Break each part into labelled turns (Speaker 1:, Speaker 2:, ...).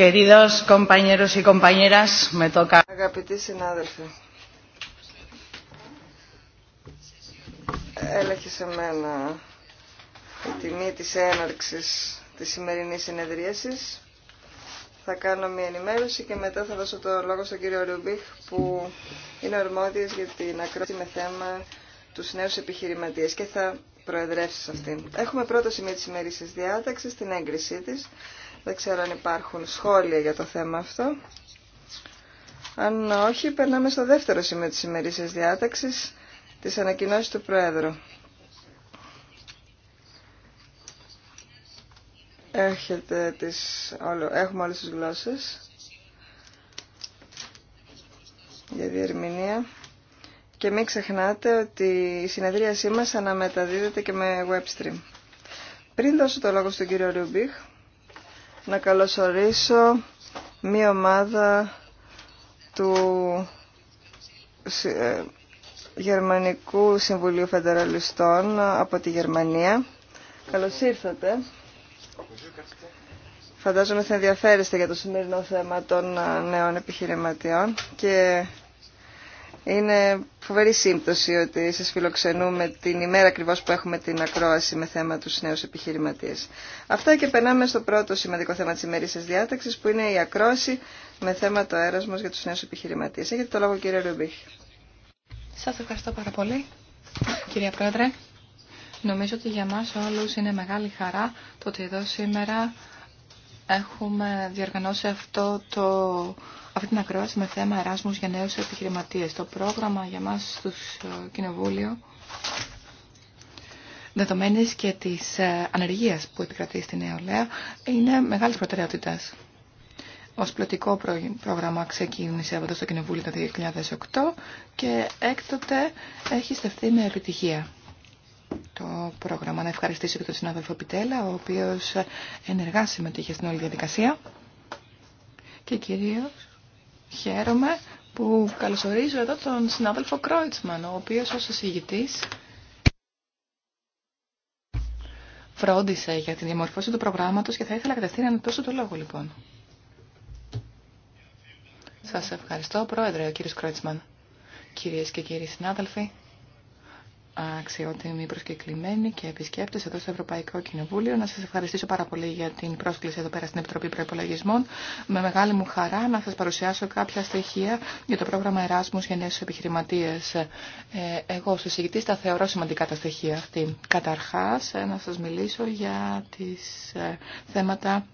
Speaker 1: Queridos compañeros y compañeras, me toca. Αγαπητοί συνάδελφοι, έλεγχε σε μένα η τιμή της έναρξης της σημερινής συνεδρίασης. Θα κάνω μια ενημέρωση και μετά θα δώσω το λόγο στον κύριο Ρουμπίχ που είναι ορμόδιο για την ακρόαση με θέμα του νέου επιχειρηματίε και θα προεδρεύσει σε αυτήν. Έχουμε πρώτο σημείο της σημερινής διάταξης, την έγκρισή τη. Δεν ξέρω αν υπάρχουν σχόλια για το θέμα αυτό. Αν όχι, περνάμε στο δεύτερο σημείο της ημερήσιας διάταξης, της ανακοινώσης του Πρόεδρου. Έχετε τις, έχουμε όλες τις γλώσσες για διερμηνία. Και μην ξεχνάτε ότι η συνεδρίασή μας αναμεταδίδεται και με webstream. Πριν δώσω το λόγο στον κύριο Ρούμπιχ, να καλωσορίσω μία ομάδα του ε, Γερμανικού Συμβουλίου Φεντεραλιστών από τη Γερμανία. Καλώς ήρθατε. Φαντάζομαι θα ενδιαφέρεστε για το σημερινό θέμα των ε, νέων επιχειρηματιών και είναι φοβερή σύμπτωση ότι σα φιλοξενούμε την ημέρα ακριβώ που έχουμε την ακρόαση με θέμα του νέου επιχειρηματίες. Αυτά και περνάμε στο πρώτο σημαντικό θέμα της ημερήσια διάταξης που είναι η ακρόαση με θέμα το έρασμο για του νέου επιχειρηματίε. Έχετε το λόγο κύριε Ρουμπίχ.
Speaker 2: Σα ευχαριστώ πάρα πολύ κυρία Πρόεδρε. Νομίζω ότι για μα όλου είναι μεγάλη χαρά το ότι εδώ σήμερα έχουμε διοργανώσει αυτό το, αυτή την ακρόαση με θέμα Εράσμους για νέους επιχειρηματίες. Το πρόγραμμα για μας στο ε, Κοινοβούλιο, δεδομένης και της ε, ανεργίας που επικρατεί στην νεολαία, είναι μεγάλης προτεραιότητας. Ω πλωτικό πρόγραμμα ξεκίνησε από το στο Κοινοβούλιο το 2008 και έκτοτε έχει στεφθεί με επιτυχία το πρόγραμμα. Να ευχαριστήσω και τον συνάδελφο Πιτέλα, ο οποίος ενεργά συμμετείχε στην όλη διαδικασία. Και κυρίως χαίρομαι που καλωσορίζω εδώ τον συνάδελφο Κρόιτσμαν, ο οποίος ως εισηγητής φρόντισε για την διαμορφώση του προγράμματος και θα ήθελα κατευθείαν να τόσο το λόγο λοιπόν. Σας ευχαριστώ, Πρόεδρε, ο κύριος Κρόιτσμαν. Κυρίες και κύριοι συνάδελφοι, αξιότιμοι προσκεκλημένοι και επισκέπτε εδώ στο Ευρωπαϊκό Κοινοβούλιο. Να σας ευχαριστήσω πάρα πολύ για την πρόσκληση εδώ πέρα στην Επιτροπή Προϋπολογισμών. Με μεγάλη μου χαρά να σας παρουσιάσω κάποια στοιχεία για το πρόγραμμα Εράσμους για Νέες επιχειρηματίες. Ε, εγώ ω εισηγητής τα θεωρώ σημαντικά τα στοιχεία αυτή. Καταρχάς, ε, να σα μιλήσω για τις ε, θέματα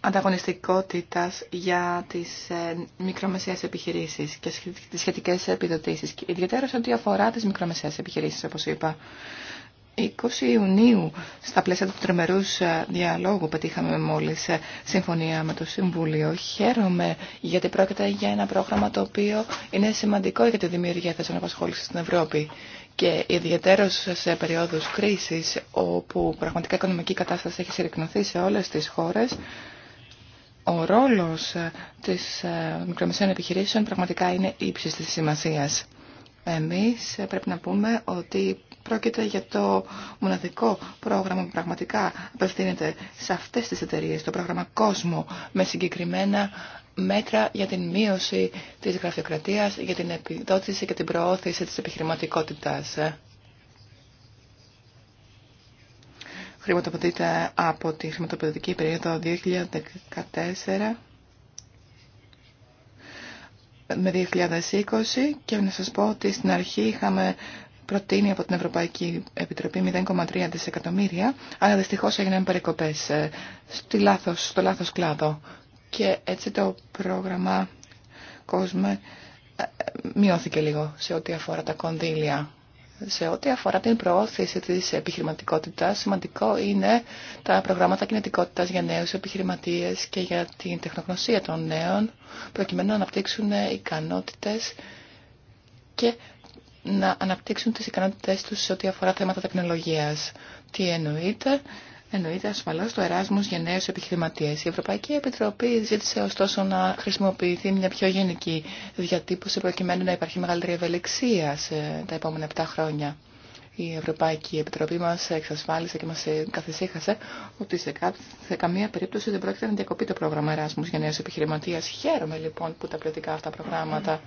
Speaker 2: ανταγωνιστικότητας για τις ε, μικρομεσαίες επιχειρήσεις και τις σχετικές επιδοτήσεις, ιδιαίτερα σε ό,τι αφορά τις μικρομεσαίες επιχειρήσεις, όπως είπα. 20 Ιουνίου, στα πλαίσια του τριμερούς ε, διαλόγου, πετύχαμε μόλις ε, συμφωνία με το Συμβούλιο. Χαίρομαι γιατί πρόκειται για ένα πρόγραμμα το οποίο είναι σημαντικό για τη δημιουργία θέσεων απασχόληση στην Ευρώπη και ιδιαίτερω σε περίοδους κρίση, όπου πραγματικά η οικονομική κατάσταση έχει συρρυκνωθεί σε όλε τι χώρε, ο ρόλος ε, της ε, μικρομεσαίων επιχειρήσεων πραγματικά είναι ύψης της σημασίας. Εμείς ε, πρέπει να πούμε ότι πρόκειται για το μοναδικό πρόγραμμα που πραγματικά απευθύνεται σε αυτές τις εταιρείες, το πρόγραμμα Κόσμο, με συγκεκριμένα μέτρα για την μείωση της γραφειοκρατίας, για την επιδότηση και την προώθηση της επιχειρηματικότητας. χρηματοδοτείται από τη χρηματοδοτική περίοδο 2014 με 2020 και να σας πω ότι στην αρχή είχαμε προτείνει από την Ευρωπαϊκή Επιτροπή 0,3 δισεκατομμύρια, αλλά δυστυχώς έγιναν περικοπές ε, στη λάθος, στο λάθος κλάδο. Και έτσι το πρόγραμμα COSME ε, ε, μειώθηκε λίγο σε ό,τι αφορά τα κονδύλια. Σε ό,τι αφορά την προώθηση της επιχειρηματικότητας, σημαντικό είναι τα προγράμματα κινητικότητας για νέους επιχειρηματίες και για την τεχνογνωσία των νέων, προκειμένου να αναπτύξουν ικανότητες και να αναπτύξουν τις ικανότητες τους σε ό,τι αφορά θέματα τεχνολογίας. Τι εννοείται, Εννοείται ασφαλώ το Εράσμο για νέου επιχειρηματίε. Η Ευρωπαϊκή Επιτροπή ζήτησε ωστόσο να χρησιμοποιηθεί μια πιο γενική διατύπωση προκειμένου να υπάρχει μεγαλύτερη ευελιξία σε τα επόμενα 7 χρόνια. Η Ευρωπαϊκή Επιτροπή μα εξασφάλισε και μα καθησύχασε ότι σε, κά... καμία περίπτωση δεν πρόκειται να διακοπεί το πρόγραμμα Εράσμου για νέου επιχειρηματίε. Χαίρομαι λοιπόν που τα πληθυκά αυτά προγράμματα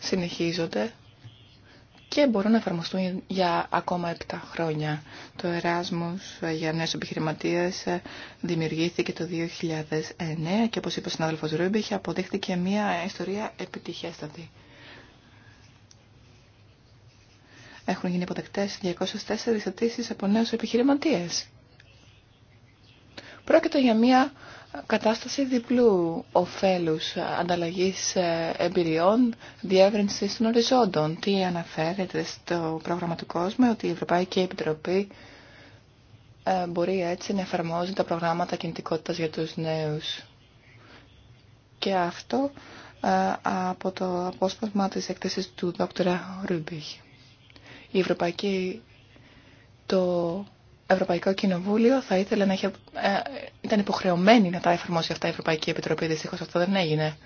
Speaker 2: συνεχίζονται και μπορούν να εφαρμοστούν για ακόμα 7 χρόνια. Το Εράσμος για νέες επιχειρηματίες δημιουργήθηκε το 2009 και όπως είπε ο συνάδελφος Ρούμπιχ αποδείχθηκε μια ιστορία επιτυχέστατη. Έχουν γίνει υποδεκτές 204 αιτήσει από νέους επιχειρηματίες. Πρόκειται για μια κατάσταση διπλού ωφέλους ανταλλαγής ε, εμπειριών, διεύρυνσης των οριζόντων. Τι αναφέρεται στο πρόγραμμα του κόσμου, ότι η Ευρωπαϊκή Επιτροπή ε, μπορεί έτσι να εφαρμόζει τα προγράμματα κινητικότητας για τους νέους. Και αυτό ε, από το απόσπασμα της έκθεσης του Δ. Ρούμπιχ. Η Ευρωπαϊκή το Ευρωπαϊκό Κοινοβούλιο θα ήθελε να ε, ήταν υποχρεωμένη να τα εφαρμόσει αυτά η Ευρωπαϊκή Επιτροπή. Δυστυχώ αυτό δεν έγινε.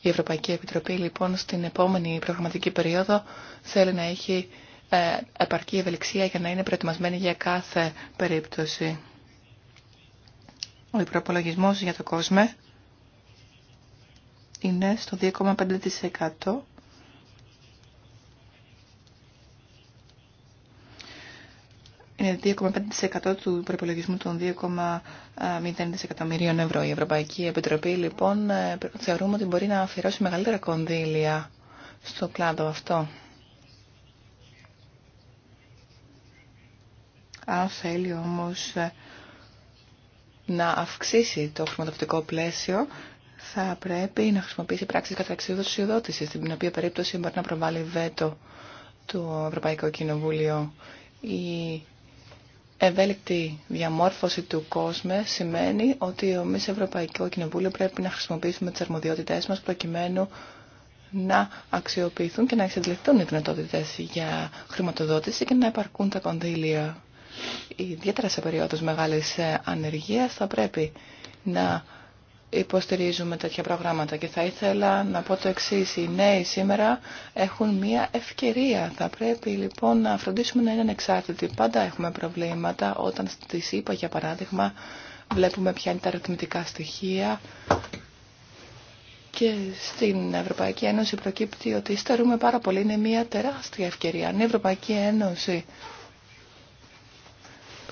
Speaker 2: Η Ευρωπαϊκή Επιτροπή λοιπόν στην επόμενη προγραμματική περίοδο θέλει να έχει ε, επαρκή ευελιξία για να είναι προετοιμασμένη για κάθε περίπτωση. Ο προπολογισμό για το κόσμο είναι στο 2,5% 2,5% του προπολογισμού των 2,0 δισεκατομμυρίων ευρώ. Η Ευρωπαϊκή Επιτροπή λοιπόν ε, θεωρούμε ότι μπορεί να αφιερώσει μεγαλύτερα κονδύλια στο κλάδο αυτό. Αν θέλει όμως ε, να αυξήσει το χρηματοδοτικό πλαίσιο, θα πρέπει να χρησιμοποιήσει πράξεις κατά εξοδοσιοδότηση, στην οποία περίπτωση μπορεί να προβάλλει βέτο το Ευρωπαϊκό Κοινοβούλιο. Η ευέλικτη διαμόρφωση του κόσμου σημαίνει ότι εμεί Ευρωπαϊκό Κοινοβούλιο πρέπει να χρησιμοποιήσουμε τι αρμοδιότητε μας προκειμένου να αξιοποιηθούν και να εξαντληθούν οι δυνατότητε για χρηματοδότηση και να επαρκούν τα κονδύλια. Ιδιαίτερα σε περίοδους μεγάλης ανεργίας θα πρέπει να υποστηρίζουμε τέτοια προγράμματα και θα ήθελα να πω το εξή. Οι νέοι σήμερα έχουν μία ευκαιρία. Θα πρέπει λοιπόν να φροντίσουμε να είναι ανεξάρτητοι. Πάντα έχουμε προβλήματα όταν στη ΣΥΠΑ για παράδειγμα βλέπουμε ποια είναι τα αριθμητικά στοιχεία και στην Ευρωπαϊκή Ένωση προκύπτει ότι στερούμε πάρα πολύ. Είναι μία τεράστια ευκαιρία. Αν η Ευρωπαϊκή Ένωση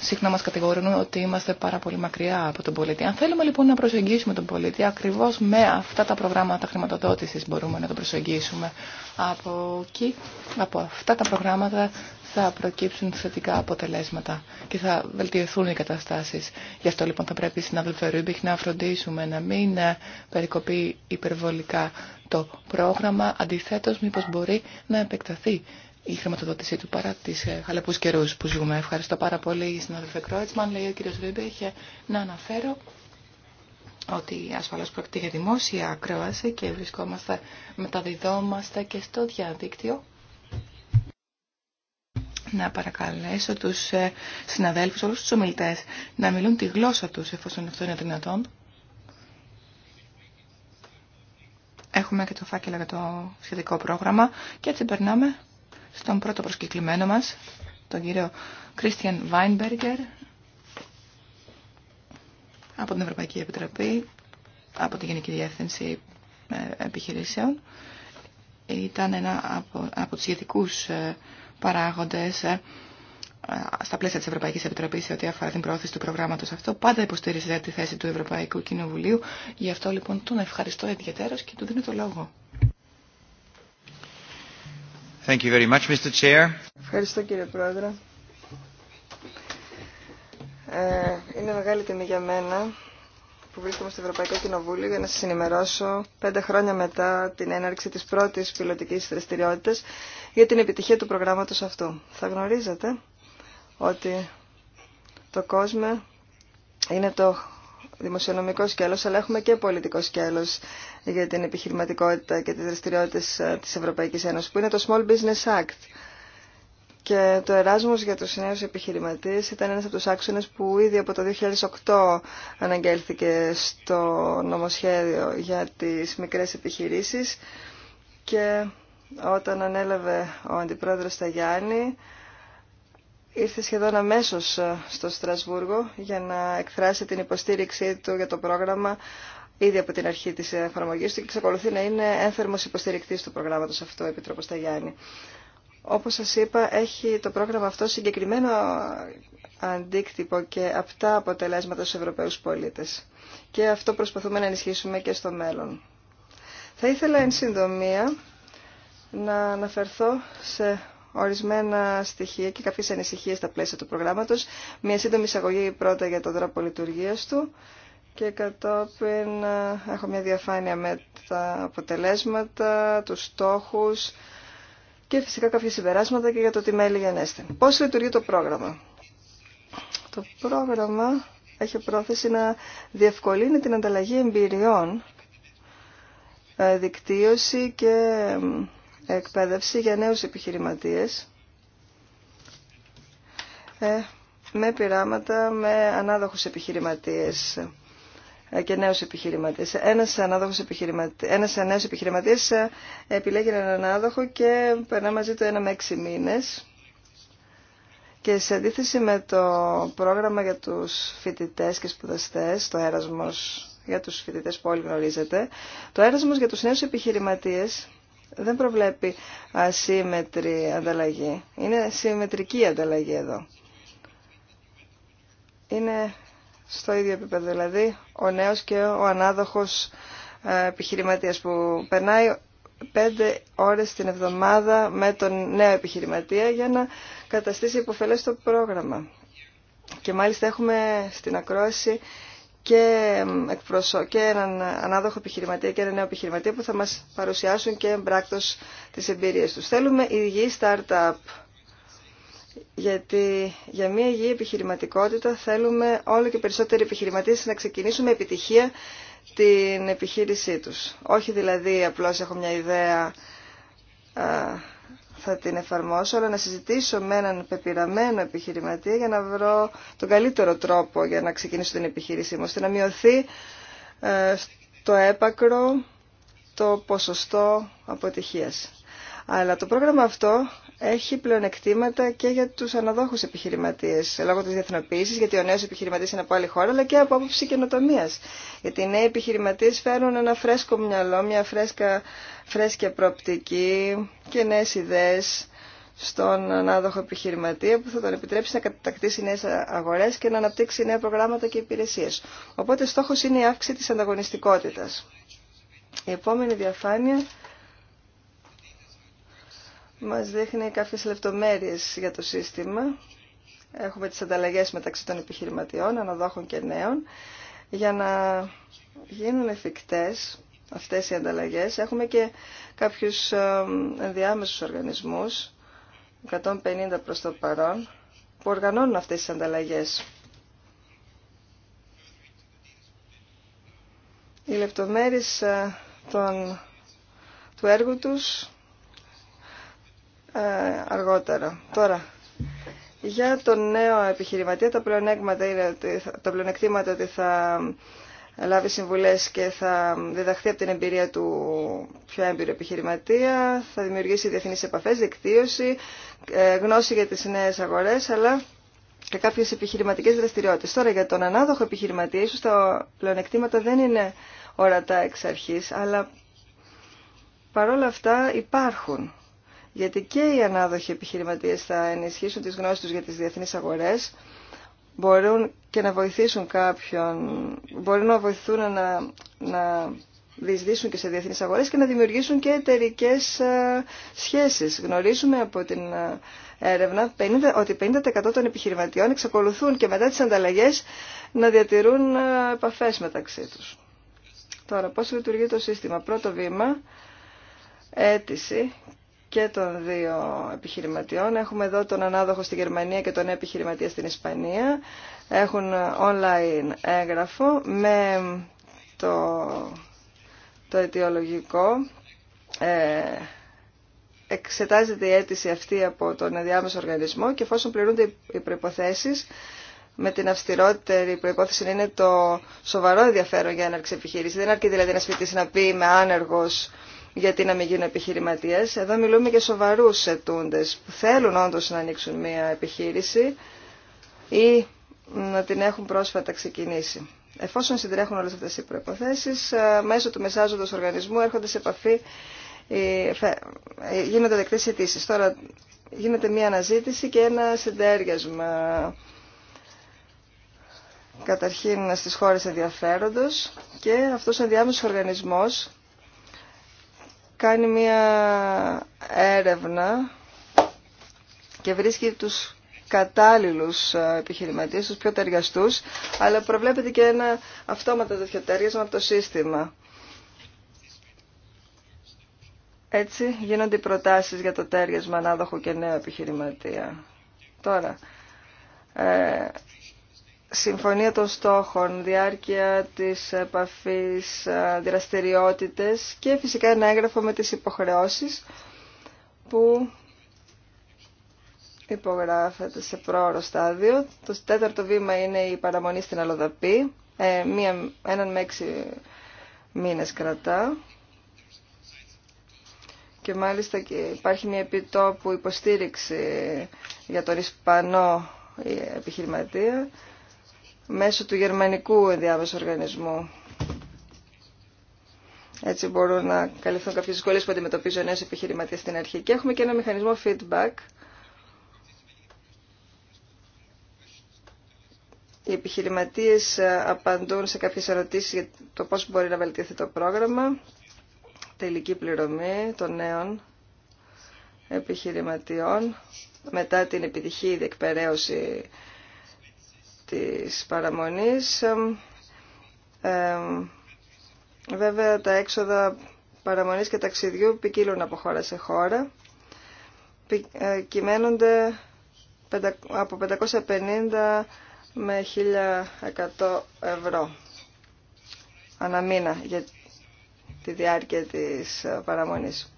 Speaker 2: συχνά μας κατηγορούν ότι είμαστε πάρα πολύ μακριά από τον πολίτη. Αν θέλουμε λοιπόν να προσεγγίσουμε τον πολίτη, ακριβώς με αυτά τα προγράμματα χρηματοδότησης μπορούμε να τον προσεγγίσουμε. Από εκεί, από αυτά τα προγράμματα θα προκύψουν θετικά αποτελέσματα και θα βελτιωθούν οι καταστάσεις. Γι' αυτό λοιπόν θα πρέπει στην Αβλεφερούμπιχ να φροντίσουμε να μην ε, περικοπεί υπερβολικά το πρόγραμμα. Αντιθέτως, μήπως μπορεί να επεκταθεί η χρηματοδότησή του παρά τις ε, χαλεπούς καιρούς που ζούμε. Ευχαριστώ πάρα πολύ, συνάδελφε Κρόιτσμαν. Λέει ο κύριος είχε να αναφέρω ότι ασφαλώς πρόκειται για δημόσια ακρόαση και βρισκόμαστε, μεταδιδόμαστε και στο διαδίκτυο. Να παρακαλέσω τους ε, συναδέλφους, όλους τους ομιλητές, να μιλούν τη γλώσσα τους, εφόσον αυτό είναι δυνατόν. Έχουμε και το φάκελο για το σχετικό πρόγραμμα και έτσι περνάμε στον πρώτο προσκεκλημένο μας, τον κύριο Κρίστιαν Βάινμπεργκερ από την Ευρωπαϊκή Επιτροπή, από τη Γενική Διεύθυνση ε, Επιχειρήσεων. Ήταν ένα από, από τους παράγοντε παράγοντες ε, στα πλαίσια της Ευρωπαϊκής Επιτροπής σε ό,τι αφορά την προώθηση του προγράμματος αυτό. Πάντα υποστήριζε τη θέση του Ευρωπαϊκού Κοινοβουλίου. Γι' αυτό λοιπόν τον ευχαριστώ ιδιαίτερος και του δίνω το λόγο.
Speaker 3: Thank you very much, Mr. Chair.
Speaker 2: Ευχαριστώ κύριε
Speaker 1: Πρόεδρε. Ε, είναι μεγάλη τιμή για μένα που βρίσκομαι στο Ευρωπαϊκό Κοινοβούλιο για να σας ενημερώσω πέντε χρόνια μετά την έναρξη της πρώτης πιλωτικής δραστηριότητα για την επιτυχία του προγράμματος αυτού. Θα γνωρίζετε ότι το κόσμο είναι το δημοσιονομικό σκέλος, αλλά έχουμε και πολιτικό σκέλος για την επιχειρηματικότητα και τις δραστηριότητες ε, της Ευρωπαϊκής Ένωσης, που είναι το Small Business Act. Και το Εράσμος για τους νέους επιχειρηματίες ήταν ένας από τους άξονες που ήδη από το 2008 αναγγέλθηκε στο νομοσχέδιο για τις μικρές επιχειρήσεις και όταν ανέλαβε ο Αντιπρόεδρος Σταγιάννη ήρθε σχεδόν αμέσως ε, στο Στρασβούργο για να εκφράσει την υποστήριξή του για το πρόγραμμα ήδη από την αρχή της εφαρμογής του και εξακολουθεί να είναι ένθερμος υποστηρικτής του προγράμματος αυτό, Επιτρόπος Ταγιάννη. Όπως σας είπα, έχει το πρόγραμμα αυτό συγκεκριμένο ε, αντίκτυπο και απτά αποτελέσματα στους Ευρωπαίους πολίτες. Και αυτό προσπαθούμε να ενισχύσουμε και στο μέλλον. Θα ήθελα εν συντομία να αναφερθώ σε ορισμένα στοιχεία και κάποιες ανησυχίες στα πλαίσια του προγράμματος. Μια σύντομη εισαγωγή πρώτα για τον τρόπο λειτουργία του και κατόπιν ε, έχω μια διαφάνεια με τα αποτελέσματα, τους στόχους και φυσικά κάποια συμπεράσματα και για το τι μέλη γενέστε. Πώς λειτουργεί το πρόγραμμα. Το πρόγραμμα έχει πρόθεση να διευκολύνει την ανταλλαγή εμπειριών, ε, δικτύωση και ε, εκπαίδευση για νέους επιχειρηματίες ε, με πειράματα με ανάδοχους επιχειρηματίες ε, και νέους επιχειρηματίες. Ένας, ανάδοχος επιχειρηματίας, ένας νέος επιχειρηματίας ε, επιλέγει έναν ανάδοχο και περνά μαζί του ένα με έξι μήνες. Και σε αντίθεση με το πρόγραμμα για τους φοιτητές και σπουδαστές, το έρασμος για τους φοιτητές που όλοι γνωρίζετε, το έρασμος για τους νέους επιχειρηματίες δεν προβλέπει ασύμμετρη ανταλλαγή. Είναι συμμετρική ανταλλαγή εδώ. Είναι στο ίδιο επίπεδο, δηλαδή ο νέος και ο ανάδοχος ε, επιχειρηματίας που περνάει πέντε ώρες την εβδομάδα με τον νέο επιχειρηματία για να καταστήσει υποφελές το πρόγραμμα. Και μάλιστα έχουμε στην ακρόαση και, εκπροσω... έναν ανάδοχο επιχειρηματία και έναν νέο επιχειρηματία που θα μας παρουσιάσουν και εμπράκτος τις εμπειρίες τους. Θέλουμε υγιή startup, γιατί για μια υγιή επιχειρηματικότητα θέλουμε όλο και περισσότεροι επιχειρηματίες να ξεκινήσουν επιτυχία την επιχείρησή τους. Όχι δηλαδή απλώς έχω μια ιδέα θα την εφαρμόσω, αλλά να συζητήσω με έναν πεπειραμένο επιχειρηματία για να βρω τον καλύτερο τρόπο για να ξεκινήσω την επιχείρησή μου, ώστε να μειωθεί ε, το έπακρο το ποσοστό αποτυχίας. Αλλά το πρόγραμμα αυτό έχει πλεονεκτήματα και για τους αναδόχους επιχειρηματίες λόγω της διεθνοποίησης, γιατί ο νέος επιχειρηματής είναι από άλλη χώρα, αλλά και από άποψη καινοτομία. Γιατί οι νέοι επιχειρηματίες φέρνουν ένα φρέσκο μυαλό, μια φρέσκα, φρέσκια προοπτική και νέες ιδέες στον ανάδοχο επιχειρηματία που θα τον επιτρέψει να κατακτήσει νέες αγορές και να αναπτύξει νέα προγράμματα και υπηρεσίες. Οπότε στόχος είναι η αύξηση της ανταγωνιστικότητας. Η επόμενη διαφάνεια μας δείχνει κάποιες λεπτομέρειες για το σύστημα. Έχουμε τις ανταλλαγές μεταξύ των επιχειρηματιών, αναδόχων και νέων. Για να γίνουν εφικτές αυτές οι ανταλλαγές έχουμε και κάποιους ενδιάμεσους οργανισμούς, 150 προς το παρόν, που οργανώνουν αυτές τις ανταλλαγές. Οι λεπτομέρειες ε, των, του έργου τους ε, αργότερα. Τώρα, για τον νέο επιχειρηματία τα πλεονέκτηματα είναι ότι, ότι θα ε, λάβει συμβουλές και θα διδαχθεί από την εμπειρία του πιο έμπειρο επιχειρηματία, θα δημιουργήσει διεθνείς επαφές, δικτύωση, ε, γνώση για τις νέες αγορές, αλλά και κάποιες επιχειρηματικές δραστηριότητες. Τώρα για τον ανάδοχο επιχειρηματία, ίσως τα πλεονεκτήματα δεν είναι ορατά εξ αρχής, αλλά παρόλα αυτά υπάρχουν γιατί και οι ανάδοχοι επιχειρηματίες θα ενισχύσουν τις γνώσεις τους για τις διεθνείς αγορές, μπορούν και να βοηθήσουν κάποιον, μπορούν να βοηθούν να, να διεισδύσουν και σε διεθνείς αγορές και να δημιουργήσουν και εταιρικέ ε, σχέσεις. Γνωρίζουμε από την ε, έρευνα ότι 50% των επιχειρηματιών εξακολουθούν και μετά τις ανταλλαγές να διατηρούν ε, επαφές μεταξύ τους. Τώρα, πώς λειτουργεί το σύστημα. Πρώτο βήμα, αίτηση και των δύο επιχειρηματιών. Έχουμε εδώ τον ανάδοχο στη Γερμανία και τον επιχειρηματία στην Ισπανία. Έχουν online έγγραφο με το, το αιτιολογικό. Ε, εξετάζεται η αίτηση αυτή από τον ενδιάμεσο οργανισμό και εφόσον πληρούνται οι προποθέσει με την αυστηρότερη προπόθεση είναι το σοβαρό ενδιαφέρον για έναρξη επιχείρηση. Δεν αρκεί δηλαδή να σπιτήσει να πει είμαι άνεργο γιατί να μην γίνουν επιχειρηματίε, Εδώ μιλούμε για σοβαρούς ετούντε που θέλουν όντω να ανοίξουν μια επιχείρηση ή να την έχουν πρόσφατα ξεκινήσει. Εφόσον συντρέχουν όλε αυτές οι προποθέσει μέσω του μεσάζοντος οργανισμού έρχονται σε επαφή, ε, γίνονται δεκτέ αιτήσει. Τώρα γίνεται μια αναζήτηση και ένα συντέριασμα καταρχήν στις χώρες ενδιαφέροντος και αυτός ο ενδιάμεσος οργανισμός κάνει μια έρευνα και βρίσκει τους κατάλληλους ε, επιχειρηματίες, τους πιο ταιριαστού, αλλά προβλέπεται και ένα αυτόματο τέτοιο από το σύστημα. Έτσι γίνονται οι προτάσεις για το τέριασμα ανάδοχο και νέο επιχειρηματία. Τώρα, ε, συμφωνία των στόχων, διάρκεια της επαφής, ε, δραστηριότητες και φυσικά ένα έγγραφο με τις υποχρεώσεις που υπογράφεται σε πρόωρο στάδιο. Το τέταρτο βήμα είναι η παραμονή στην Αλοδαπή. Ε, μια επιτόπου υποστήριξη για τον Ισπανό ε, επιχειρηματία μέσω του γερμανικού ενδιάμεσου οργανισμού. Έτσι μπορούν να καλυφθούν κάποιε δυσκολίε που αντιμετωπίζουν νέε επιχειρηματίε στην αρχή. Και έχουμε και ένα μηχανισμό feedback. Οι επιχειρηματίε ε, απαντούν σε κάποιε ερωτήσει για το πώ μπορεί να βελτιωθεί το πρόγραμμα. Τελική πληρωμή των νέων επιχειρηματιών μετά την επιτυχή διεκπαιρέωση της παραμονής. βέβαια τα έξοδα παραμονής και ταξιδιού ποικίλουν από χώρα σε χώρα. Ε, κυμαίνονται από 550 με 1.100 ευρώ ανά μήνα για τη διάρκεια της ε, παραμονής.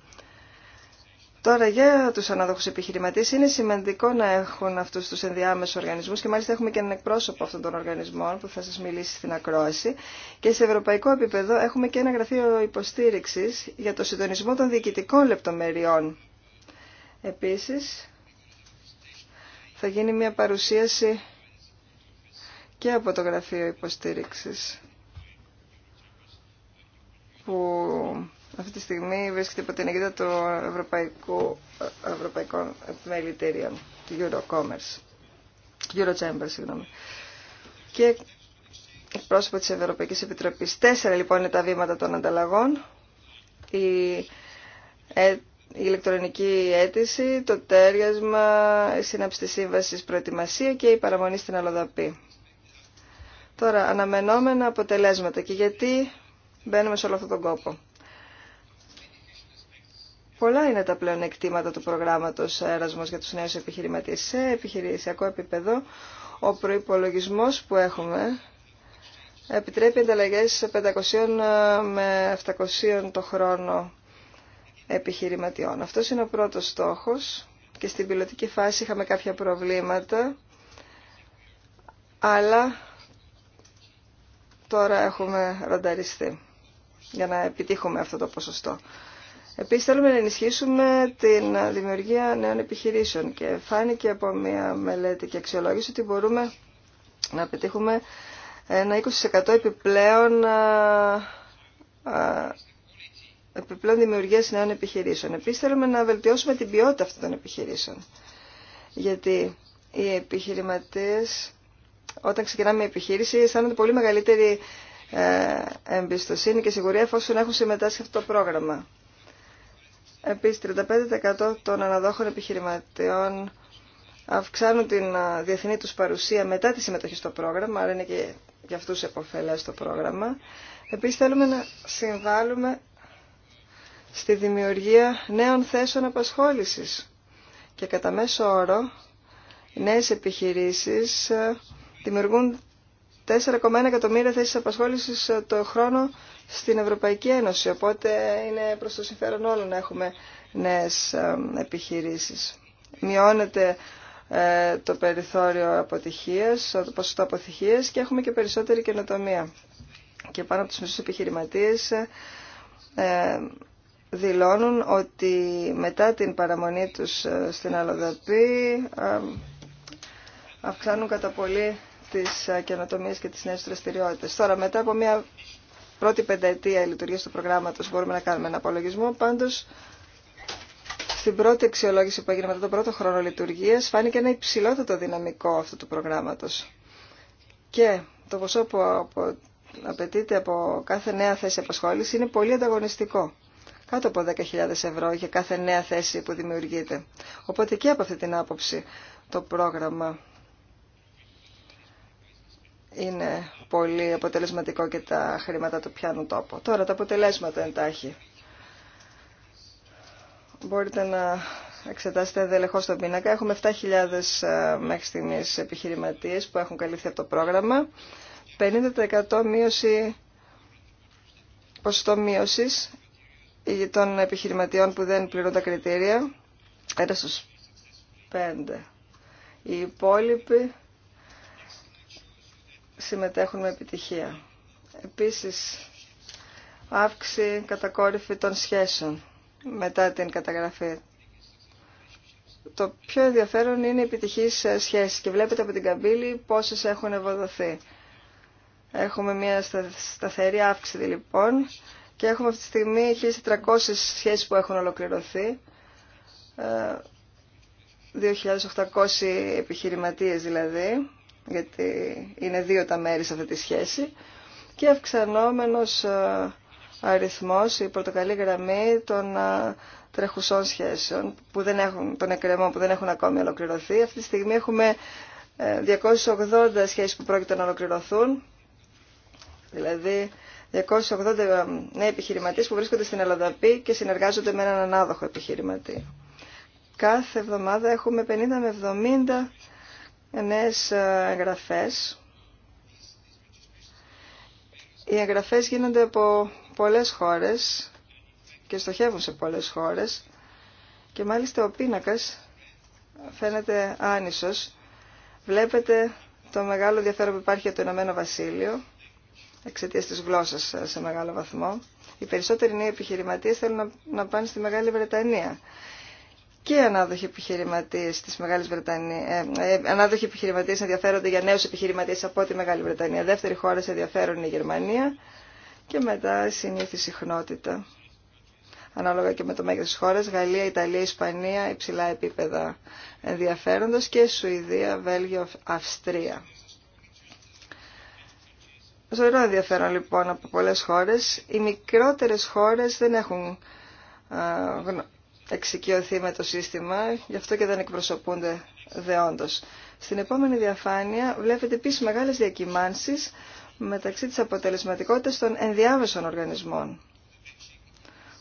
Speaker 1: Τώρα για του ανάδοχου επιχειρηματίε, είναι σημαντικό να έχουν αυτού τους ενδιάμεσους οργανισμούς και μάλιστα έχουμε και έναν εκπρόσωπο αυτών των οργανισμών που θα σα μιλήσει στην ακρόαση και σε ευρωπαϊκό επίπεδο έχουμε και ένα γραφείο υποστήριξης για το συντονισμό των διοικητικών λεπτομεριών. Επίση θα γίνει μια παρουσίαση και από το γραφείο υποστήριξη. που αυτή τη στιγμή βρίσκεται υπό την αιγύδα των Ευρωπαϊκού, ε, Ευρωπαϊκών Επιμελητηρίων, του Eurocommerce, Eurochamber, συγγνώμη. Και πρόσωπο της Ευρωπαϊκής Επιτροπής. Τέσσερα λοιπόν είναι τα βήματα των ανταλλαγών. Η, ε, η ηλεκτρονική αίτηση, το τέριασμα, η σύναψη της σύμβασης προετοιμασία και η παραμονή στην αλλοδαπή. Τώρα, αναμενόμενα αποτελέσματα και γιατί μπαίνουμε σε όλο αυτόν τον κόπο. Πολλά είναι τα πλέον εκτίματα του προγράμματος Έρασμος για τους νέους επιχειρηματίες. Σε επιχειρησιακό επίπεδο, ο προϋπολογισμός που έχουμε επιτρέπει ανταλλαγές 500 ε, με 700 το χρόνο επιχειρηματιών. Αυτός είναι ο πρώτος στόχος και στην πιλωτική φάση είχαμε κάποια προβλήματα, αλλά τώρα έχουμε ρονταριστεί για να επιτύχουμε αυτό το ποσοστό. Επίσης θέλουμε να ενισχύσουμε την δημιουργία νέων επιχειρήσεων και φάνηκε από μια μελέτη και αξιολόγηση ότι μπορούμε να πετύχουμε ένα 20% επιπλέον, επιπλέον δημιουργίας νέων επιχειρήσεων. Επίσης θέλουμε να βελτιώσουμε την ποιότητα αυτών των επιχειρήσεων. Γιατί οι επιχειρηματίες όταν ξεκινάμε επιχείρηση αισθάνονται πολύ μεγαλύτερη ε, εμπιστοσύνη και σιγουρία εφόσον έχουν συμμετάσχει αυτό το πρόγραμμα. Επίσης, 35% των αναδόχων επιχειρηματιών αυξάνουν την διεθνή τους παρουσία μετά τη συμμετοχή στο πρόγραμμα, άρα είναι και για αυτούς επωφελές το πρόγραμμα. Επίσης, θέλουμε να συμβάλλουμε στη δημιουργία νέων θέσεων απασχόλησης και κατά μέσο όρο νέες επιχειρήσεις δημιουργούν 4,1 εκατομμύρια θέσεις απασχόλησης ε, το χρόνο στην Ευρωπαϊκή Ένωση. Οπότε είναι προς το συμφέρον όλων να έχουμε νέες ε, επιχειρήσεις. Μειώνεται ε, το περιθώριο αποτυχίας, το ποσοστό αποτυχίας και έχουμε και περισσότερη καινοτομία. Και πάνω από τους μισούς επιχειρηματίες δηλώνουν ότι μετά την παραμονή τους στην Αλοδαπή αυξάνουν κατά πολύ Τη καινοτομία και τις νέες δραστηριότητε. Τώρα, μετά από μια πρώτη πενταετία λειτουργία του προγράμματο μπορούμε να κάνουμε ένα απολογισμό. Πάντως, στην πρώτη αξιολόγηση που έγινε μετά τον πρώτο χρόνο λειτουργία, φάνηκε ένα υψηλότερο δυναμικό αυτού του προγράμματο. Και το ποσό που απαιτείται από κάθε νέα θέση απασχόληση είναι πολύ ανταγωνιστικό. Κάτω από 10.000 ευρώ για κάθε νέα θέση που δημιουργείται. Οπότε και από αυτή την άποψη το πρόγραμμα είναι πολύ αποτελεσματικό και τα χρήματα του πιάνουν τόπο. Τώρα τα αποτελέσματα εντάχει. Μπορείτε να εξετάσετε δελεχώς τον πίνακα. Έχουμε 7.000 ε, μέχρι στιγμής επιχειρηματίες που έχουν καλυφθεί από το πρόγραμμα. 50% μείωση, ποσοστό μείωσης των επιχειρηματιών που δεν πληρούν τα κριτήρια. Ένα στους 5. Οι υπόλοιποι συμμετέχουν με επιτυχία. Επίσης, αύξηση κατακόρυφη των σχέσεων μετά την καταγραφή. Το πιο ενδιαφέρον είναι οι επιτυχείς σχέσεις και βλέπετε από την καμπύλη πόσες έχουν ευοδοθεί. Έχουμε μια σταθερή αύξηση λοιπόν και έχουμε αυτή τη στιγμή 1.400 σχέσεις που έχουν ολοκληρωθεί. 2.800 ε, επιχειρηματίες δηλαδή γιατί είναι δύο τα μέρη σε αυτή τη σχέση και αυξανόμενος ε, αριθμός, η πρωτοκαλή γραμμή των ε, τρεχουσών σχέσεων που δεν έχουν, των εκκρεμών που δεν έχουν ακόμη ολοκληρωθεί. Αυτή τη στιγμή έχουμε 280 ε, σχέσεις που πρόκειται να ολοκληρωθούν, δηλαδή 280 νέοι επιχειρηματίες που βρίσκονται στην Ελλαδαπή και συνεργάζονται με έναν ανάδοχο επιχειρηματή. Κάθε εβδομάδα έχουμε 50 με 70 νέες ε, εγγραφές. Οι εγγραφές γίνονται από πολλές χώρες και στοχεύουν σε πολλές χώρες και μάλιστα ο πίνακας φαίνεται άνισος. Βλέπετε το μεγάλο ενδιαφέρον που υπάρχει για το Ηνωμένο Βασίλειο εξαιτία της γλώσσας ε, σε μεγάλο βαθμό. Οι περισσότεροι νέοι επιχειρηματίες θέλουν να πάνε στη Μεγάλη Βρετανία και ανάδοχοι επιχειρηματίε τη Μεγάλη Βρετανία. Ε, ε, ανάδοχοι επιχειρηματίε ενδιαφέρονται για νέου επιχειρηματίε από τη Μεγάλη Βρετανία. Δεύτερη χώρα σε ενδιαφέρον είναι η Γερμανία. Και μετά η συνήθι συχνότητα. Ανάλογα και με το μέγεθο τη χώρα, Γαλλία, Ιταλία, Ισπανία, υψηλά επίπεδα ενδιαφέροντο και Σουηδία, Βέλγιο, Αυστρία. Ζωηρό ενδιαφέρον λοιπόν από πολλέ χώρε. Οι μικρότερε χώρε δεν έχουν ε, εξοικειωθεί με το σύστημα, γι' αυτό και δεν εκπροσωπούνται δεόντως. Στην επόμενη διαφάνεια βλέπετε επίσης μεγάλες διακυμάνσεις μεταξύ της αποτελεσματικότητας των ενδιάμεσων οργανισμών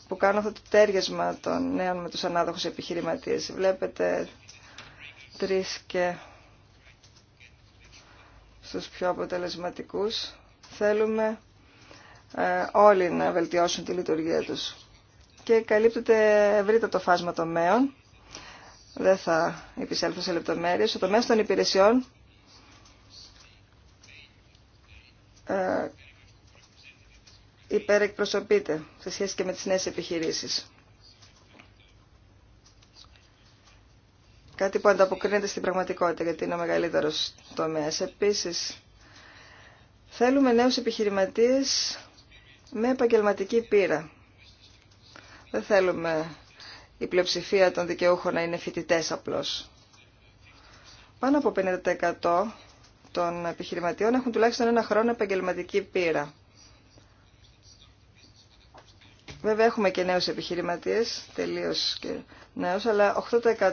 Speaker 1: που κάνουν αυτό το τέριασμα των νέων με τους ανάδοχους επιχειρηματίες. Βλέπετε τρεις και στους πιο αποτελεσματικούς θέλουμε ε, όλοι να βελτιώσουν τη λειτουργία τους και καλύπτεται ευρύτατο το φάσμα τομέων. Δεν θα επισέλθω σε λεπτομέρειες. Ο τομέας των υπηρεσιών ε, υπερεκπροσωπείται σε σχέση και με τις νέες επιχειρήσεις. Κάτι που ανταποκρίνεται στην πραγματικότητα, γιατί είναι ο μεγαλύτερος τομέας. Επίσης, θέλουμε νέους επιχειρηματίες με επαγγελματική πείρα. Δεν θέλουμε η πλειοψηφία των δικαιούχων να είναι φοιτητέ απλώς. Πάνω από 50% των επιχειρηματιών έχουν τουλάχιστον ένα χρόνο επαγγελματική πείρα. Βέβαια έχουμε και νέους επιχειρηματίες, τελείως και νέους, αλλά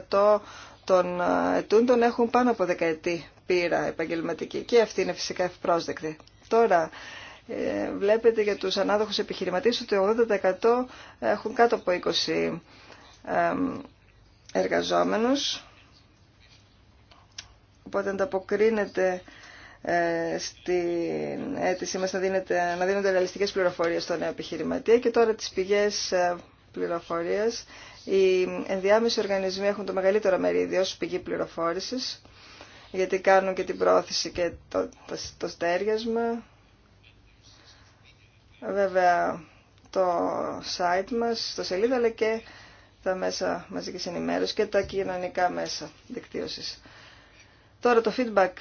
Speaker 1: 8% των ετούντων έχουν πάνω από δεκαετή πείρα επαγγελματική και αυτή είναι φυσικά ευπρόσδεκτη. Τώρα, ε, βλέπετε για τους ανάδοχους επιχειρηματίες ότι 80% έχουν κάτω από 20 εργαζόμενους. Οπότε ανταποκρίνεται ε, στην αίτησή μας να, δίνεται, να δίνονται ρεαλιστικές πληροφορίες στον νέο επιχειρηματία και τώρα τις πηγές ε, πληροφορίας. Οι ενδιάμεσοι οργανισμοί έχουν το μεγαλύτερο μερίδιο ως πηγή πληροφόρησης γιατί κάνουν και την πρόθεση και το, το, βέβαια το site μας, το σελίδα, αλλά και τα μέσα μαζικής ενημέρωσης και τα κοινωνικά μέσα δικτύωσης. Τώρα το feedback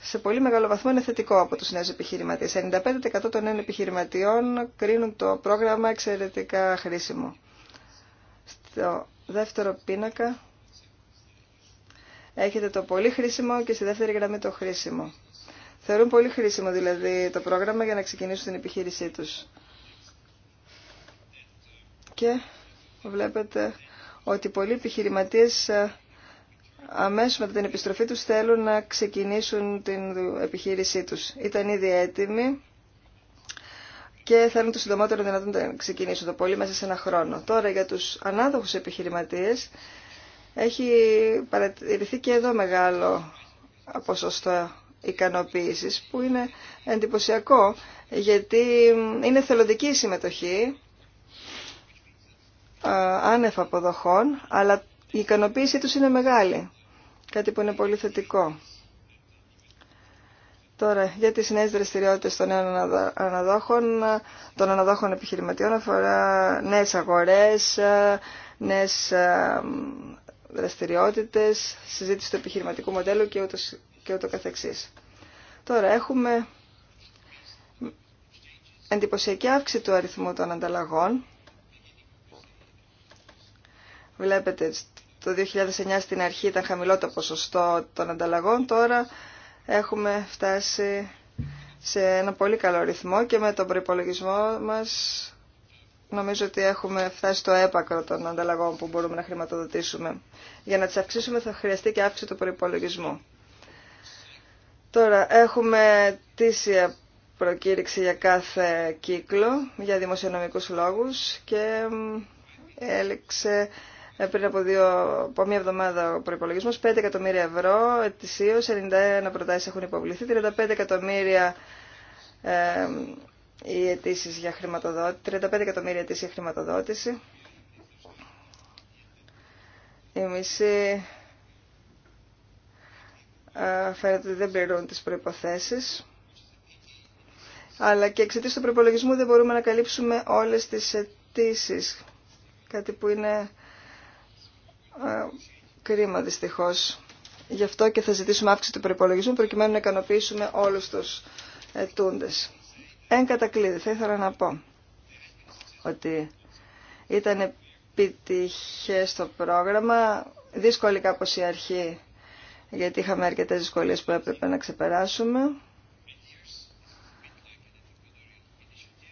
Speaker 1: σε πολύ μεγάλο βαθμό είναι θετικό από τους νέους επιχειρηματίες. 95% των νέων επιχειρηματιών κρίνουν το πρόγραμμα εξαιρετικά χρήσιμο. Στο δεύτερο πίνακα έχετε το πολύ χρήσιμο και στη δεύτερη γραμμή το χρήσιμο. Θεωρούν πολύ χρήσιμο δηλαδή το πρόγραμμα για να ξεκινήσουν την επιχείρησή τους. Και βλέπετε ότι πολλοί επιχειρηματίες ε, αμέσως μετά την επιστροφή τους θέλουν να ξεκινήσουν την επιχείρησή τους. Ήταν ήδη έτοιμοι και θέλουν το συντομότερο δυνατόν να ξεκινήσουν το πολύ μέσα σε ένα χρόνο. Τώρα για τους ανάδοχους επιχειρηματίες έχει παρατηρηθεί και εδώ μεγάλο ποσοστό που είναι εντυπωσιακό γιατί είναι θελοντική η συμμετοχή ε, άνευ αποδοχών αλλά η ικανοποίησή τους είναι μεγάλη κάτι που είναι πολύ θετικό. Τώρα, για τις νέες δραστηριότητες των νέων αναδόχων, των αναδόχων επιχειρηματιών αφορά νέες αγορές, ε, νέες ε, δραστηριότητες, συζήτηση του επιχειρηματικού μοντέλου και ούτως και ούτω καθεξής. Τώρα έχουμε εντυπωσιακή αύξηση του αριθμού των ανταλλαγών. Βλέπετε το 2009 στην αρχή ήταν χαμηλό το ποσοστό των ανταλλαγών, τώρα έχουμε φτάσει σε ένα πολύ καλό ρυθμό και με τον προϋπολογισμό μας νομίζω ότι έχουμε φτάσει στο έπακρο των ανταλλαγών που μπορούμε να χρηματοδοτήσουμε. Για να τις αυξήσουμε θα χρειαστεί και αύξηση του προϋπολογισμού. Τώρα έχουμε τήσια προκήρυξη για κάθε κύκλο για δημοσιονομικούς λόγους και έλεξε ε, πριν από, δύο, από μία εβδομάδα ο προπολογισμό 5 εκατομμύρια ευρώ ετησίω, 91 προτάσει έχουν υποβληθεί, 35 εκατομμύρια ε, οι αιτήσει για χρηματοδότηση, 35 εκατομμύρια αιτήσει για χρηματοδότηση. Η μισή φαίνεται ότι δεν πληρούν τις προϋποθέσεις. Αλλά και εξαιτία του προπολογισμού δεν μπορούμε να καλύψουμε όλες τις αιτήσει. Κάτι που είναι ε, κρίμα δυστυχώς. Γι' αυτό και θα ζητήσουμε αύξηση του προπολογισμού προκειμένου να ικανοποιήσουμε όλους τους ετούντε. Εν κατακλείδη θα ήθελα να πω ότι ήταν επιτυχές το πρόγραμμα, δύσκολη κάπως η αρχή γιατί είχαμε αρκετές δυσκολίες που έπρεπε να ξεπεράσουμε.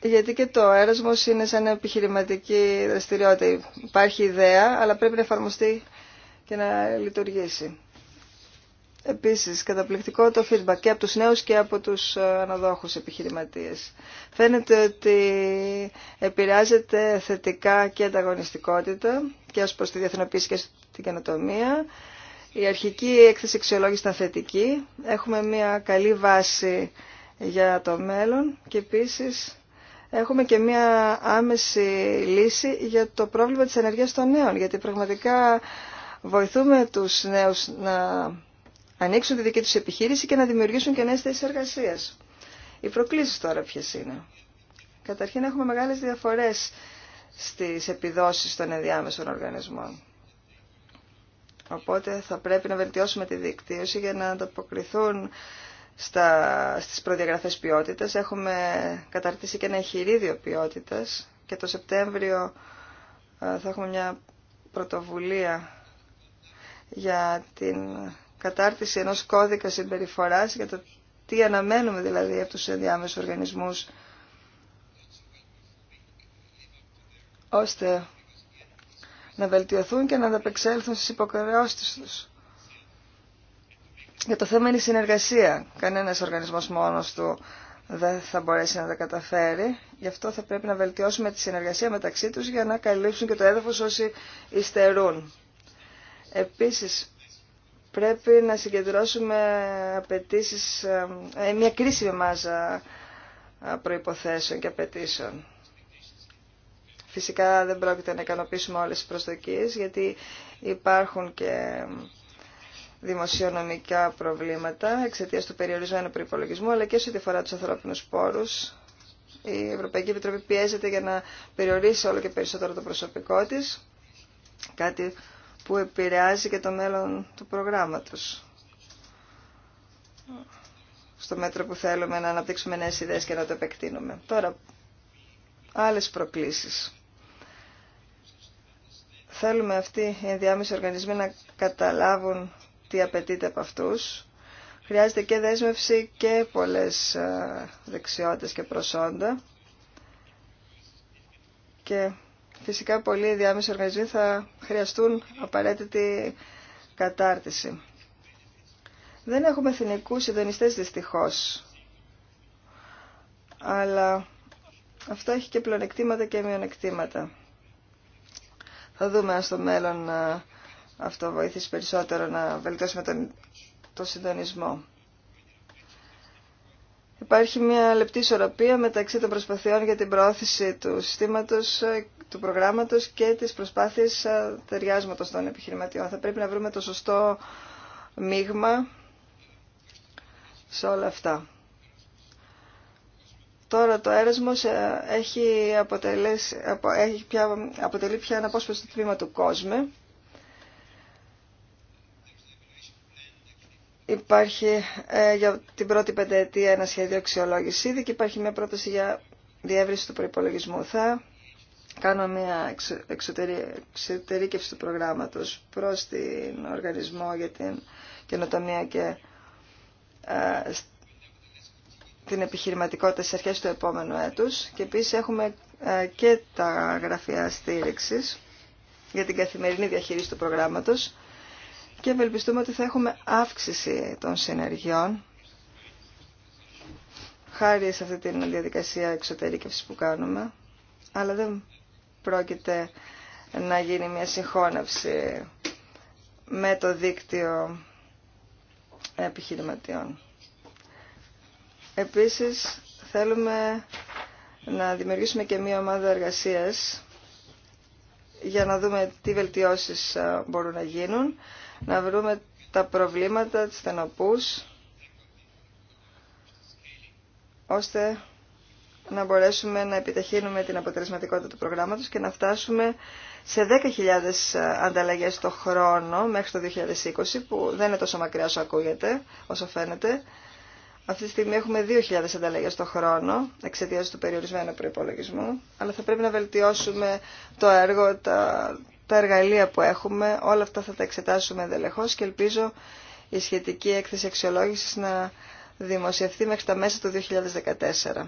Speaker 1: Γιατί και το έρασμος είναι σαν επιχειρηματική δραστηριότητα. Υπάρχει ιδέα, αλλά πρέπει να εφαρμοστεί και να λειτουργήσει. Επίσης, καταπληκτικό το feedback και από τους νέους και από τους ε, αναδόχους επιχειρηματίες. Φαίνεται ότι επηρεάζεται θετικά και ανταγωνιστικότητα και ως προς τη διεθνοποίηση και την καινοτομία η αρχική έκθεση αξιολόγηση ήταν θετική. Έχουμε μια καλή βάση για το μέλλον και επίσης έχουμε και μια άμεση λύση για το πρόβλημα της ενεργείας των νέων, γιατί πραγματικά βοηθούμε τους νέους να ανοίξουν τη δική τους επιχείρηση και να δημιουργήσουν και νέες θέσεις εργασίας. Οι προκλήσεις τώρα ποιες είναι. Καταρχήν έχουμε μεγάλες διαφορές στις επιδόσεις των ενδιάμεσων οργανισμών. Οπότε θα πρέπει να βελτιώσουμε τη δικτύωση για να ανταποκριθούν στα, στις προδιαγραφές ποιότητας. Έχουμε καταρτήσει και ένα εγχειρίδιο ποιότητας και το Σεπτέμβριο ε, θα έχουμε μια πρωτοβουλία για την κατάρτιση ενός κώδικα συμπεριφοράς για το τι αναμένουμε δηλαδή από τους ενδιάμεσους οργανισμούς ώστε να βελτιωθούν και να ανταπεξέλθουν στις υποκρεώσεις τους. Για το θέμα είναι η συνεργασία. Κανένας οργανισμός μόνος του δεν θα μπορέσει να τα καταφέρει. Γι' αυτό θα πρέπει να βελτιώσουμε τη συνεργασία μεταξύ τους για να καλύψουν και το έδαφος όσοι υστερούν. Επίσης, πρέπει να συγκεντρώσουμε απαιτήσει, ε, μια κρίσιμη μάζα προϋποθέσεων και απαιτήσεων. Φυσικά δεν πρόκειται να ικανοποιήσουμε όλες τις προσδοκίες γιατί υπάρχουν και δημοσιονομικά προβλήματα εξαιτία του περιορισμένου προπολογισμού αλλά και σε ό,τι αφορά του ανθρώπινου πόρου. Η Ευρωπαϊκή Επιτροπή πιέζεται για να περιορίσει όλο και περισσότερο το προσωπικό τη, κάτι που επηρεάζει και το μέλλον του προγράμματο. Στο μέτρο που θέλουμε να αναπτύξουμε νέε ιδέε και να το επεκτείνουμε. Τώρα, άλλε προκλήσει θέλουμε αυτοί οι ενδιάμεσοι οργανισμοί να καταλάβουν τι απαιτείται από αυτούς, χρειάζεται και δέσμευση και πολλές ε, δεξιότητες και προσόντα. Και φυσικά πολλοί ενδιάμεσοι οργανισμοί θα χρειαστούν απαραίτητη κατάρτιση. Δεν έχουμε εθνικού συντονιστέ δυστυχώ. Αλλά αυτό έχει και πλονεκτήματα και μειονεκτήματα. Θα δούμε αν στο μέλλον ε, αυτό βοηθήσει περισσότερο να βελτιώσουμε τον, το συντονισμό. Υπάρχει μια λεπτή ισορροπία μεταξύ των προσπαθειών για την προώθηση του συστήματος, ε, του προγράμματος και της προσπάθειας ε, ταιριάσματος των επιχειρηματιών. Θα πρέπει να βρούμε το σωστό μείγμα σε όλα αυτά. Τώρα το έρασμος ε, έχει, έχει πια, αποτελεί πια ένα απόσπαστο τμήμα του κόσμου. Υπάρχει ε, για την πρώτη πενταετία ένα σχέδιο αξιολόγηση ήδη και υπάρχει μια πρόταση για διεύρυνση του προπολογισμού. Θα κάνω μια εξωτερήκευση του προγράμματος προς την Οργανισμό για την Καινοτομία και ε, την επιχειρηματικότητα στις αρχές του επόμενου έτους και επίσης έχουμε ε, και τα γραφεία στήριξης για την καθημερινή διαχείριση του προγράμματος και ευελπιστούμε ότι θα έχουμε αύξηση των συνεργειών χάρη σε αυτή τη διαδικασία εξωτερήκευσης που κάνουμε αλλά δεν πρόκειται να γίνει μια συγχώνευση με το δίκτυο επιχειρηματιών. Επίσης, θέλουμε να δημιουργήσουμε και μία ομάδα εργασίας για να δούμε τι βελτιώσεις ε, μπορούν να γίνουν, να βρούμε τα προβλήματα, τις θενοπούς, ώστε να μπορέσουμε να επιταχύνουμε την αποτελεσματικότητα του προγράμματος και να φτάσουμε σε 10.000 ε, ανταλλαγές το χρόνο μέχρι το 2020, που δεν είναι τόσο μακριά όσο ακούγεται, όσο φαίνεται, αυτή τη στιγμή έχουμε 2.000 ανταλλαγέ το χρόνο εξαιτία του περιορισμένου προπολογισμού, αλλά θα πρέπει να βελτιώσουμε το έργο, τα, τα εργαλεία που έχουμε. Όλα αυτά θα τα εξετάσουμε εντελεχώ και ελπίζω η σχετική έκθεση αξιολόγηση να δημοσιευθεί μέχρι τα μέσα του 2014.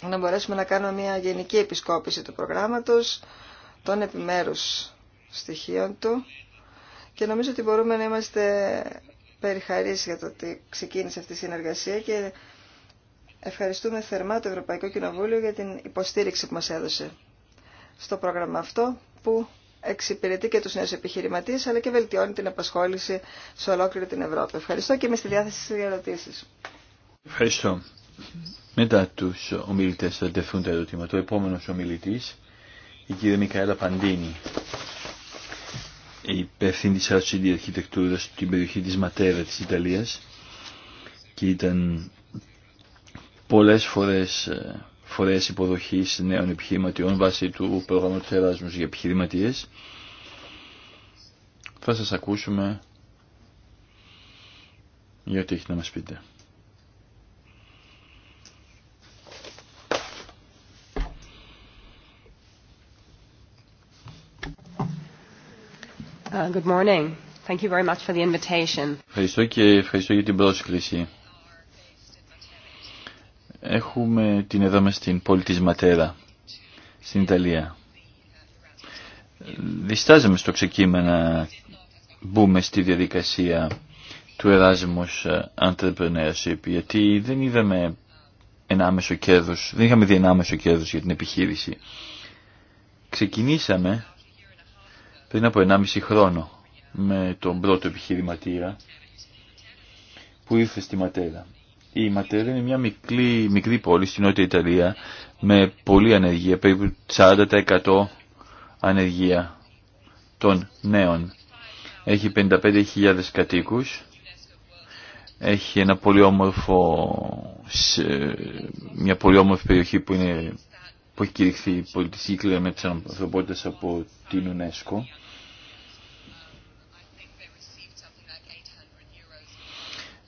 Speaker 1: Να μπορέσουμε να κάνουμε μια γενική επισκόπηση του προγράμματο των επιμέρου στοιχείων του και νομίζω ότι μπορούμε να είμαστε χαρίς για το ότι ξεκίνησε αυτή η συνεργασία και ευχαριστούμε θερμά το Ευρωπαϊκό Κοινοβούλιο για την υποστήριξη που μας έδωσε στο πρόγραμμα αυτό που εξυπηρετεί και τους νέους επιχειρηματίες αλλά και βελτιώνει την απασχόληση σε ολόκληρη την Ευρώπη. Ευχαριστώ και είμαι στη διάθεση της ερωτήσεις.
Speaker 3: Ευχαριστώ. Μετά τους ομιλητές θα τεθούν τα ερωτήματα. Ο επόμενος ομιλητής, η κυρία Μικαέλα Παντίνη υπεύθυνη της RCD αρχιτεκτούρα στην περιοχή της Ματέρα της Ιταλίας και ήταν πολλές φορές ε, φορές υποδοχής νέων επιχειρηματιών βάσει του προγράμματος Εράσμους για επιχειρηματίες. Θα σας ακούσουμε για ό,τι έχει να μας πείτε.
Speaker 4: Uh, good morning. Thank you very much for the invitation.
Speaker 3: Ευχαριστώ και ευχαριστώ για την πρόσκληση. Έχουμε την εδώ στην πόλη της Ματέρα, στην Ιταλία. Διστάζαμε στο ξεκίνημα να μπούμε στη διαδικασία του Erasmus ε, Entrepreneurship, γιατί δεν είδαμε ένα άμεσο δεν είχαμε δει ένα άμεσο κέρδος για την επιχείρηση. Ξεκινήσαμε πριν από 1,5 χρόνο με τον πρώτο επιχειρηματία που ήρθε στη Ματέρα. Η Ματέρα είναι μια μικρή, μικρή πόλη στην Νότια Ιταλία με πολλή ανεργία, περίπου 40% ανεργία των νέων. Έχει 55.000 κατοίκους, έχει ένα πολύ όμορφο, μια πολύ όμορφη περιοχή που είναι που έχει κηρυχθεί η πολιτιστική κληρονομιά της ανθρωπότητας από την UNESCO.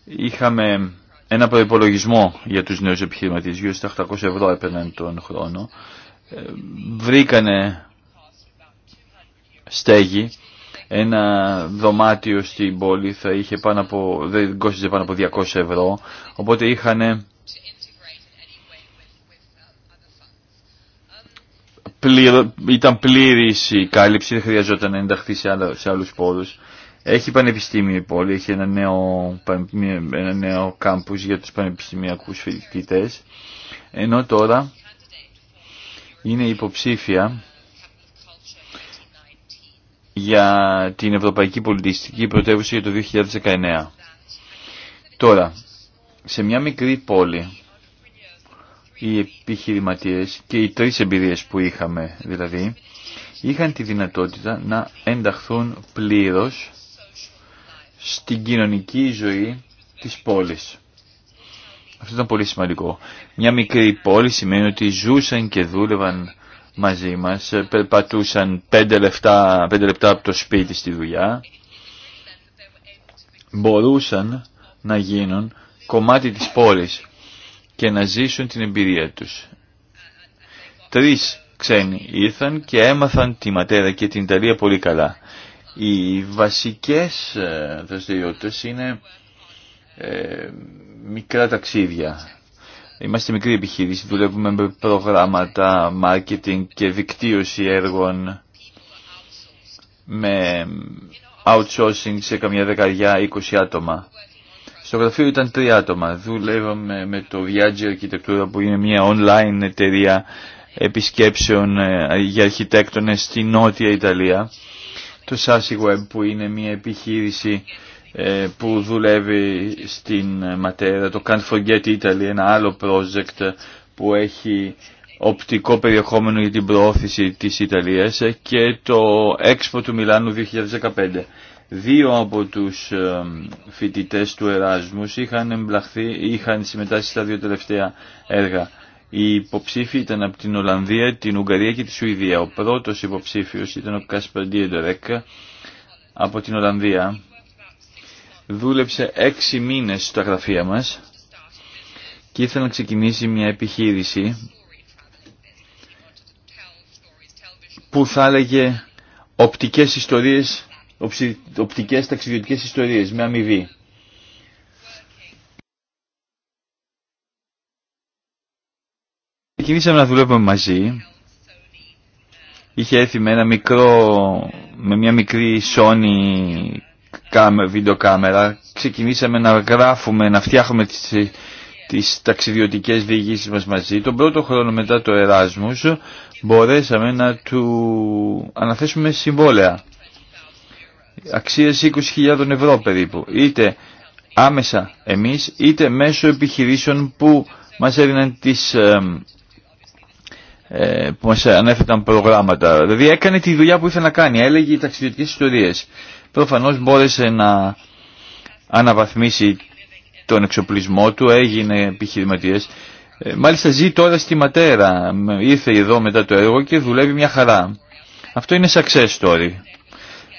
Speaker 3: Είχαμε ένα προπολογισμό για τους νέους επιχειρηματίες, γύρω στα 800 ευρώ έπαιρναν τον χρόνο. Ε, βρήκανε στέγη, ένα δωμάτιο στην πόλη θα είχε πάνω από, δεν κόστιζε πάνω από 200 ευρώ, οπότε είχαν ήταν πλήρη η κάλυψη, δεν χρειαζόταν να ενταχθεί σε, άλλου σε άλλους πόρους. Έχει πανεπιστήμιο η πόλη, έχει ένα νέο, ένα νέο κάμπους για τους πανεπιστημιακούς φοιτητές. ενώ τώρα είναι υποψήφια για την Ευρωπαϊκή Πολιτιστική Πρωτεύουσα για το 2019. Τώρα, σε μια μικρή πόλη οι επιχειρηματίες και οι τρεις εμπειρίες που είχαμε δηλαδή είχαν τη δυνατότητα να ενταχθούν πλήρως στην κοινωνική ζωή της πόλης. Αυτό ήταν πολύ σημαντικό. Μια μικρή πόλη σημαίνει ότι ζούσαν και δούλευαν μαζί μας, περπατούσαν πέντε λεπτά, λεπτά από το σπίτι στη δουλειά, μπορούσαν να γίνουν κομμάτι της πόλης και να ζήσουν την εμπειρία τους. Τρεις ξένοι ήρθαν και έμαθαν τη ματέρα και την Ιταλία πολύ καλά. Οι βασικές ε, δραστηριότητε είναι ε, μικρά ταξίδια. Είμαστε μικρή επιχείρηση, δουλεύουμε με προγράμματα, marketing και δικτύωση έργων με outsourcing σε καμιά δεκαριά, 20 άτομα. Στο γραφείο ήταν τρία άτομα. Δουλεύαμε με το Viaggio Architecture που είναι μια online εταιρεία επισκέψεων ε, για αρχιτέκτονες στη Νότια Ιταλία. Το Sassy Web που είναι μια επιχείρηση ε, που δουλεύει στην Ματέρα. Το Can't Forget Italy, ένα άλλο project που έχει οπτικό περιεχόμενο για την προώθηση της Ιταλίας ε, και το Expo του Μιλάνου 2015. Δύο από τους ε, φοιτητές του Εράσμους είχαν, εμπλαχθεί, είχαν συμμετάσχει στα δύο τελευταία έργα. Οι υποψήφοι ήταν από την Ολλανδία, την Ουγγαρία και τη Σουηδία. Ο πρώτος υποψήφιος ήταν ο Κάσπερ από την Ολλανδία. Δούλεψε έξι μήνες στα γραφεία μας και ήθελε να ξεκινήσει μια επιχείρηση που θα έλεγε οπτικές ιστορίες οπτικές ταξιδιωτικές ιστορίες με αμοιβή. Ξεκινήσαμε να δουλεύουμε μαζί. Είχε έρθει με ένα μικρό, με μια μικρή Sony βίντεο κάμερα. Ξεκινήσαμε να γράφουμε, να φτιάχνουμε τις, τις ταξιδιωτικές διηγήσεις μας μαζί. Τον πρώτο χρόνο μετά το Εράσμους μπορέσαμε να του αναθέσουμε συμβόλαια αξίας 20.000 ευρώ περίπου, είτε άμεσα εμείς, είτε μέσω επιχειρήσεων που μας έδιναν τις, ε, που μας ανέφεραν προγράμματα. Δηλαδή έκανε τη δουλειά που ήθελε να κάνει, έλεγε ταξιδιωτικές ιστορίες. Προφανώς μπόρεσε να αναβαθμίσει τον εξοπλισμό του, έγινε επιχειρηματίες. Ε, μάλιστα ζει τώρα στη Ματέρα, ήρθε εδώ μετά το έργο και δουλεύει μια χαρά. Αυτό είναι success story.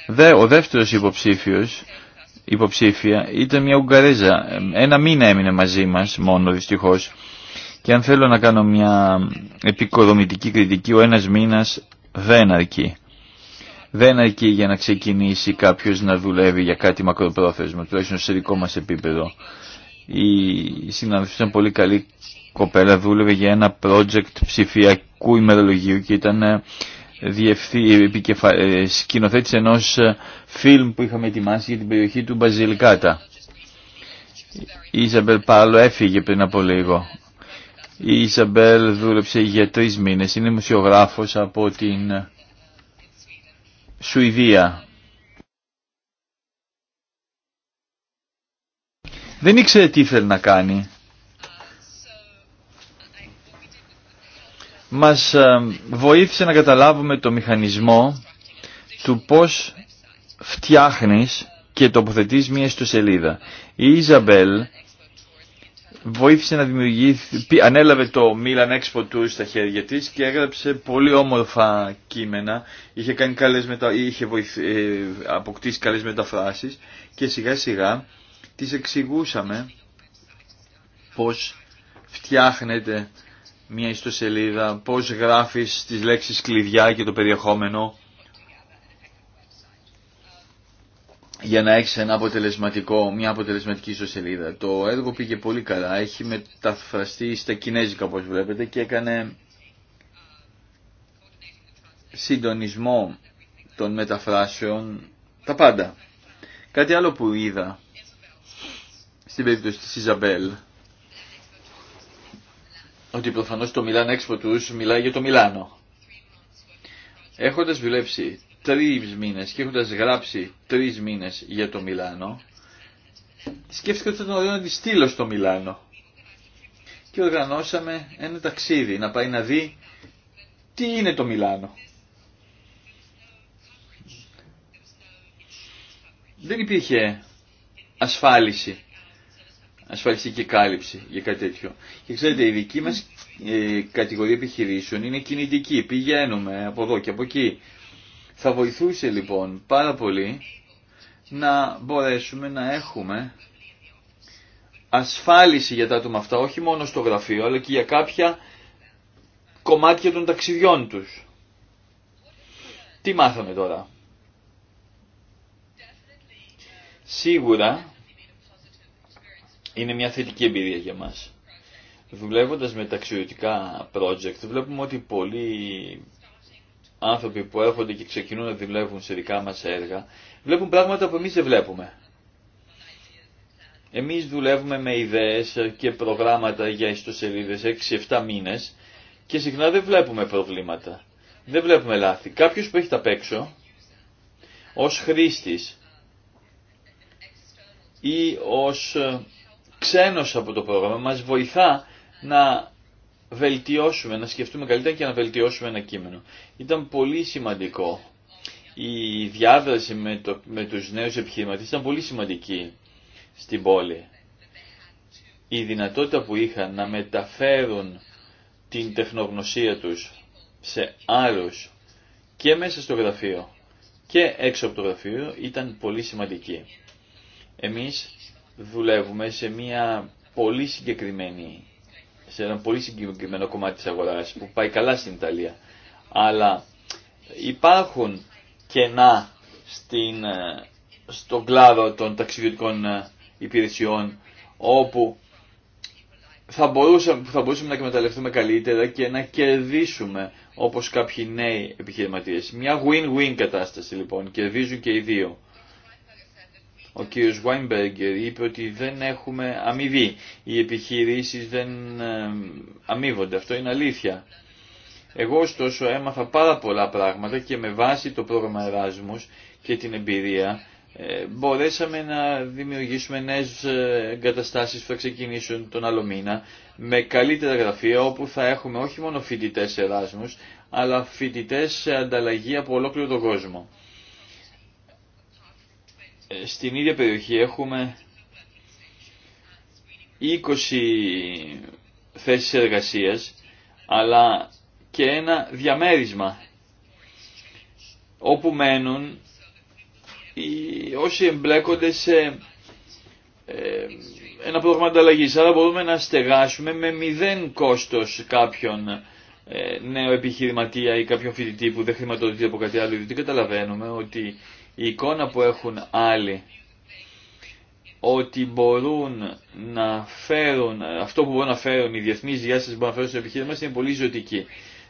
Speaker 3: Δε, ο δεύτερος υποψήφιος, υποψήφια ήταν μια Ουγγαρέζα. Ένα μήνα έμεινε μαζί μας μόνο δυστυχώς. Και αν θέλω να κάνω μια επικοδομητική κριτική, ο ένας μήνας δεν αρκεί. Δεν αρκεί για να ξεκινήσει κάποιος να δουλεύει για κάτι μακροπρόθεσμο, τουλάχιστον σε δικό μας επίπεδο. Η συνάδελφη ήταν πολύ καλή κοπέλα, δούλευε για ένα project ψηφιακού ημερολογίου και ήταν ε, διευθύ, ε, ε, σκηνοθέτης ενός ε, φιλμ που είχαμε ετοιμάσει για την περιοχή του Μπαζιλικάτα. Η Ιζαμπέλ Πάλο έφυγε πριν από λίγο. Η Ιζαμπέλ δούλεψε για τρεις μήνες. Είναι μουσιογράφος από την Σουηδία. Δεν ήξερε τι ήθελε να κάνει. μας ε, βοήθησε να καταλάβουμε το μηχανισμό του πώς φτιάχνεις και τοποθετείς μία ιστοσελίδα. Η Ιζαμπέλ βοήθησε να δημιουργήσει, ανέλαβε το Milan Expo του στα χέρια της και έγραψε πολύ όμορφα κείμενα, είχε, κάνει καλές μετα... είχε ε, αποκτήσει καλές μεταφράσεις και σιγά σιγά της εξηγούσαμε πώς φτιάχνεται μια ιστοσελίδα, πώς γράφεις τις λέξεις κλειδιά και το περιεχόμενο για να έχεις ένα αποτελεσματικό, μια αποτελεσματική ιστοσελίδα. Το έργο πήγε πολύ καλά, έχει μεταφραστεί στα κινέζικα όπως βλέπετε και έκανε συντονισμό των μεταφράσεων, τα πάντα. Κάτι άλλο που είδα στην περίπτωση της Ιζαμπέλ ότι προφανώ το Μιλάν Expo του μιλάει για το Μιλάνο. Έχοντα δουλέψει τρει μήνες και έχοντα γράψει τρει μήνες για το Μιλάνο, σκέφτηκα ότι θα τον ωραίο να τη στείλω στο Μιλάνο. Και οργανώσαμε ένα ταξίδι να πάει να δει τι είναι το Μιλάνο. Δεν υπήρχε ασφάλιση ασφαλιστική κάλυψη για κάτι τέτοιο. Και ξέρετε, η δική μας ε, κατηγορία επιχειρήσεων είναι κινητική. Πηγαίνουμε από εδώ και από εκεί. Θα βοηθούσε λοιπόν πάρα πολύ να μπορέσουμε να έχουμε ασφάλιση για τα άτομα αυτά, όχι μόνο στο γραφείο, αλλά και για κάποια κομμάτια των ταξιδιών τους. Τι μάθαμε τώρα. Σίγουρα είναι μια θετική εμπειρία για μας. Δουλεύοντας με ταξιδιωτικά project, βλέπουμε ότι πολλοί άνθρωποι που έρχονται και ξεκινούν να δουλεύουν σε δικά μας έργα, βλέπουν πράγματα που εμείς δεν βλέπουμε. Εμείς δουλεύουμε με ιδέες και προγράμματα για ιστοσελίδες 6-7 μήνες και συχνά δεν βλέπουμε προβλήματα. Δεν βλέπουμε λάθη. Κάποιος που έχει τα παίξω, ως χρήστης ή ως ε, ξένος από το πρόγραμμα μας βοηθά να βελτιώσουμε, να σκεφτούμε καλύτερα και να βελτιώσουμε ένα κείμενο. Ήταν πολύ σημαντικό. Η διάδραση με, το, με τους νέους επιχειρηματίες ήταν πολύ σημαντική στην πόλη. Η δυνατότητα που είχαν να μεταφέρουν την τεχνογνωσία τους σε άλλους και μέσα στο γραφείο και έξω από το γραφείο ήταν πολύ σημαντική. Εμείς δουλεύουμε σε μια πολύ συγκεκριμένη σε ένα πολύ συγκεκριμένο κομμάτι της αγοράς που πάει καλά στην Ιταλία αλλά υπάρχουν κενά στην, ε, στον κλάδο των ταξιδιωτικών ε, υπηρεσιών όπου θα μπορούσαμε, θα να εκμεταλλευτούμε καλύτερα και να κερδίσουμε όπως κάποιοι νέοι επιχειρηματίες. Μια win-win κατάσταση λοιπόν, κερδίζουν και οι δύο. Ο κύριος Βάινμπεργκερ είπε ότι δεν έχουμε αμοιβή. Οι επιχειρήσεις δεν ε, αμείβονται. Αυτό είναι αλήθεια. Εγώ ωστόσο έμαθα πάρα πολλά πράγματα και με βάση το πρόγραμμα Εράσμους και την εμπειρία ε, μπορέσαμε να δημιουργήσουμε νέες ε, εγκαταστάσεις που θα ξεκινήσουν τον άλλο μήνα με καλύτερα γραφεία όπου θα έχουμε όχι μόνο φοιτητές Εράσμους αλλά φοιτητές σε ανταλλαγή από ολόκληρο τον κόσμο. Ε, στην ίδια περιοχή έχουμε 20 θέσεις εργασίας αλλά και ένα διαμέρισμα όπου μένουν οι, όσοι εμπλέκονται σε ε, ένα πρόγραμμα ανταλλαγή. Άρα μπορούμε να στεγάσουμε με μηδέν κόστος κάποιον ε, νέο επιχειρηματία ή κάποιον φοιτητή που δεν χρηματοδοτείται από κάτι άλλο, γιατί καταλαβαίνουμε ότι η εικόνα που έχουν άλλοι ότι μπορούν να φέρουν, αυτό που μπορούν να φέρουν οι διεθνεί διάστασει που μπορούν να φέρουν στο επιχείρημα είναι πολύ ζωτική.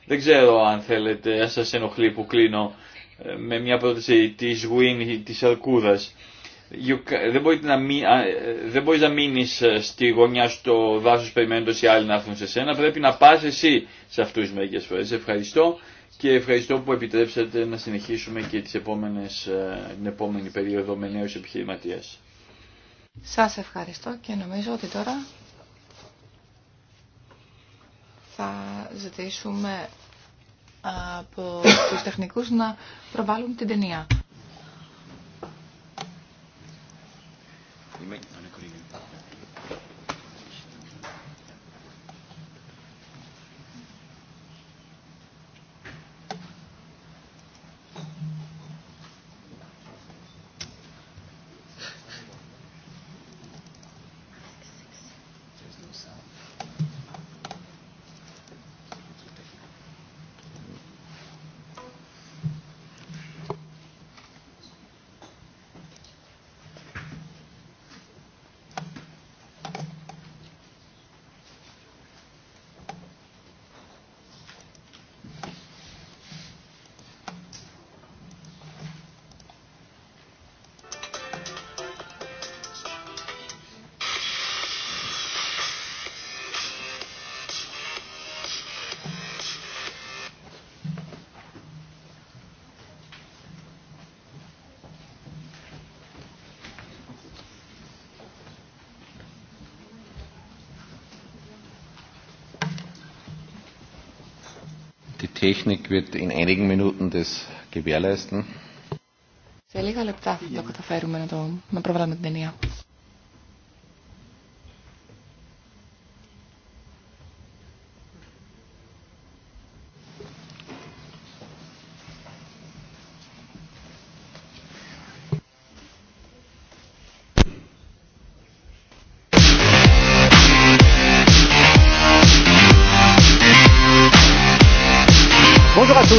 Speaker 3: Δεν ξέρω αν θέλετε, αν σα ενοχλεί που κλείνω ε, με μια πρόταση τη γουίνι, τη Αρκούδα. Δεν, μπορεί να μην, ε, μπορείς να μείνεις ε, στη γωνιά στο δάσος περιμένοντας οι άλλοι να έρθουν σε σένα. Πρέπει να πας εσύ σε αυτούς μερικές φορές. Ευχαριστώ και ευχαριστώ που επιτρέψατε να συνεχίσουμε και τις επόμενες, ε, την επόμενη περίοδο με νέους επιχειρηματίες.
Speaker 2: Σας ευχαριστώ και νομίζω ότι τώρα θα ζητήσουμε από τους τεχνικούς να προβάλλουν την ταινία.
Speaker 3: Technik wird in einigen Minuten das gewährleisten.
Speaker 2: Σε λίγα λεπτά θα το καταφέρουμε να, το, να προβάλλουμε την ταινία.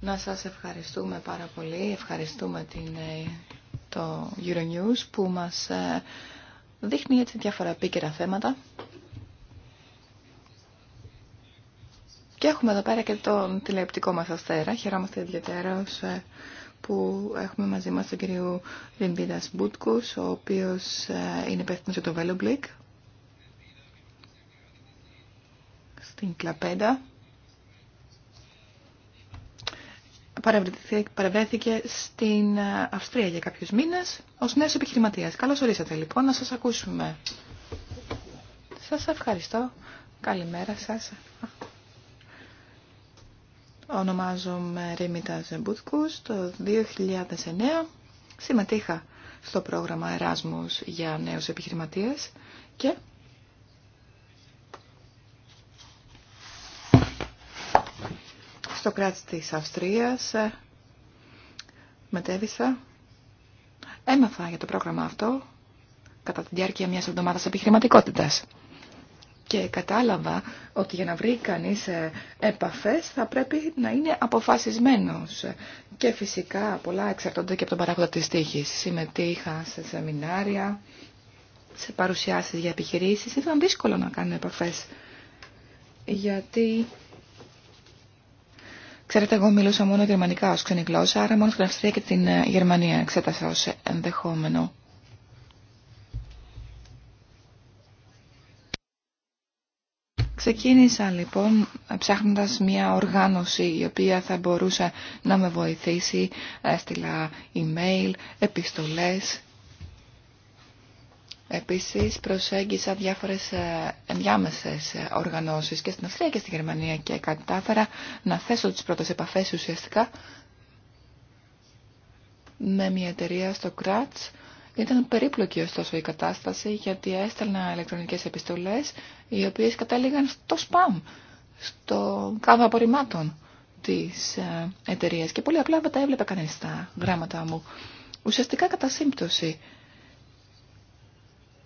Speaker 2: Να σας ευχαριστούμε πάρα πολύ. Ευχαριστούμε την, ε, το Euronews που μας ε, δείχνει έτσι διάφορα επίκαιρα θέματα. Και έχουμε εδώ πέρα και τον τηλεοπτικό μας αστέρα. Χαιρόμαστε ιδιαίτερως ε, που έχουμε μαζί μας τον κύριο Λιμπίδας Μπούτκους, ο οποίος είναι υπεύθυνος για το Βελομπλικ στην Κλαπέντα. παρευρέθηκε στην ε, Αυστρία για κάποιους μήνες ως νέος επιχειρηματίας. Καλώς ορίσατε λοιπόν, να σας ακούσουμε. Σας ευχαριστώ. Καλημέρα σας. Ονομάζομαι Ρίμιτα Ζεμπούτκους. Το 2009 συμμετείχα στο πρόγραμμα Εράσμους για νέους επιχειρηματίες και στο κράτος της Αυστρίας ε, μετέβησα. Έμαθα για το πρόγραμμα αυτό κατά τη διάρκεια μιας εβδομάδας επιχειρηματικότητας. Και κατάλαβα ότι για να βρει κανείς ε, επαφές θα πρέπει να είναι αποφασισμένος. Και φυσικά πολλά εξαρτώνται και από τον παράγοντα της τύχης. Συμμετείχα σε σεμινάρια, σε παρουσιάσεις για επιχειρήσεις. Ήταν δύσκολο να κάνω επαφές γιατί Ξέρετε, εγώ μιλούσα μόνο γερμανικά ως ξένη γλώσσα, άρα μόνο στην Αυστρία και την ε, Γερμανία εξέτασα ως ε, ενδεχόμενο. Ξεκίνησα λοιπόν ψάχνοντας μια οργάνωση η οποία θα μπορούσε να με βοηθήσει. Έστειλα email, επιστολές Επίσης προσέγγισα διάφορες ε, ενδιάμεσες ε, οργανώσεις και στην Αυστρία και στη Γερμανία και κατάφερα να θέσω τις πρώτες επαφές ουσιαστικά με μια εταιρεία στο Κράτς. Ήταν περίπλοκη ωστόσο η κατάσταση γιατί έστελνα ηλεκτρονικές επιστολές οι οποίες κατέληγαν στο spam, στο κάδο απορριμμάτων της ε, εταιρείας και πολύ απλά δεν τα έβλεπε κανείς τα γράμματα μου. Ουσιαστικά κατά σύμπτωση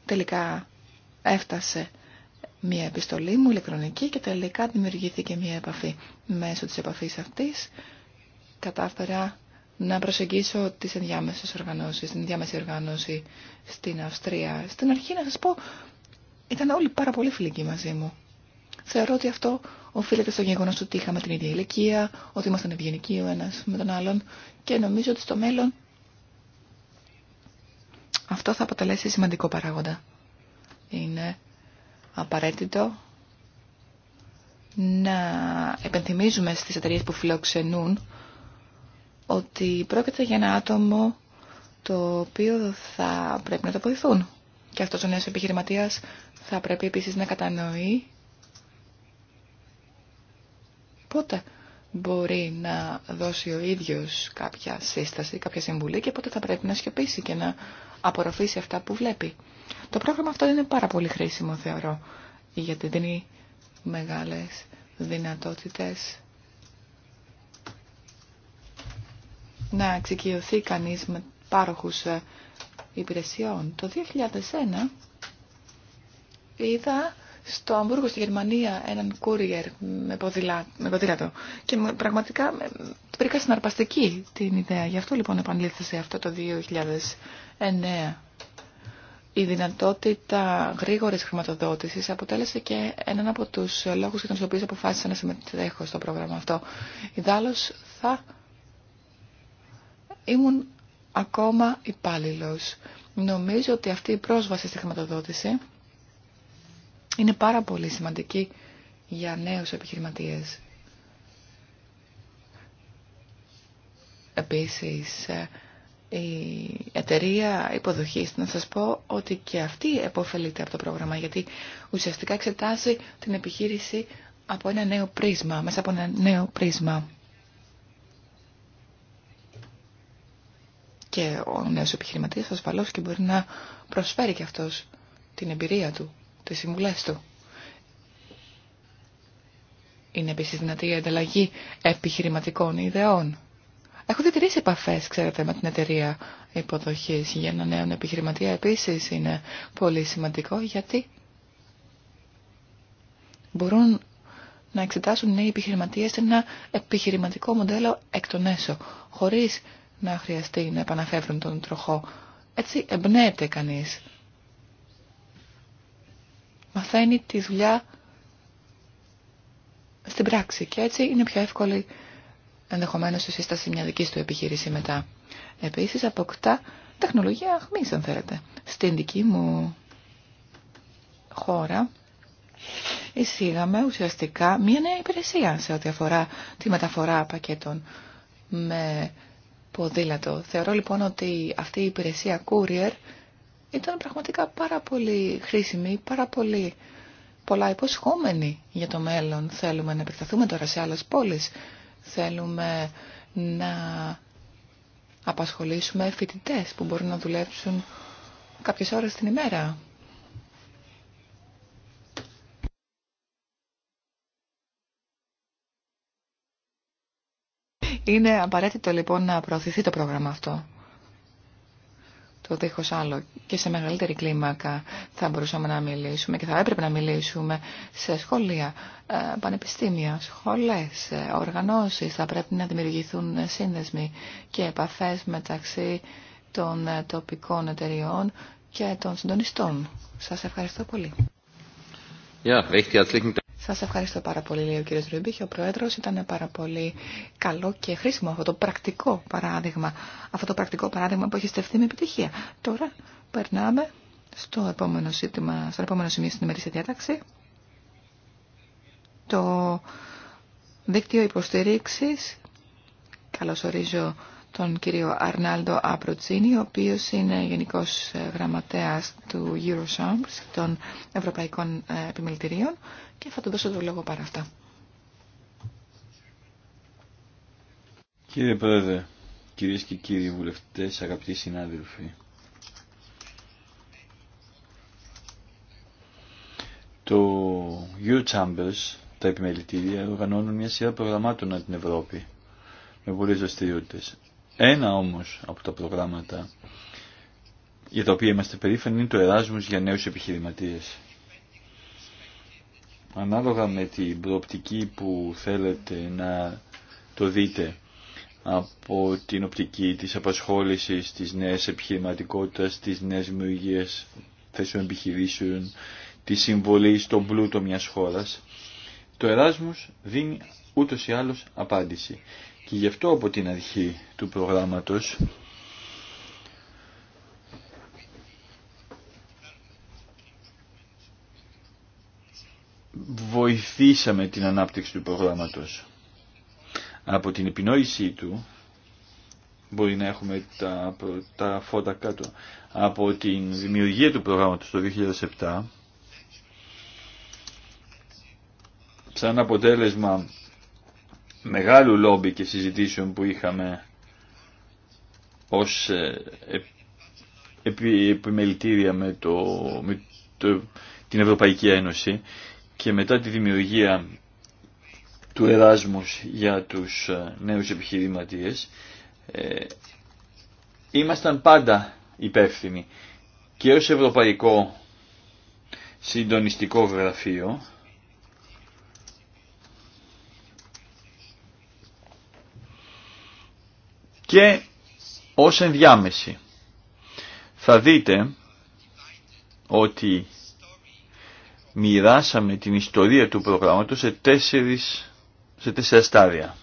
Speaker 2: Τελικά έφτασε μία επιστολή μου ηλεκτρονική και τελικά δημιουργήθηκε μία επαφή. Μέσω της επαφής αυτής κατάφερα να προσεγγίσω τις ενδιάμεσες οργανώσεις, την ενδιάμεση οργάνωση στην Αυστρία. Στην αρχή να σας πω, ήταν όλοι πάρα πολύ φιλικοί μαζί μου. Θεωρώ ότι αυτό οφείλεται στο γεγονό ότι είχαμε την ίδια ηλικία, ότι ήμασταν ευγενικοί ο ένα με τον άλλον και νομίζω ότι στο μέλλον αυτό θα αποτελέσει σημαντικό παράγοντα. Είναι απαραίτητο να επενθυμίζουμε στις εταιρείες που φιλοξενούν ότι πρόκειται για ένα άτομο το οποίο θα πρέπει να το βοηθούν. Και αυτός ο νέος επιχειρηματίας θα πρέπει επίσης να κατανοεί πότε μπορεί να δώσει ο ίδιος κάποια σύσταση, κάποια συμβουλή και πότε θα πρέπει να σιωπήσει και να απορροφήσει αυτά που βλέπει. Το πρόγραμμα αυτό είναι πάρα πολύ χρήσιμο, θεωρώ, γιατί δίνει μεγάλες δυνατότητες να εξοικειωθεί κανείς με πάροχους ε, υπηρεσιών. Το 2001 είδα στο Αμβούργο, στη Γερμανία, έναν κούριερ με, ποδηλά, με ποδήλατο. Και πραγματικά ε, βρήκα συναρπαστική την ιδέα. Γι' αυτό λοιπόν επανήλθε αυτό το 2009. Η δυνατότητα γρήγορης χρηματοδότησης αποτέλεσε και έναν από τους λόγους για τους οποίους αποφάσισα να συμμετέχω στο πρόγραμμα αυτό. Ιδάλλως θα ήμουν ακόμα υπάλληλο. Νομίζω ότι αυτή η πρόσβαση στη χρηματοδότηση είναι πάρα πολύ σημαντική για νέους επιχειρηματίες. Επίσης, ε, η εταιρεία υποδοχής, να σας πω ότι και αυτή επωφελείται από το πρόγραμμα, γιατί ουσιαστικά εξετάζει την επιχείρηση από ένα νέο πρίσμα, μέσα από ένα νέο πρίσμα. Και ο νέος επιχειρηματίας ασφαλώς και μπορεί να προσφέρει και αυτός την εμπειρία του τις συμβουλές του. Είναι επίση δυνατή η ανταλλαγή επιχειρηματικών ιδεών. Έχω δει τρεις επαφές, ξέρετε, με την εταιρεία υποδοχή για ένα νέο επιχειρηματία. Επίσης είναι πολύ σημαντικό γιατί μπορούν να εξετάσουν νέοι σε ένα επιχειρηματικό μοντέλο εκ των έσω, χωρίς να χρειαστεί να επαναφεύρουν τον τροχό. Έτσι εμπνέεται κανείς μαθαίνει τη δουλειά στην πράξη και έτσι είναι πιο εύκολη ενδεχομένως η σύσταση μια δική του επιχείρηση μετά. Επίσης αποκτά τεχνολογία αχμής αν θέλετε. Στην δική μου χώρα εισήγαμε ουσιαστικά μια νέα υπηρεσία σε ό,τι αφορά τη μεταφορά πακέτων με ποδήλατο. Θεωρώ λοιπόν ότι αυτή η υπηρεσία courier ήταν πραγματικά πάρα πολύ χρήσιμη, πάρα πολύ πολλά υποσχόμενη για το μέλλον. Θέλουμε να επεκταθούμε τώρα σε άλλες πόλεις. Θέλουμε να απασχολήσουμε φοιτητέ που μπορούν να δουλέψουν κάποιες ώρες την ημέρα. Είναι απαραίτητο λοιπόν να προωθηθεί το πρόγραμμα αυτό το δίχως άλλο και σε μεγαλύτερη κλίμακα θα μπορούσαμε να μιλήσουμε και θα έπρεπε να μιλήσουμε σε σχολεία, ε, πανεπιστήμια, σχολές, ε, οργανώσεις. Θα πρέπει να δημιουργηθούν σύνδεσμοι και επαφές μεταξύ των ε, τοπικών εταιριών και των συντονιστών. Σας ευχαριστώ πολύ. Σας ευχαριστώ πάρα πολύ, λέει ο κύριος Ρουμπίχη, ο Πρόεδρος. Ήταν πάρα πολύ καλό και χρήσιμο αυτό το πρακτικό παράδειγμα. Αυτό το πρακτικό παράδειγμα που έχει στεφθεί με επιτυχία. Τώρα περνάμε στο επόμενο, σύντημα, στο επόμενο σημείο στην ημερήσια διάταξη. Το δίκτυο υποστηρίξης. Καλώς ορίζω τον κύριο Αρνάλντο Απροτσίνη, ο οποίος είναι Γενικός ε, Γραμματέας του Eurosamps των Ευρωπαϊκών ε, Επιμελητηρίων και θα του δώσω το λόγο παρά αυτά.
Speaker 3: Κύριε Πρόεδρε, κυρίες και κύριοι βουλευτές, αγαπητοί συνάδελφοι, το Eurochambers, τα επιμελητήρια, οργανώνουν μια σειρά προγραμμάτων από την Ευρώπη με πολλέ δραστηριότητε. Ένα όμως από τα προγράμματα για τα οποία είμαστε περήφανοι είναι το Εράσμος για νέους επιχειρηματίες. Ανάλογα με την προοπτική που θέλετε να το δείτε από την οπτική της απασχόλησης, της νέας επιχειρηματικότητας, της νέας δημιουργίας θέσεων επιχειρήσεων, της συμβολής στον πλούτο μιας χώρας, το Εράσμος δίνει ούτως ή άλλως απάντηση. Και γι' αυτό από την αρχή του προγράμματος βοηθήσαμε την ανάπτυξη του προγράμματος. Από την επινόησή του μπορεί να έχουμε τα, τα φώτα κάτω. Από την δημιουργία του προγράμματος το 2007 σαν αποτέλεσμα μεγάλου λόμπι και συζητήσεων που είχαμε ως ε, ε, επιμελητήρια με, το, την Ευρωπαϊκή Ένωση και μετά τη δημιουργία του Εράσμους για τους ε, νέους επιχειρηματίες ήμασταν πάντα υπεύθυνοι και ως Ευρωπαϊκό Συντονιστικό Γραφείο και ως ενδιάμεση. Θα δείτε ότι μοιράσαμε την ιστορία του προγράμματος σε τέσσερις σε τέσσερα στάδια.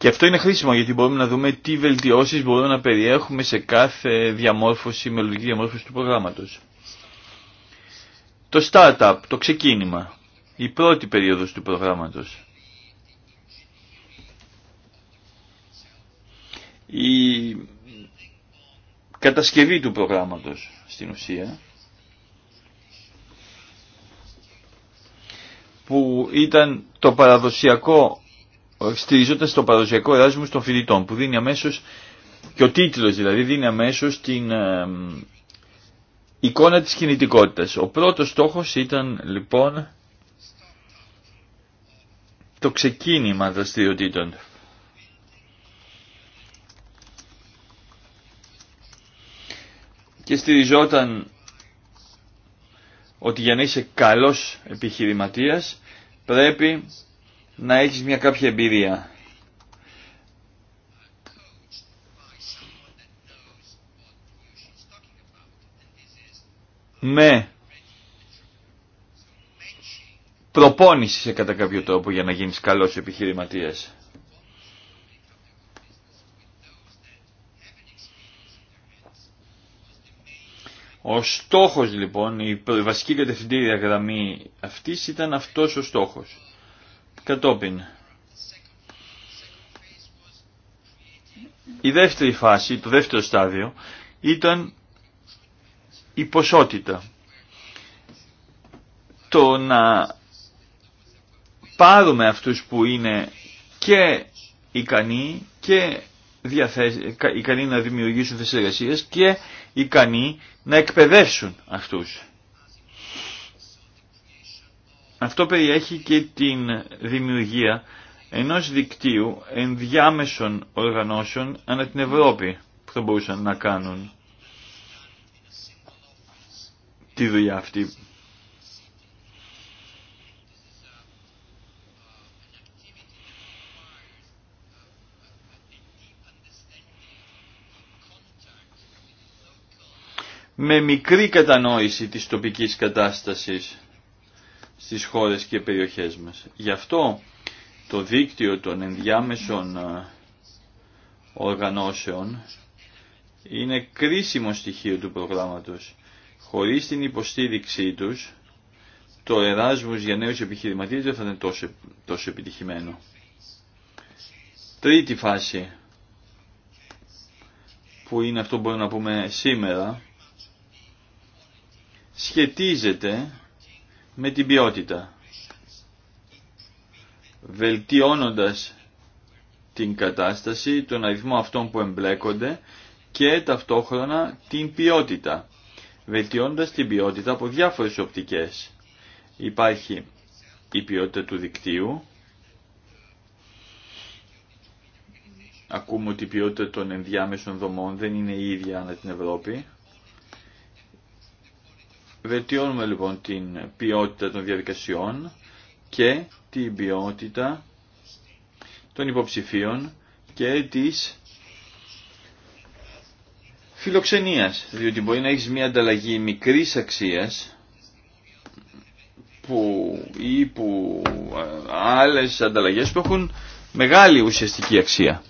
Speaker 3: Και αυτό είναι χρήσιμο γιατί μπορούμε να δούμε τι βελτιώσεις μπορούμε να περιέχουμε σε κάθε διαμόρφωση, μελλοντική διαμόρφωση του προγράμματος. Το startup, το ξεκίνημα, η πρώτη περίοδος του προγράμματος. Η κατασκευή του προγράμματος στην ουσία που ήταν το παραδοσιακό Στηρίζοντα το παραδοσιακό εράσμο των φοιτητών που δίνει αμέσως και ο τίτλος δηλαδή δίνει αμέσως την εικόνα της κινητικότητας. Ο πρώτος στόχος ήταν λοιπόν το ξεκίνημα δραστηριοτήτων. Και στηριζόταν ότι για να είσαι καλός επιχειρηματίας πρέπει να έχεις μια κάποια εμπειρία. Με προπόνηση σε κατά κάποιο τρόπο για να γίνεις καλός επιχειρηματίας. Ο στόχος λοιπόν, η βασική κατευθυντήρια γραμμή αυτής ήταν αυτός ο στόχος. Κατόπιν, η δεύτερη φάση, το δεύτερο στάδιο, ήταν η ποσότητα. Το να πάρουμε αυτούς που είναι και ικανοί και ικανοί να δημιουργήσουν θέσεις και ικανοί να εκπαιδεύσουν αυτούς. Αυτό περιέχει και την δημιουργία ενός δικτύου ενδιάμεσων οργανώσεων ανά την Ευρώπη που θα μπορούσαν να κάνουν τη δουλειά αυτή. με μικρή κατανόηση της τοπικής κατάστασης στις χώρες και περιοχές μας. Γι' αυτό το δίκτυο των ενδιάμεσων ε, οργανώσεων είναι κρίσιμο στοιχείο του προγράμματος. Χωρίς την υποστήριξή τους, το Εράσμους για νέους επιχειρηματίες δεν θα είναι τόσο, τόσο επιτυχημένο. Τρίτη φάση, που είναι αυτό που μπορούμε να πούμε σήμερα, σχετίζεται με την ποιότητα, βελτιώνοντας την κατάσταση, τον αριθμό αυτών που εμπλέκονται και ταυτόχρονα την ποιότητα, βελτιώνοντας την ποιότητα από διάφορες οπτικές. Υπάρχει η ποιότητα του δικτύου, ακούμε ότι η ποιότητα των ενδιάμεσων δομών δεν είναι η ίδια ανά την Ευρώπη, Βελτιώνουμε λοιπόν την ποιότητα των διαδικασιών και την ποιότητα των υποψηφίων και της φιλοξενίας, διότι μπορεί να έχεις μια ανταλλαγή μικρής αξίας που, ή που άλλες ανταλλαγές που έχουν μεγάλη ουσιαστική αξία.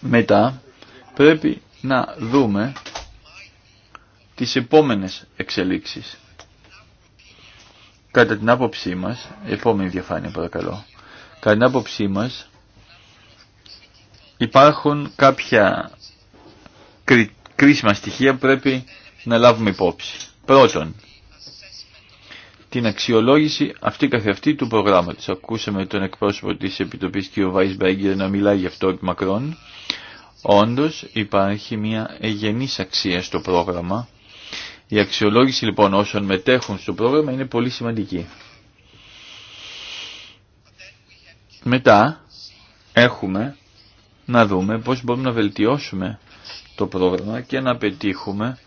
Speaker 3: Μετά πρέπει να δούμε τις επόμενες εξελίξεις. Κατά την άποψή μας, επόμενη διαφάνεια παρακαλώ, κατά την άποψή μας υπάρχουν κάποια κρίσιμα στοιχεία που πρέπει να λάβουμε υπόψη. Πρώτον, την αξιολόγηση αυτή καθεαυτή του προγράμματος. Ακούσαμε τον εκπρόσωπο της Επιτροπής κ. Μπέγκερ, να μιλάει γι' αυτό επί μακρόν. Όντως υπάρχει μια εγενής αξία στο πρόγραμμα η αξιολόγηση λοιπόν όσων μετέχουν στο πρόγραμμα είναι πολύ σημαντική. Μετά έχουμε να δούμε πώς μπορούμε να βελτιώσουμε το πρόγραμμα και να πετύχουμε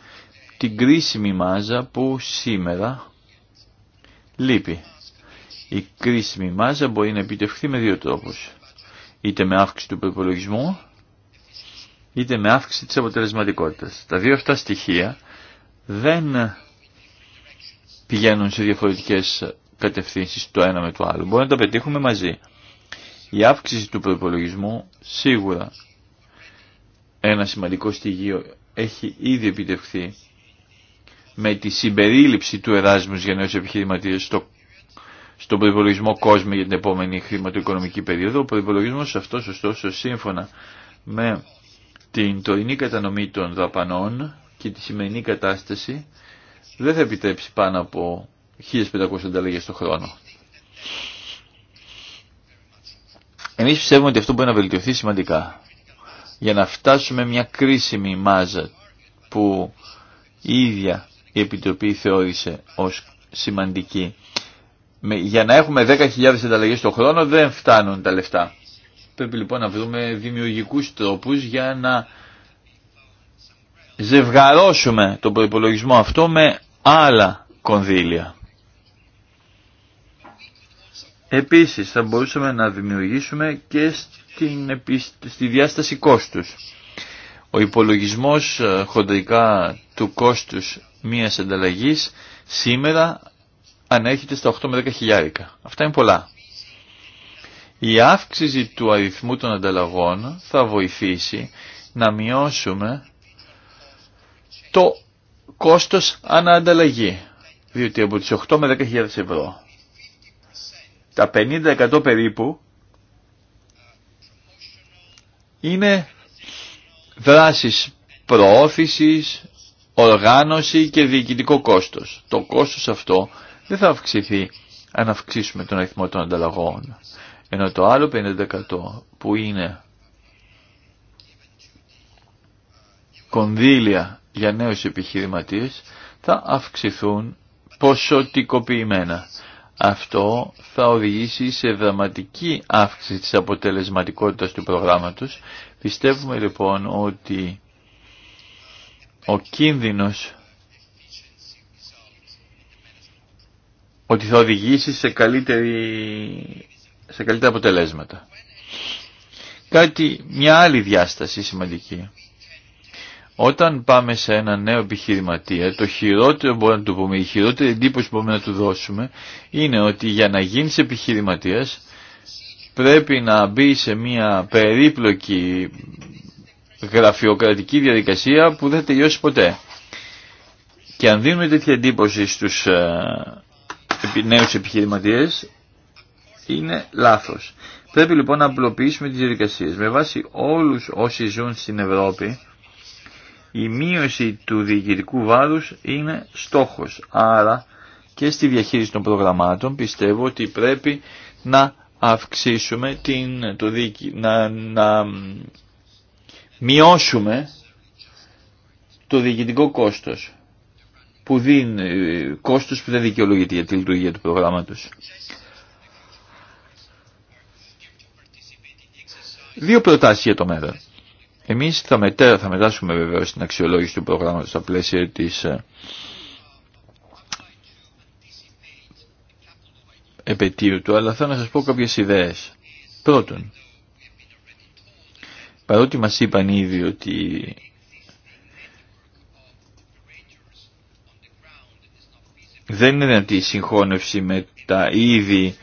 Speaker 3: την κρίσιμη μάζα που σήμερα λείπει. Η κρίσιμη μάζα μπορεί να επιτευχθεί με δύο τρόπους. Είτε με αύξηση του προπολογισμού, είτε με αύξηση της αποτελεσματικότητας. Τα δύο αυτά στοιχεία δεν πηγαίνουν σε διαφορετικές κατευθύνσεις το ένα με το άλλο. Μπορεί να τα πετύχουμε μαζί. Η αύξηση του προπολογισμού σίγουρα ένα σημαντικό στοιχείο έχει ήδη επιτευχθεί με τη συμπερίληψη του Εράσμους για νέους επιχειρηματίες στο, στον προπολογισμό κόσμο για την επόμενη χρηματοοικονομική περίοδο. Ο προπολογισμό αυτός ωστόσο σύμφωνα με την τωρινή κατανομή των δαπανών και τη σημερινή κατάσταση δεν θα επιτρέψει πάνω από 1500 ανταλλαγές το χρόνο. Εμείς πιστεύουμε ότι αυτό μπορεί να βελτιωθεί σημαντικά για να φτάσουμε μια κρίσιμη μάζα που η ίδια η Επιτροπή θεώρησε ως σημαντική. Για να έχουμε 10.000 ανταλλαγές το χρόνο δεν φτάνουν τα λεφτά. Πρέπει λοιπόν να βρούμε δημιουργικούς τρόπους για να ζευγαρώσουμε τον προϋπολογισμό αυτό με άλλα κονδύλια. Επίσης θα μπορούσαμε να δημιουργήσουμε και στην, στη διάσταση κόστους. Ο υπολογισμός ε, χοντρικά του κόστους μίας ανταλλαγής σήμερα ανέρχεται στα 8 με 10 χιλιάρικα. Αυτά είναι πολλά. Η αύξηση του αριθμού των ανταλλαγών θα βοηθήσει να μειώσουμε το κόστος αναανταλλαγή. Διότι από τις 8 με 10.000 ευρώ τα 50% περίπου είναι δράσεις προώθησης, οργάνωση και διοικητικό κόστος. Το κόστος αυτό δεν θα αυξηθεί αν αυξήσουμε τον αριθμό των ανταλλαγών. Ενώ το άλλο 50% που είναι κονδύλια για νέους επιχειρηματίες θα αυξηθούν ποσοτικοποιημένα. Αυτό θα οδηγήσει σε δραματική αύξηση της αποτελεσματικότητας του προγράμματος. Πιστεύουμε λοιπόν ότι ο κίνδυνος ότι θα οδηγήσει σε, καλύτερη, σε καλύτερα αποτελέσματα. Κάτι, μια άλλη διάσταση σημαντική όταν πάμε σε ένα νέο επιχειρηματία, το χειρότερο μπορούμε να του πούμε, η χειρότερη εντύπωση που μπορούμε να του δώσουμε είναι ότι για να γίνει επιχειρηματίας πρέπει να μπει σε μια περίπλοκη γραφειοκρατική διαδικασία που δεν τελειώσει ποτέ. Και αν δίνουμε τέτοια εντύπωση στους ε, νέους επιχειρηματίες είναι λάθος. Πρέπει λοιπόν να απλοποιήσουμε τις διαδικασίες. Με βάση όλους όσοι ζουν στην Ευρώπη η μείωση του διοικητικού βάρους είναι στόχος. Άρα και στη διαχείριση των προγραμμάτων πιστεύω ότι πρέπει να αυξήσουμε την, το να, να μειώσουμε το διοικητικό κόστος που δίνει κόστος που δεν δικαιολογείται για τη λειτουργία του προγράμματος. Δύο προτάσεις για το μέλλον. Εμείς θα, θα μετάσχουμε βέβαια στην αξιολόγηση του προγράμματος στα πλαίσια της ε, επαιτίου του, αλλά θέλω να σας πω κάποιες ιδέες. Πρώτον, παρότι μας είπαν ήδη ότι δεν είναι δυνατή με τα ήδη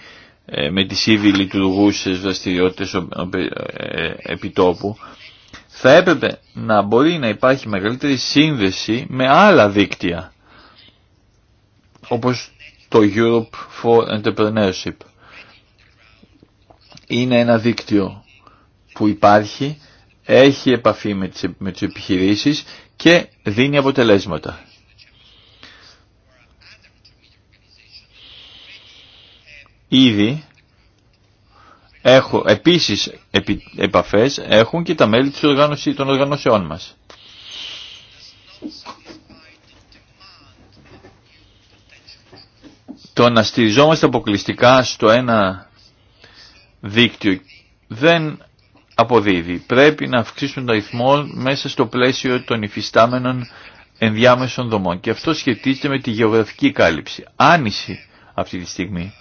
Speaker 3: ε, με τις ήδη λειτουργούσες δραστηριότητες ε, επιτόπου θα έπρεπε να μπορεί να υπάρχει μεγαλύτερη σύνδεση με άλλα δίκτυα όπως το Europe for Entrepreneurship. Είναι ένα δίκτυο που υπάρχει, έχει επαφή με τις, με επιχειρήσεις και δίνει αποτελέσματα. Ήδη έχω, επίσης επι, επαφές έχουν και τα μέλη της των οργανώσεών μας. Το να στηριζόμαστε αποκλειστικά στο ένα δίκτυο δεν αποδίδει. Πρέπει να αυξήσουν τα αριθμό μέσα στο πλαίσιο των υφιστάμενων ενδιάμεσων δομών. Και αυτό σχετίζεται με τη γεωγραφική κάλυψη. Άνηση αυτή τη στιγμή.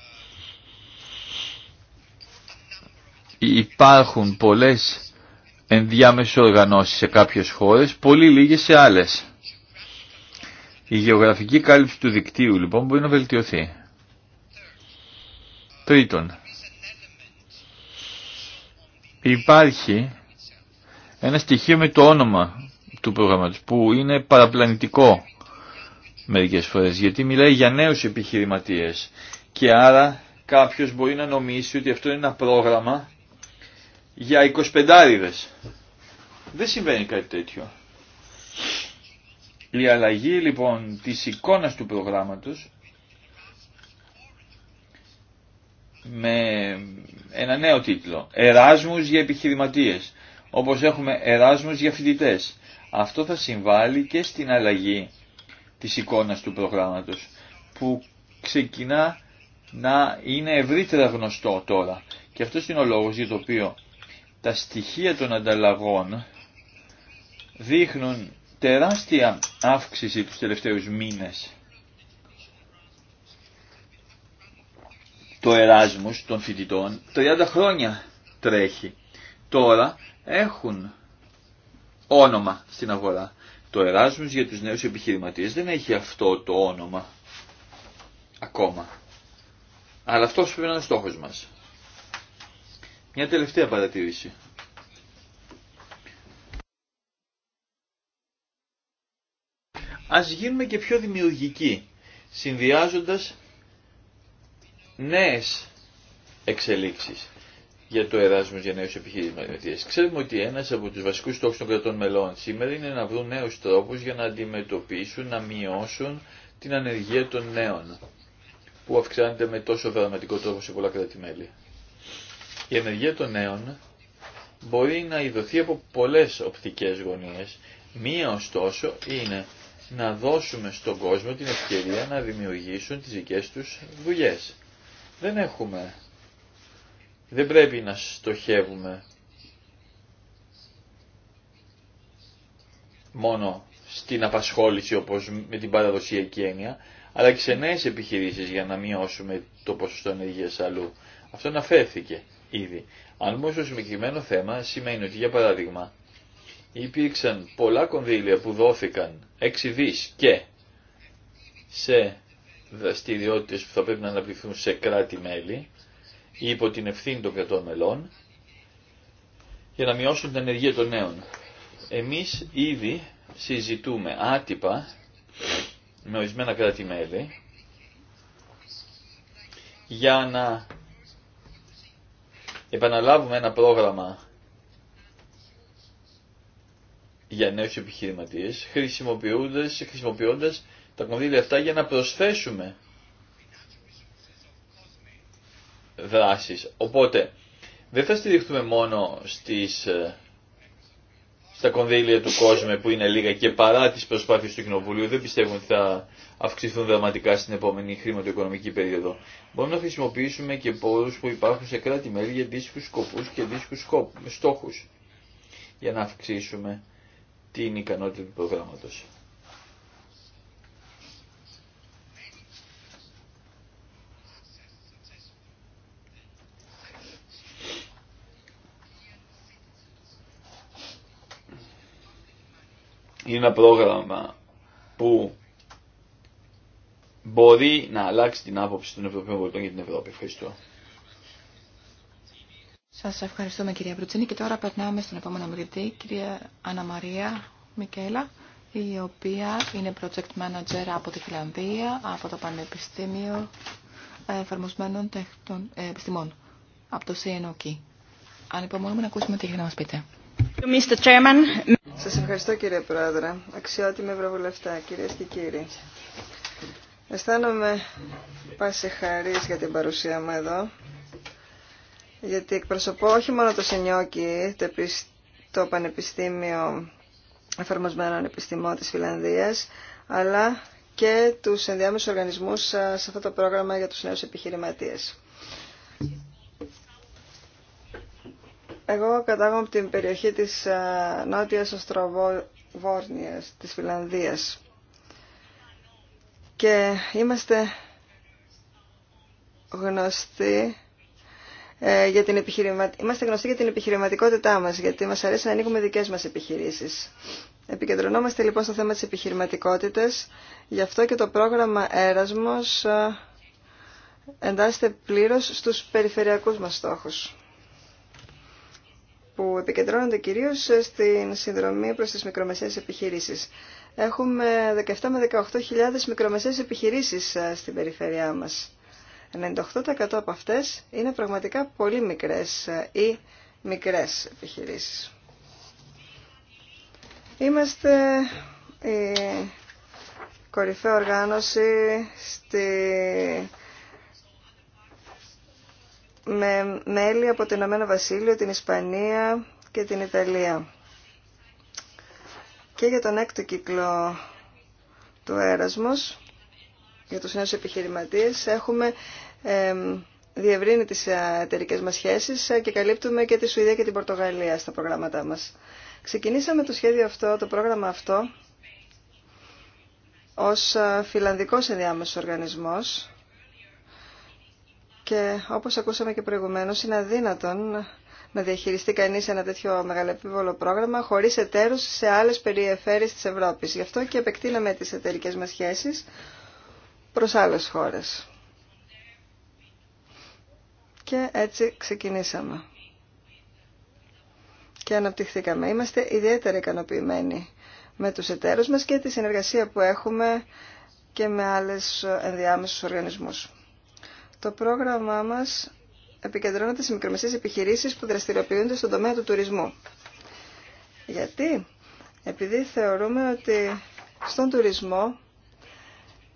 Speaker 3: υπάρχουν πολλές ενδιάμεσες οργανώσεις σε κάποιες χώρες, πολύ λίγες σε άλλες. Η γεωγραφική κάλυψη του δικτύου λοιπόν μπορεί να βελτιωθεί. Τρίτον, υπάρχει ένα στοιχείο με το όνομα του προγράμματος που είναι παραπλανητικό μερικές φορές γιατί μιλάει για νέους επιχειρηματίες και άρα κάποιος μπορεί να νομίσει ότι αυτό είναι ένα πρόγραμμα για 25 άριδες. Δεν συμβαίνει κάτι τέτοιο. Η αλλαγή λοιπόν της εικόνας του προγράμματος με ένα νέο τίτλο «Εράσμους για επιχειρηματίες» όπως έχουμε «Εράσμους για φοιτητές». Αυτό θα συμβάλλει και στην αλλαγή της εικόνας του προγράμματος που ξεκινά να είναι ευρύτερα γνωστό τώρα. Και αυτό είναι ο λόγος για το οποίο τα στοιχεία των ανταλλαγών δείχνουν τεράστια αύξηση τους τελευταίους μήνες. Το Εράσμους των φοιτητών 30 χρόνια τρέχει. Τώρα έχουν όνομα στην αγορά. Το Εράσμους για τους νέους επιχειρηματίες δεν έχει αυτό το όνομα ακόμα. Αλλά αυτός πρέπει να είναι ο στόχος μας. Μια τελευταία παρατήρηση. Ας γίνουμε και πιο δημιουργικοί, συνδυάζοντας νέες εξελίξεις για το εράσμος για νέους επιχειρηματίε. Ξέρουμε ότι ένας από τους βασικούς στόχους των κρατών μελών σήμερα είναι να βρουν νέους τρόπους για να αντιμετωπίσουν, να μειώσουν την ανεργία των νέων, που αυξάνεται με τόσο δραματικό τρόπο σε πολλά κράτη-μέλη η ενεργεία των νέων μπορεί να ειδωθεί από πολλές οπτικές γωνίες. Μία ωστόσο είναι να δώσουμε στον κόσμο την ευκαιρία να δημιουργήσουν τις δικές τους δουλειές. Δεν έχουμε, δεν πρέπει να στοχεύουμε μόνο στην απασχόληση όπως με την παραδοσιακή έννοια, αλλά και σε νέες επιχειρήσεις για να μειώσουμε το ποσοστό ενεργείας αλλού. Αυτό αναφέρθηκε ήδη. Αν όμω το συγκεκριμένο θέμα σημαίνει ότι για παράδειγμα υπήρξαν πολλά κονδύλια που δόθηκαν 6 δις και σε δραστηριότητε που θα πρέπει να αναπτυχθούν σε κράτη-μέλη ή υπό την ευθύνη των κρατών μελών για να μειώσουν την ενεργεία των νέων. Εμείς ήδη συζητούμε άτυπα με ορισμένα κράτη-μέλη για να επαναλάβουμε ένα πρόγραμμα για νέους επιχειρηματίες, χρησιμοποιώντας, χρησιμοποιώντας τα κονδύλια αυτά για να προσθέσουμε δράσεις. Οπότε, δεν θα στηριχτούμε μόνο στις ε, τα κονδύλια του κόσμου που είναι λίγα και παρά τις προσπάθειες του Κοινοβουλίου δεν πιστεύουν ότι θα αυξηθούν δραματικά στην επόμενη χρηματοοικονομική περίοδο. Μπορούμε να χρησιμοποιήσουμε και πόρους που υπάρχουν σε κράτη-μέλη για δύσκολους σκοπούς και δύσκολους στόχους για να αυξήσουμε την ικανότητα του προγράμματος. είναι ένα πρόγραμμα που μπορεί να αλλάξει την άποψη των Ευρωπαίων πολιτών για την Ευρώπη. Ευχαριστώ.
Speaker 2: Σας ευχαριστούμε κυρία Μπρουτσίνη και τώρα περνάμε στον επόμενο μιλητή, κυρία Αναμαρία Μικέλα, η οποία είναι project manager από τη Φιλανδία, από το Πανεπιστήμιο Εφαρμοσμένων ε, Επιστημών, από το CNOK. Αν υπομονούμε να ακούσουμε τι έχει να μα πείτε.
Speaker 1: Σας ευχαριστώ κύριε Πρόεδρε, αξιότιμη Ευρωβουλευτά, κυρίες και κύριοι. Αισθάνομαι πάση χαρίς για την παρουσία μου εδώ, γιατί εκπροσωπώ όχι μόνο το Σενιόκι, το Πανεπιστήμιο Εφαρμοσμένων Επιστημών της Φιλανδίας, αλλά και τους ενδιάμεσους οργανισμούς ε, σε αυτό το πρόγραμμα για τους νέους επιχειρηματίες. Εγώ κατάγομαι από την περιοχή της ε, Νότιας Οστροβόρνιας, της Φιλανδίας. Και είμαστε γνωστοί ε, για την επιχειρηματικότητα. Είμαστε γνωστοί για την επιχειρηματικότητά μας, γιατί μας αρέσει να ανοίγουμε δικές μας επιχειρήσεις. Επικεντρωνόμαστε λοιπόν στο θέμα της επιχειρηματικότητας, γι' αυτό και το πρόγραμμα Έρασμος ε, εντάσσεται πλήρως στους περιφερειακούς μας στόχους που επικεντρώνονται κυρίως στην συνδρομή προς τις μικρομεσαίες επιχειρήσεις. Έχουμε 17 με 18.000 μικρομεσαίες επιχειρήσεις ε, στην περιφέρειά μας. 98% από αυτές είναι πραγματικά πολύ μικρές ε, ή μικρές επιχειρήσεις. Είμαστε η κορυφαία οργάνωση στη με μέλη από το Ηνωμένο Βασίλειο, την Ισπανία και την Ιταλία. Και για τον έκτο κύκλο του Έρασμος, για τους νέους επιχειρηματίες, έχουμε διευρύνει τις ε, εταιρικέ μας σχέσεις ε, και καλύπτουμε και τη Σουηδία και την Πορτογαλία στα προγράμματά μας. Ξεκινήσαμε το σχέδιο αυτό, το πρόγραμμα αυτό, ως ε, φιλανδικός ενδιάμεσος οργανισμός, και όπως ακούσαμε και προηγουμένως, είναι αδύνατον να διαχειριστεί κανείς ένα τέτοιο μεγαλεπίβολο πρόγραμμα χωρίς εταίρους σε άλλες περιεφέρειε της Ευρώπης. Γι' αυτό και επεκτείναμε τις εταιρικέ μας σχέσεις προς άλλες χώρες. Και έτσι ξεκινήσαμε. Και αναπτυχθήκαμε. Είμαστε ιδιαίτερα ικανοποιημένοι με τους εταίρους μας και τη συνεργασία που έχουμε και με άλλες ενδιάμεσους οργανισμούς. Το πρόγραμμά μας επικεντρώνεται σε μικρομεσαίες επιχειρήσεις που δραστηριοποιούνται στον τομέα του τουρισμού. Γιατί? Επειδή θεωρούμε ότι στον τουρισμό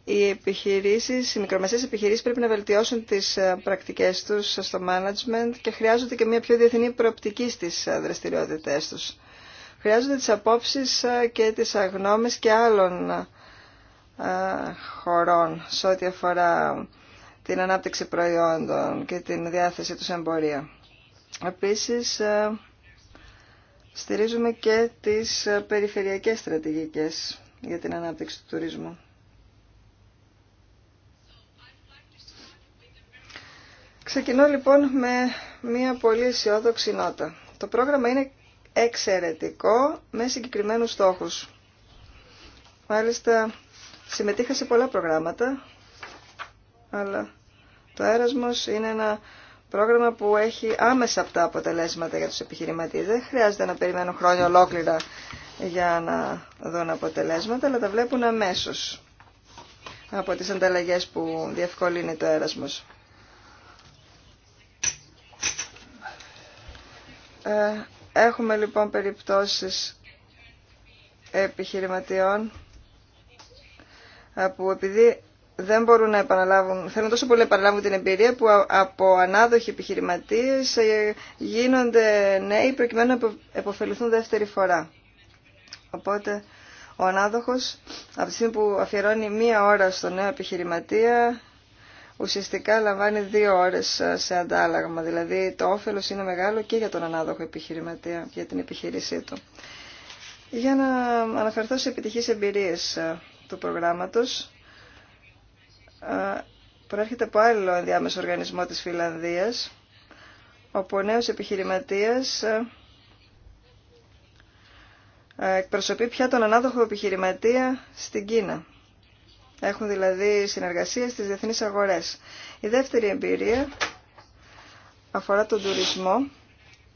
Speaker 1: οι επιχειρήσεις, οι μικρομεσαίες επιχειρήσεις πρέπει να βελτιώσουν τις ε, πρακτικές τους ε, στο management και χρειάζονται και μια πιο διεθνή προοπτική στις ε, δραστηριότητές τους. Χρειάζονται τις απόψεις και τις αγνώμες και άλλων χωρών σε ό,τι αφορά την ανάπτυξη προϊόντων και την διάθεση του εμπορία. Επίσης, ε, στηρίζουμε και τις περιφερειακές στρατηγικές για την ανάπτυξη του τουρισμού. Ξεκινώ λοιπόν με μια πολύ αισιόδοξη νότα. Το πρόγραμμα είναι εξαιρετικό με συγκεκριμένους στόχους. Μάλιστα συμμετείχα σε πολλά προγράμματα, αλλά το Erasmus είναι ένα πρόγραμμα που έχει άμεσα αυτά αποτελέσματα για τους επιχειρηματίες. Δεν χρειάζεται να περιμένουν χρόνια ολόκληρα για να δουν αποτελέσματα, αλλά τα βλέπουν αμέσως από τις ανταλλαγές που διευκολύνει το Erasmus. Ε, έχουμε λοιπόν περιπτώσεις επιχειρηματιών ε, που επειδή δεν μπορούν να επαναλάβουν, θέλουν τόσο πολύ να επαναλάβουν την εμπειρία που από ανάδοχοι επιχειρηματίες ε, γίνονται νέοι προκειμένου να επωφεληθούν δεύτερη φορά. Οπότε ο ανάδοχος από τη στιγμή που αφιερώνει μία ώρα στο νέο επιχειρηματία ουσιαστικά λαμβάνει δύο ώρες ε, σε αντάλλαγμα. Δηλαδή το όφελος είναι μεγάλο και για τον ανάδοχο επιχειρηματία, για την επιχείρησή του. Για να αναφερθώ σε επιτυχείς εμπειρίες ε, του προγράμματος, ε, προέρχεται από άλλο ενδιάμεσο οργανισμό της Φιλανδίας, όπου ο νέος επιχειρηματίας ε, ε, εκπροσωπεί πια τον ανάδοχο επιχειρηματία στην Κίνα. Έχουν δηλαδή συνεργασία στις διεθνείς αγορές. Η δεύτερη εμπειρία αφορά τον τουρισμό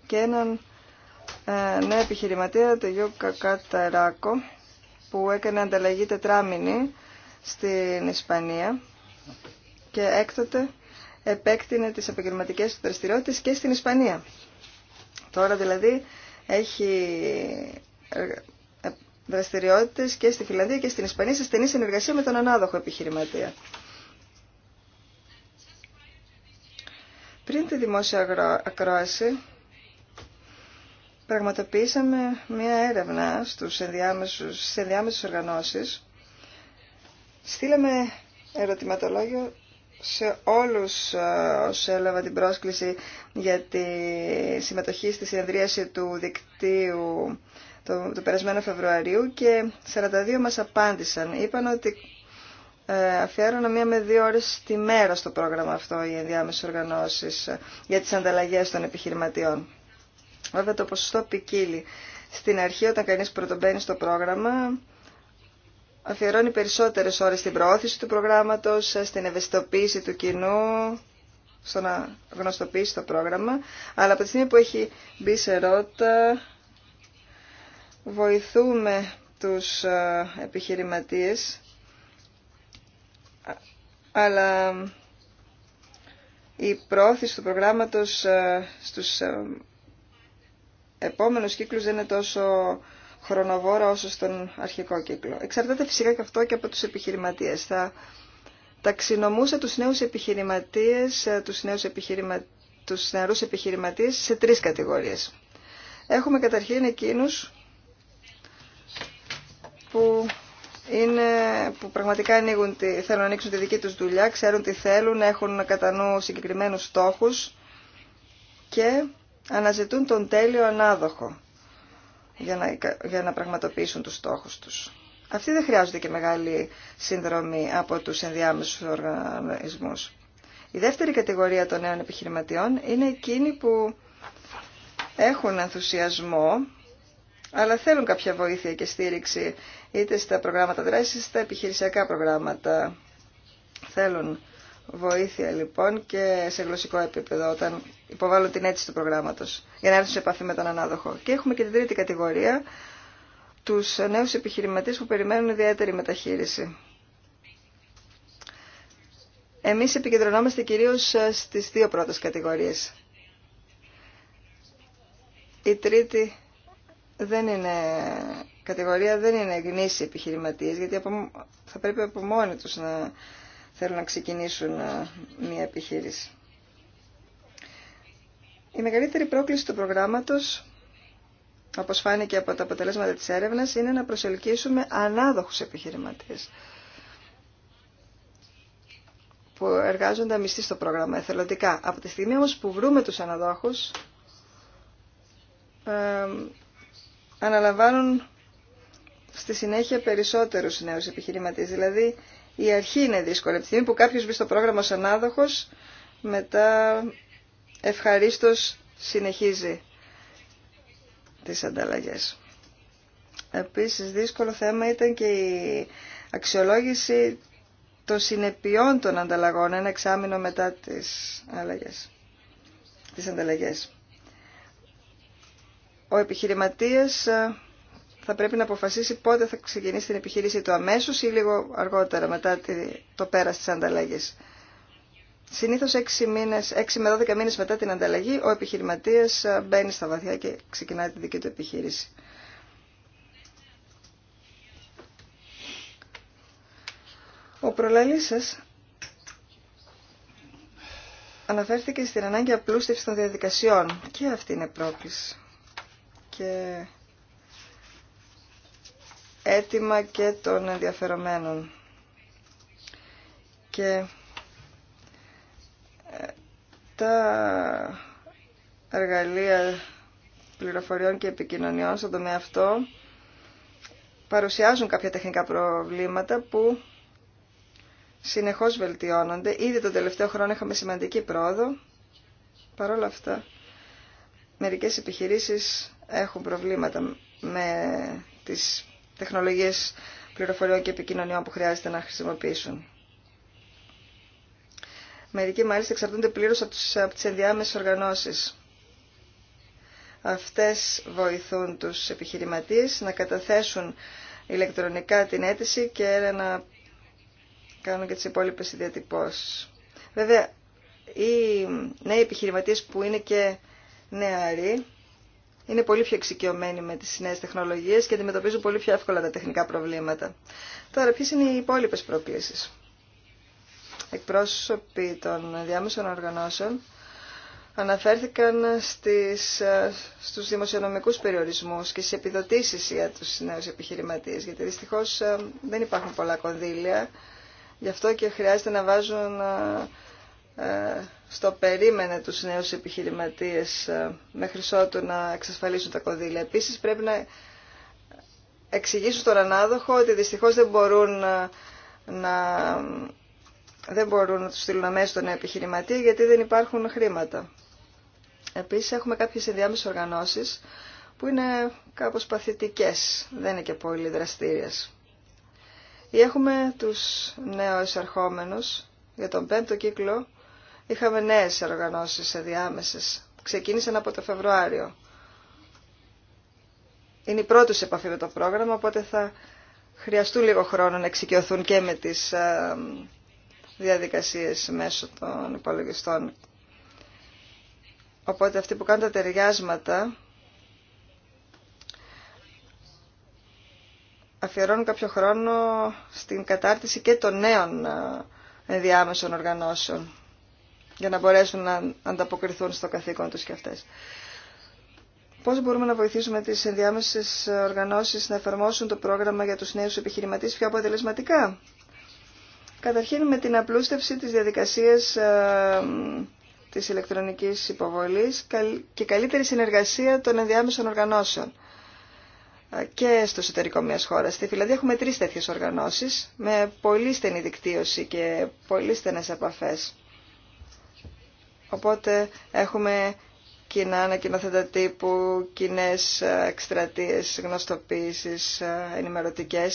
Speaker 1: και έναν νέο επιχειρηματία, το Ιούκα Καταράκο που έκανε ανταλλαγή τετράμινη στην Ισπανία και έκτοτε επέκτηνε τις επαγγελματικέ του δραστηριότητες και στην Ισπανία. Τώρα δηλαδή έχει ε, ε, δραστηριότητες και στη Φιλανδία και στην Ισπανία σε στενή συνεργασία με τον ανάδοχο επιχειρηματία. Πριν τη δημόσια ακρόαση, πραγματοποιήσαμε μία έρευνα στους ενδιάμεσους, στις ενδιάμεσες οργανώσεις. Στείλαμε ερωτηματολόγιο σε όλους ε, όσοι έλαβα την πρόσκληση για τη συμμετοχή στη συνεδρίαση του δικτύου το, το περασμένο Φεβρουαρίου και 42 μας απάντησαν. Είπαν ότι ε, αφιέρωνα μία με δύο ώρες τη μέρα στο πρόγραμμα αυτό οι ενδιάμεσες οργανώσεις για τις ανταλλαγές των επιχειρηματιών. Βέβαια το ποσοστό ποικίλει. Στην αρχή όταν κανείς πρωτομπαίνει στο πρόγραμμα αφιερώνει περισσότερες ώρες στην προώθηση του προγράμματος, στην ευαισθητοποίηση του κοινού, στο να γνωστοποιήσει το πρόγραμμα, αλλά από τη στιγμή που έχει μπει σε ρότα, βοηθούμε τους ε, επιχειρηματίες, αλλά η προώθηση του προγράμματος ε, στους ε, επόμενους κύκλους δεν είναι τόσο χρονοβόρα όσο στον αρχικό κύκλο. Εξαρτάται φυσικά και αυτό και από τους επιχειρηματίες. Θα ταξινομούσα τους νέους επιχειρηματίες, ε, τους, νέους επιχειρημα... τους νεαρούς επιχειρηματίες σε τρεις κατηγορίες. Έχουμε καταρχήν εκείνους που, είναι, που πραγματικά ανοίγουν θέλουν να ανοίξουν τη δική τους δουλειά, ξέρουν τι θέλουν, έχουν κατά νου συγκεκριμένους στόχους και αναζητούν τον τέλειο ανάδοχο για να, για να πραγματοποιήσουν τους στόχους τους. Αυτοί δεν χρειάζονται και μεγάλη συνδρομή από τους ενδιάμεσους οργανισμούς. Η δεύτερη κατηγορία των νέων επιχειρηματιών είναι εκείνοι που έχουν ενθουσιασμό, αλλά θέλουν κάποια βοήθεια και στήριξη είτε στα προγράμματα δράσης, είτε στα επιχειρησιακά προγράμματα. Θέλουν βοήθεια λοιπόν και σε γλωσσικό επίπεδο όταν Υποβάλλω την αίτηση του προγράμματος για να έρθουν σε επαφή με τον ανάδοχο. Και έχουμε και την τρίτη κατηγορία, Του νέου επιχειρηματίε που περιμένουν ιδιαίτερη μεταχείριση. Εμείς επικεντρωνόμαστε κυρίω ε, στι δύο πρώτε κατηγορίες. Η τρίτη δεν είναι κατηγορία, δεν είναι γνήσιοι επιχειρηματίες, γιατί θα πρέπει από μόνοι τους να θέλουν να ξεκινήσουν ε, μια επιχείρηση. Η μεγαλύτερη πρόκληση του προγράμματος, όπως φάνηκε από τα αποτελέσματα της έρευνας, είναι να προσελκύσουμε ανάδοχους επιχειρηματίες που εργάζονται αμυστή στο πρόγραμμα, εθελοντικά. Από τη στιγμή όμως που βρούμε τους αναδόχους, ε, αναλαμβάνουν στη συνέχεια περισσότερους νέους επιχειρηματίες. Δηλαδή, η αρχή είναι δύσκολη. Από τη στιγμή που κάποιος μπει στο πρόγραμμα ως ανάδοχος, μετά ευχαρίστως συνεχίζει τις ανταλλαγές. Επίσης δύσκολο θέμα ήταν και η αξιολόγηση των συνεπειών των ανταλλαγών ένα εξάμεινο μετά τις, αλλαγές, τις ανταλλαγές. Ο επιχειρηματίας ε, θα πρέπει να αποφασίσει πότε θα ξεκινήσει την επιχείρηση του αμέσως ή λίγο αργότερα μετά το πέρας της ανταλλαγής. Συνήθω 6, με 12 μήνες μετά την ανταλλαγή ο επιχειρηματίας ε, μπαίνει στα βαθιά και ξεκινάει τη δική του επιχείρηση. Ο προλαλή σα. αναφέρθηκε στην ανάγκη απλούστευση των διαδικασιών και αυτή είναι πρόκληση. Και έτοιμα και των ενδιαφερομένων. Και τα εργαλεία πληροφοριών και επικοινωνιών στον τομέα αυτό παρουσιάζουν κάποια τεχνικά προβλήματα που συνεχώς βελτιώνονται. Ήδη τον τελευταίο χρόνο είχαμε σημαντική πρόοδο. Παρ' όλα αυτά, μερικές επιχειρήσεις έχουν προβλήματα με τις τεχνολογίες πληροφοριών και επικοινωνιών που χρειάζεται να χρησιμοποιήσουν. Μερικοί μάλιστα εξαρτούνται πλήρως από, τους, από τις ενδιάμεσες οργανώσεις. Αυτές βοηθούν τους επιχειρηματίες να καταθέσουν ηλεκτρονικά την αίτηση και να κάνουν και τις υπόλοιπες διατυπώσεις. Βέβαια, οι νέοι επιχειρηματίες που είναι και νεαροί είναι πολύ πιο εξοικειωμένοι με τις νέες τεχνολογίες και αντιμετωπίζουν πολύ πιο εύκολα τα τεχνικά προβλήματα. Τώρα, ποιες είναι οι υπόλοιπες προκλήσεις εκπρόσωποι των διάμεσων οργανώσεων αναφέρθηκαν στις, στους δημοσιονομικούς περιορισμούς και στις επιδοτήσεις για τους νέους επιχειρηματίες, γιατί δυστυχώς ε, δεν υπάρχουν πολλά κονδύλια, γι' αυτό και χρειάζεται να βάζουν ε, στο περίμενε τους νέους επιχειρηματίες ε, μέχρι ότου να εξασφαλίσουν τα κονδύλια. Επίσης πρέπει να εξηγήσουν στον ανάδοχο ότι δυστυχώς δεν μπορούν να δεν μπορούν να τους στείλουν αμέσως τον επιχειρηματή γιατί δεν υπάρχουν χρήματα. Επίσης έχουμε κάποιες ενδιάμεσες οργανώσεις που είναι κάπως παθητικές, δεν είναι και πολύ δραστήριες. Ή έχουμε τους νέους ερχόμενους, για τον πέμπτο κύκλο είχαμε νέες οργανώσεις ενδιάμεσες. Ξεκίνησαν από το Φεβρουάριο. Είναι η πρώτη σε επαφή με το πρόγραμμα, οπότε θα χρειαστούν λίγο χρόνο να εξοικειωθούν και με τις ε, διαδικασίες μέσω των υπολογιστών. Οπότε αυτοί που κάνουν τα ταιριάσματα αφιερώνουν κάποιο χρόνο στην κατάρτιση και των νέων ε, ενδιάμεσων οργανώσεων για να μπορέσουν να ανταποκριθούν στο καθήκον τους και αυτές. Πώς μπορούμε να βοηθήσουμε τις ενδιάμεσες οργανώσεις να εφαρμόσουν το πρόγραμμα για τους νέους επιχειρηματίες πιο αποτελεσματικά. Καταρχήν με την απλούστευση της διαδικασίας ε, της ηλεκτρονικής υποβολής και καλύτερη συνεργασία των ενδιάμεσων οργανώσεων ε, και στο εσωτερικό μιας χώρας. Στη Φιλανδία έχουμε τρεις τέτοιες οργανώσεις με πολύ στενή δικτύωση και πολύ στενές επαφές. Οπότε έχουμε κοινά ανακοινωθέντα τύπου, κοινέ ε, εκστρατείε γνωστοποίηση ε, ενημερωτικέ,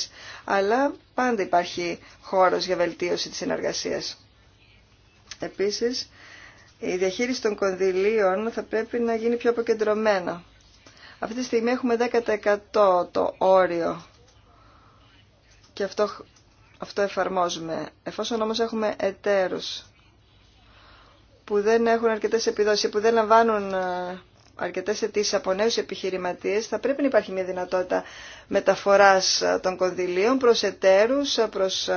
Speaker 1: αλλά πάντα υπάρχει χώρο για βελτίωση τη συνεργασία. Επίση, η διαχείριση των κονδυλίων θα πρέπει να γίνει πιο αποκεντρωμένα. Αυτή τη στιγμή έχουμε 10% το όριο και αυτό, αυτό εφαρμόζουμε. Εφόσον όμως έχουμε εταίρους που δεν έχουν αρκετές επιδόσεις, που δεν λαμβάνουν ε, αρκετές αιτήσει από νέου επιχειρηματίες, θα πρέπει να υπάρχει μια δυνατότητα μεταφοράς ε, των κονδυλίων προς εταίρους, ε, προς,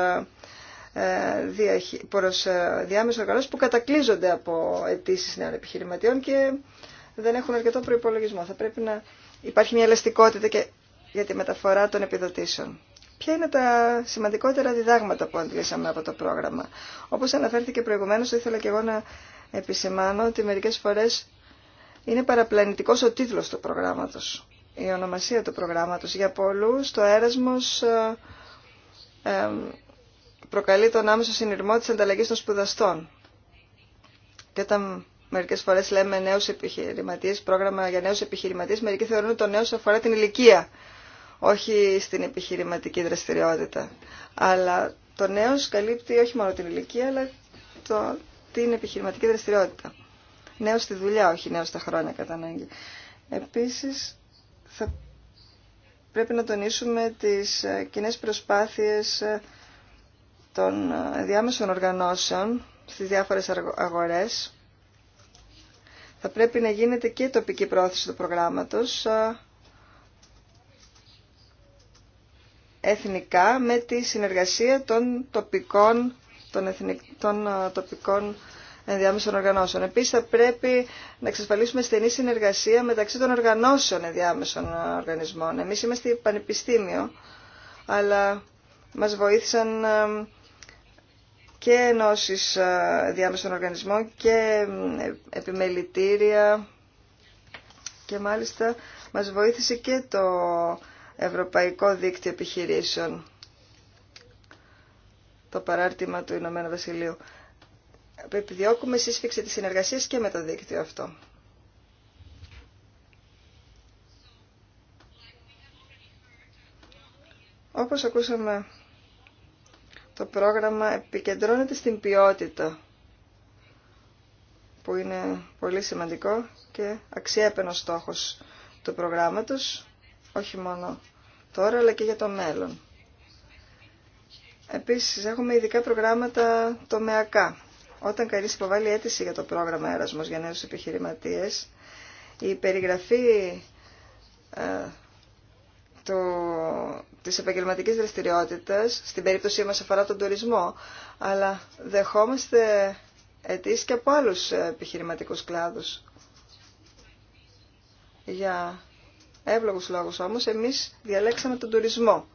Speaker 1: προς διάμεσο που κατακλείζονται από αιτήσει νέων επιχειρηματιών και δεν έχουν αρκετό προϋπολογισμό. Θα πρέπει να υπάρχει μια ελαστικότητα για τη μεταφορά των επιδοτήσεων. Ποια είναι τα σημαντικότερα διδάγματα που αντλήσαμε από το πρόγραμμα. Όπως αναφέρθηκε προηγουμένως, ήθελα και εγώ να επισημάνω ότι μερικές φορές είναι παραπλανητικός ο τίτλος του προγράμματος, η ονομασία του προγράμματος. Για πολλούς το έρασμος ε, ε, προκαλεί τον άμεσο συνειρμό της ανταλλαγής των σπουδαστών. Και όταν μερικές φορές λέμε νέους επιχειρηματίες, πρόγραμμα για νέους επιχειρηματίες, μερικοί θεωρούν ότι το νέος αφορά την ηλικία, όχι στην επιχειρηματική δραστηριότητα. Αλλά το νέος καλύπτει όχι μόνο την ηλικία, αλλά το, την επιχειρηματική δραστηριότητα. Νέο στη δουλειά, όχι νέο στα χρόνια κατά ανάγκη. Επίσης, θα πρέπει να τονίσουμε τις ε, κοινέ προσπάθειες ε, των ε, διάμεσων οργανώσεων στις διάφορες αγορές. Θα πρέπει να γίνεται και τοπική πρόθεση του προγράμματος εθνικά με τη συνεργασία των τοπικών των, τοπικών ενδιάμεσων οργανώσεων. Επίσης θα πρέπει να εξασφαλίσουμε στενή συνεργασία μεταξύ των οργανώσεων ενδιάμεσων οργανισμών. Εμείς είμαστε πανεπιστήμιο, αλλά μας βοήθησαν και ενώσεις ενδιάμεσων οργανισμών και ε, επιμελητήρια και μάλιστα μας βοήθησε και το Ευρωπαϊκό Δίκτυο Επιχειρήσεων το παράρτημα του Ηνωμένου Βασιλείου. Επιδιώκουμε σύσφυξη της συνεργασίας και με το δίκτυο αυτό. Όπως ακούσαμε, το πρόγραμμα επικεντρώνεται στην ποιότητα, που είναι πολύ σημαντικό και αξιέπαινο στόχος του προγράμματος, όχι μόνο τώρα αλλά και για το μέλλον. Επίσης, έχουμε ειδικά προγράμματα τομεακά. Όταν κανείς υποβάλλει αίτηση για το πρόγραμμα Έρασμος για νέους επιχειρηματίες, η περιγραφή ε, το, της επαγγελματικής δραστηριότητας, στην περίπτωσή μας αφορά τον τουρισμό, αλλά δεχόμαστε αιτήσεις και από άλλους επιχειρηματικούς κλάδους. Για εύλογους λόγους όμως, εμείς διαλέξαμε τον τουρισμό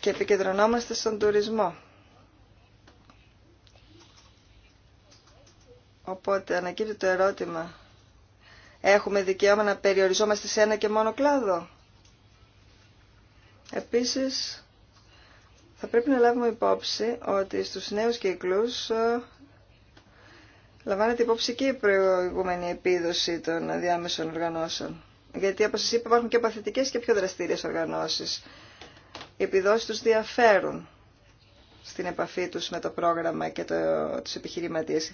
Speaker 1: και επικεντρωνόμαστε στον τουρισμό. Οπότε ανακύπτει το ερώτημα. Έχουμε δικαίωμα να περιοριζόμαστε σε ένα και μόνο κλάδο. Επίσης, θα πρέπει να λάβουμε υπόψη ότι στους νέους κύκλους ε, λαμβάνεται υπόψη και η προηγούμενη επίδοση των διάμεσων οργανώσεων. Γιατί, όπως σας είπα, υπάρχουν και παθητικές και πιο δραστήριες οργανώσεις οι επιδόσεις τους διαφέρουν στην επαφή τους με το πρόγραμμα και το, τους επιχειρηματίες.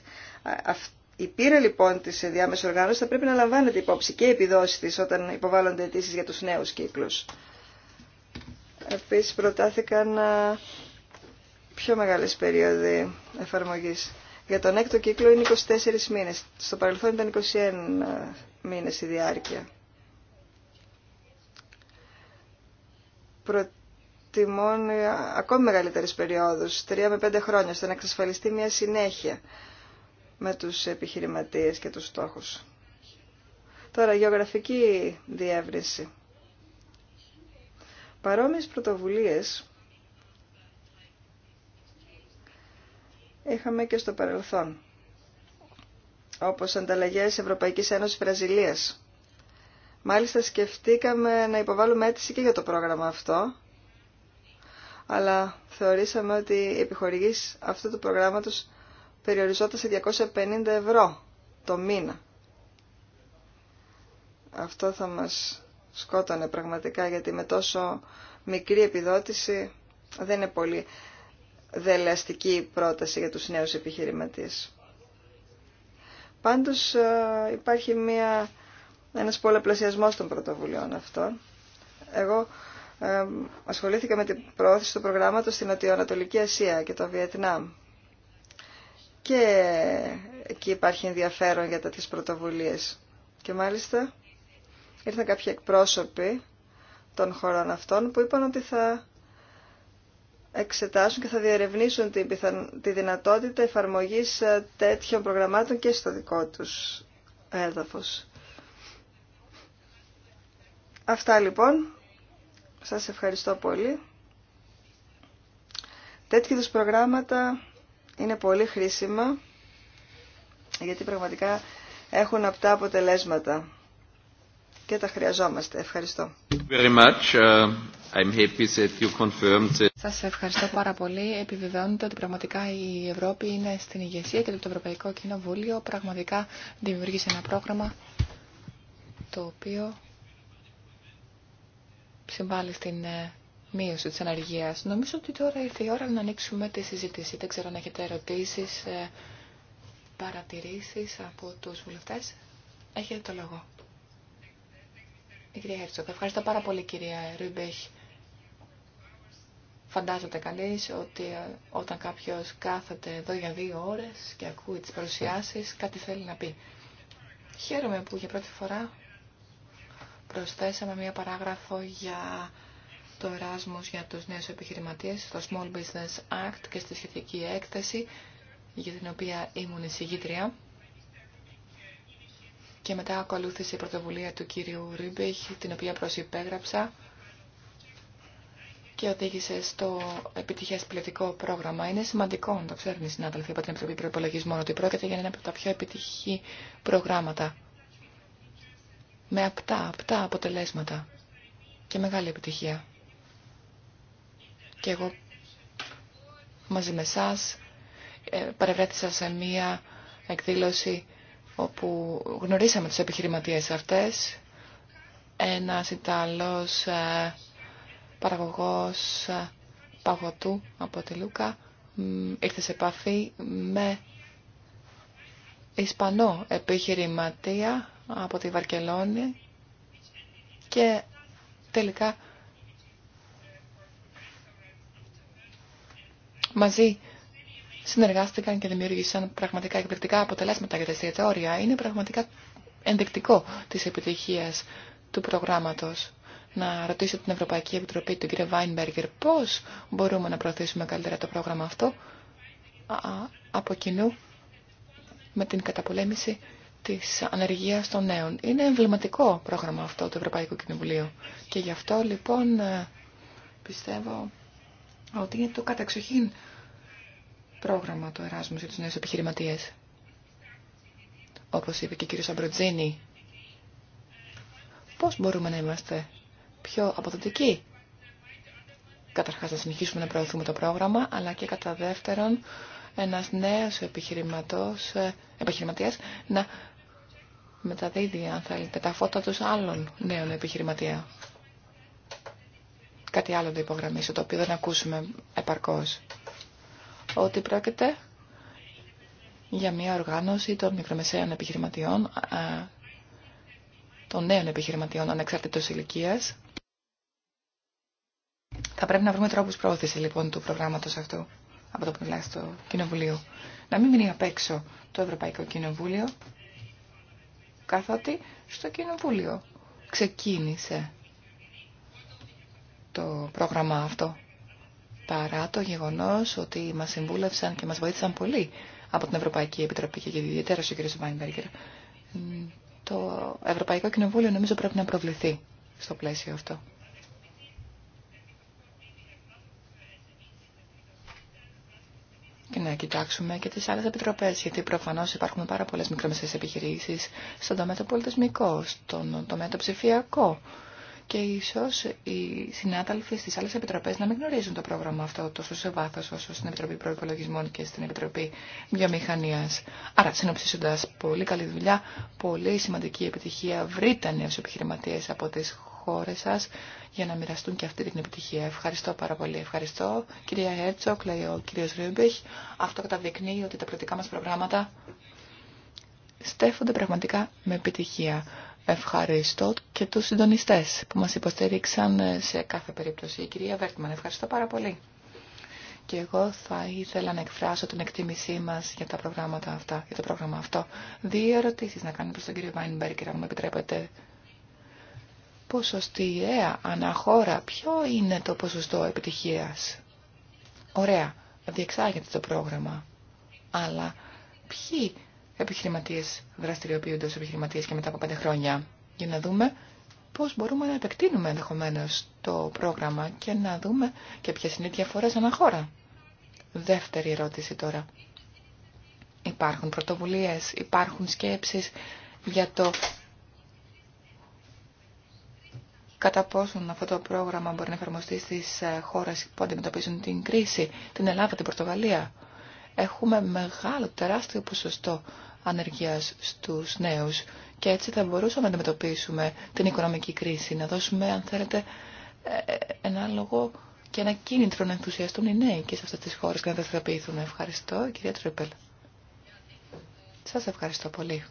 Speaker 1: Η πείρα λοιπόν της διάμεσης οργάνωσης θα πρέπει να λαμβάνεται υπόψη και οι επιδόσεις της όταν υποβάλλονται αιτήσει για τους νέους κύκλους. Επίσης προτάθηκαν πιο μεγάλες περίοδοι εφαρμογής. Για τον έκτο κύκλο είναι 24 μήνες. Στο παρελθόν ήταν 21 μήνες η διάρκεια τιμών ε, ακόμη μεγαλύτερες περίοδους, 3 με 5 χρόνια, ώστε να εξασφαλιστεί μια συνέχεια με τους επιχειρηματίες και τους στόχους. Τώρα, γεωγραφική διεύρυνση. Παρόμοιες πρωτοβουλίες είχαμε και στο παρελθόν, όπως ανταλλαγές Ευρωπαϊκής Ένωσης Βραζιλίας. Μάλιστα σκεφτήκαμε να υποβάλουμε αίτηση και για το πρόγραμμα αυτό, αλλά θεωρήσαμε ότι οι επιχορηγής αυτού του προγράμματος περιοριζόταν σε 250 ευρώ το μήνα. Αυτό θα μας σκότωνε πραγματικά γιατί με τόσο μικρή επιδότηση δεν είναι πολύ δελεαστική πρόταση για τους νέους επιχειρηματίες. Πάντως ε, υπάρχει μια, ένας πολλαπλασιασμός των πρωτοβουλειών αυτών. Εγώ ασχολήθηκα με την προώθηση του προγράμματος στην Νοτιοανατολική Ασία και το Βιετνάμ. Και εκεί υπάρχει ενδιαφέρον για τέτοιες πρωτοβουλίες. Και μάλιστα ήρθαν κάποιοι εκπρόσωποι των χωρών αυτών που είπαν ότι θα εξετάσουν και θα διερευνήσουν τη δυνατότητα εφαρμογής ε, τέτοιων προγραμμάτων και στο δικό τους έδαφος. Αυτά λοιπόν. Σας ευχαριστώ πολύ. Τέτοιου είδους προγράμματα είναι πολύ χρήσιμα γιατί πραγματικά έχουν απτά αποτελέσματα και τα χρειαζόμαστε. Ευχαριστώ.
Speaker 3: Very much. Uh, I'm happy that you
Speaker 2: Σας ευχαριστώ πάρα πολύ. Επιβεβαιώνετε ότι πραγματικά η Ευρώπη είναι στην ηγεσία και το Ευρωπαϊκό Κοινοβούλιο πραγματικά δημιουργήσε ένα πρόγραμμα το οποίο συμβάλλει στην ε, μείωση της αναργίας. Νομίζω ότι τώρα ήρθε η ώρα να ανοίξουμε τη συζήτηση. Δεν ξέρω αν έχετε ερωτήσεις, ε, παρατηρήσεις από τους βουλευτές. Έχετε το λόγο. Η κυρία Χέρτσοκ, ευχαριστώ πάρα πολύ κυρία Ρούμπεχ. Φαντάζεται κανείς ότι ε, όταν κάποιος κάθεται εδώ για δύο ώρες και ακούει τις παρουσιάσεις, κάτι θέλει να πει. Χαίρομαι που για πρώτη φορά προσθέσαμε μία παράγραφο για το Erasmus για τους νέους επιχειρηματίες στο Small Business Act και στη σχετική έκθεση για την οποία ήμουν εισηγήτρια. Και μετά ακολούθησε η πρωτοβουλία του κύριου Ρίμπιχ, την οποία προσυπέγραψα και οδήγησε στο επιτυχές πληθυκό πρόγραμμα. Είναι σημαντικό να το ξέρουν οι συνάδελφοι από την Επιτροπή Προπολογισμών ότι πρόκειται για ένα από τα πιο επιτυχή προγράμματα με απτά, απτά αποτελέσματα και μεγάλη επιτυχία. Και εγώ μαζί με εσά ε, παρευρέθησα σε μία εκδήλωση όπου γνωρίσαμε τους επιχειρηματίες αυτές. Ένας Ιταλός ε, παραγωγός ε, παγωτού από τη Λούκα ήρθε σε επαφή με Ισπανό επιχειρηματία από τη Βαρκελόνη και τελικά μαζί συνεργάστηκαν και δημιούργησαν πραγματικά εκπληκτικά αποτελέσματα για τα εστιατόρια. Είναι πραγματικά ενδεικτικό της επιτυχίας του προγράμματος. Να ρωτήσω την Ευρωπαϊκή Επιτροπή, του κ. Βάινμπεργκερ, πώς μπορούμε να προωθήσουμε καλύτερα το πρόγραμμα αυτό από κοινού με την καταπολέμηση της ανεργίας των νέων. Είναι εμβληματικό πρόγραμμα αυτό το ευρωπαϊκό Κοινοβουλίου. Και γι' αυτό λοιπόν ε, πιστεύω ότι είναι το καταξοχήν πρόγραμμα το Εράσμου για τους νέους επιχειρηματίες. Όπως είπε και ο κύριος Σαμπροτζίνη. πώς μπορούμε να είμαστε πιο αποδοτικοί. Καταρχάς να συνεχίσουμε να προωθούμε το πρόγραμμα, αλλά και κατά δεύτερον ένας νέος επιχειρηματός, ε, επιχειρηματίας να μεταδίδει, αν θέλετε, τα φώτα τους άλλων νέων επιχειρηματιών Κάτι άλλο το υπογραμμίσω, το οποίο δεν ακούσουμε επαρκώς. Ότι πρόκειται για μια οργάνωση των μικρομεσαίων επιχειρηματιών, των νέων επιχειρηματιών ανεξάρτητος ηλικία. Θα πρέπει να βρούμε τρόπους πρόθεση λοιπόν του προγράμματος αυτού από το πλευρά του Κοινοβουλίου. Να μην μείνει απ' έξω το Ευρωπαϊκό Κοινοβούλιο καθότι στο Κοινοβούλιο ξεκίνησε το πρόγραμμα αυτό. Παρά το γεγονός ότι μας συμβούλευσαν και μας βοήθησαν πολύ από την Ευρωπαϊκή Επιτροπή και ιδιαίτερα ο κ. Βάινμπεργκερ, το Ευρωπαϊκό Κοινοβούλιο νομίζω πρέπει να προβληθεί στο πλαίσιο αυτό. και να κοιτάξουμε και τις άλλες επιτροπές, γιατί προφανώς υπάρχουν πάρα πολλές μικρομεσαίες επιχειρήσεις στον τομέα το πολιτισμικό, στον τομέα το ψηφιακό. Και ίσως οι συνάδελφοι στις άλλες επιτροπές να μην γνωρίζουν το πρόγραμμα αυτό τόσο σε βάθος όσο στην Επιτροπή Προϋπολογισμών και στην Επιτροπή Βιομηχανίας. Άρα, συνοψίσοντας, πολύ καλή δουλειά, πολύ σημαντική επιτυχία βρείτε νέους επιχειρηματίε από τις χώρες σας για να μοιραστούν και αυτή την επιτυχία. Ευχαριστώ πάρα πολύ. Ευχαριστώ κυρία Έρτσοκ, λέει ο κύριος Ρούμπιχ. Αυτό καταδεικνύει ότι τα πρωτικά μας προγράμματα στέφονται πραγματικά με επιτυχία. Ευχαριστώ και τους συντονιστές που μας υποστήριξαν σε κάθε περίπτωση. Η κυρία Βέρτμαν, ευχαριστώ πάρα πολύ. Και εγώ θα ήθελα να εκφράσω την εκτίμησή μα για τα προγράμματα αυτά, για το πρόγραμμα αυτό. Δύο ερωτήσει να κάνω προ τον κύριο Βάινμπεργκ, αν μου επιτρέπετε, ποσοστιαία αναχώρα ποιο είναι το ποσοστό επιτυχίας. Ωραία, διεξάγεται το πρόγραμμα. Αλλά ποιοι επιχειρηματίες δραστηριοποιούνται ως επιχειρηματίες και μετά από πέντε χρόνια. Για να δούμε πώς μπορούμε να επεκτείνουμε ενδεχομένω το πρόγραμμα και να δούμε και ποιες είναι οι διαφορές αναχώρα. Δεύτερη ερώτηση τώρα. Υπάρχουν πρωτοβουλίες, υπάρχουν σκέψεις για το κατά πόσον αυτό το πρόγραμμα μπορεί να εφαρμοστεί στις ε, χώρες που αντιμετωπίζουν την κρίση, την Ελλάδα, την Πορτογαλία. Έχουμε μεγάλο, τεράστιο ποσοστό ανεργίας στους νέους και έτσι θα μπορούσαμε να αντιμετωπίσουμε την οικονομική κρίση, να δώσουμε, αν θέλετε, ε, ένα λόγο και ένα κίνητρο να ενθουσιαστούν οι νέοι και σε αυτές τις χώρες και να δραστηριοποιηθούν. Ευχαριστώ, κυρία Τρίπελ. Σας ευχαριστώ πολύ.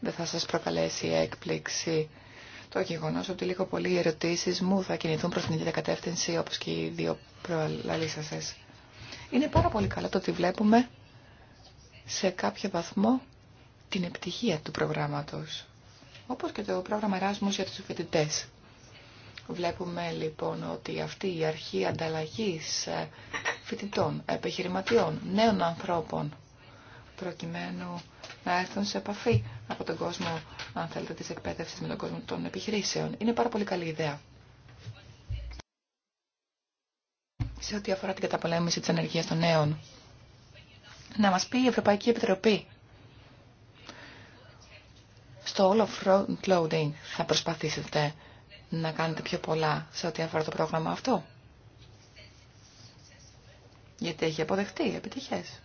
Speaker 2: Δεν θα σας προκαλέσει έκπληξη το γεγονό ότι λίγο πολύ οι ερωτήσει μου θα κινηθούν προ την ίδια κατεύθυνση όπω και οι δύο προλαλήσασε. Είναι πάρα πολύ καλό το ότι βλέπουμε σε κάποιο βαθμό την επιτυχία του προγράμματος, όπως και το πρόγραμμα Εράσμου για τους φοιτητέ. Βλέπουμε λοιπόν ότι αυτή η αρχή ανταλλαγής ε, φοιτητών, επιχειρηματιών, νέων ανθρώπων, προκειμένου να έρθουν σε επαφή από τον κόσμο, αν θέλετε, της εκπαίδευσης με τον κόσμο των επιχειρήσεων. Είναι πάρα πολύ καλή ιδέα. Σε ό,τι αφορά την καταπολέμηση της ενεργείας των νέων. Να μας πει η Ευρωπαϊκή Επιτροπή στο όλο front-loading θα προσπαθήσετε να κάνετε πιο πολλά σε ό,τι αφορά το πρόγραμμα αυτό. Γιατί έχει αποδεχτεί επιτυχές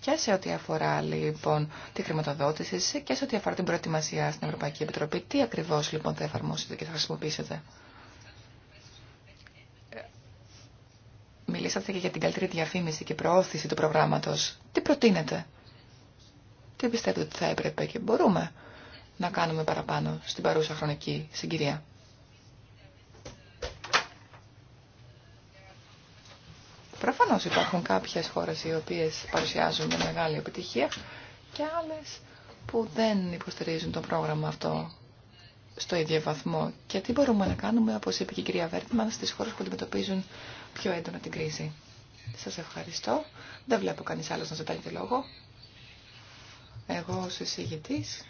Speaker 2: και σε ό,τι αφορά λοιπόν τη χρηματοδότηση και σε ό,τι αφορά την προετοιμασία στην Ευρωπαϊκή Επιτροπή. Τι ακριβώς λοιπόν θα εφαρμόσετε και θα χρησιμοποιήσετε. Μιλήσατε και για την καλύτερη διαφήμιση και προώθηση του προγράμματος. Τι προτείνετε. Τι πιστεύετε ότι θα έπρεπε και μπορούμε να κάνουμε παραπάνω στην παρούσα χρονική συγκυρία. Προφανώς υπάρχουν κάποιες χώρες οι οποίες παρουσιάζουν μεγάλη επιτυχία και άλλες που δεν υποστηρίζουν το πρόγραμμα αυτό στο ίδιο βαθμό. Και τι μπορούμε να κάνουμε, όπως είπε και η κυρία Βέρτημα, στις χώρες που αντιμετωπίζουν πιο έντονα την κρίση. Σας ευχαριστώ. Δεν βλέπω κανείς άλλος να ζητάει τη λόγο. Εγώ ως εισηγητής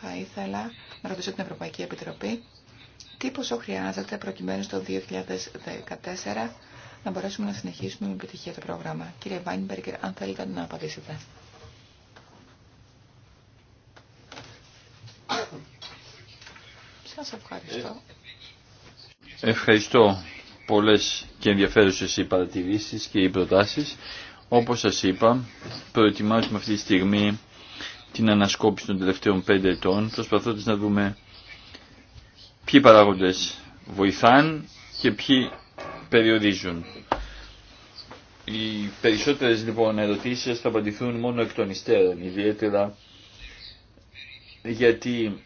Speaker 2: θα ήθελα να ρωτήσω την Ευρωπαϊκή Επιτροπή τι ποσό χρειάζεται προκειμένου στο 2014 να μπορέσουμε να συνεχίσουμε με επιτυχία το πρόγραμμα. Κύριε Βάινμπεργκερ, αν θέλετε να απαντήσετε. Σας ευχαριστώ.
Speaker 3: Ευχαριστώ πολλές και ενδιαφέρουσες οι παρατηρήσεις και οι προτάσεις. Όπως σας είπα, προετοιμάζουμε αυτή τη στιγμή την ανασκόπηση των τελευταίων πέντε ετών, προσπαθώντας να δούμε ποιοι παράγοντες βοηθάν και ποιοι περιορίζουν. Οι περισσότερες λοιπόν ερωτήσεις θα απαντηθούν μόνο εκ των υστέρων, ιδιαίτερα γιατί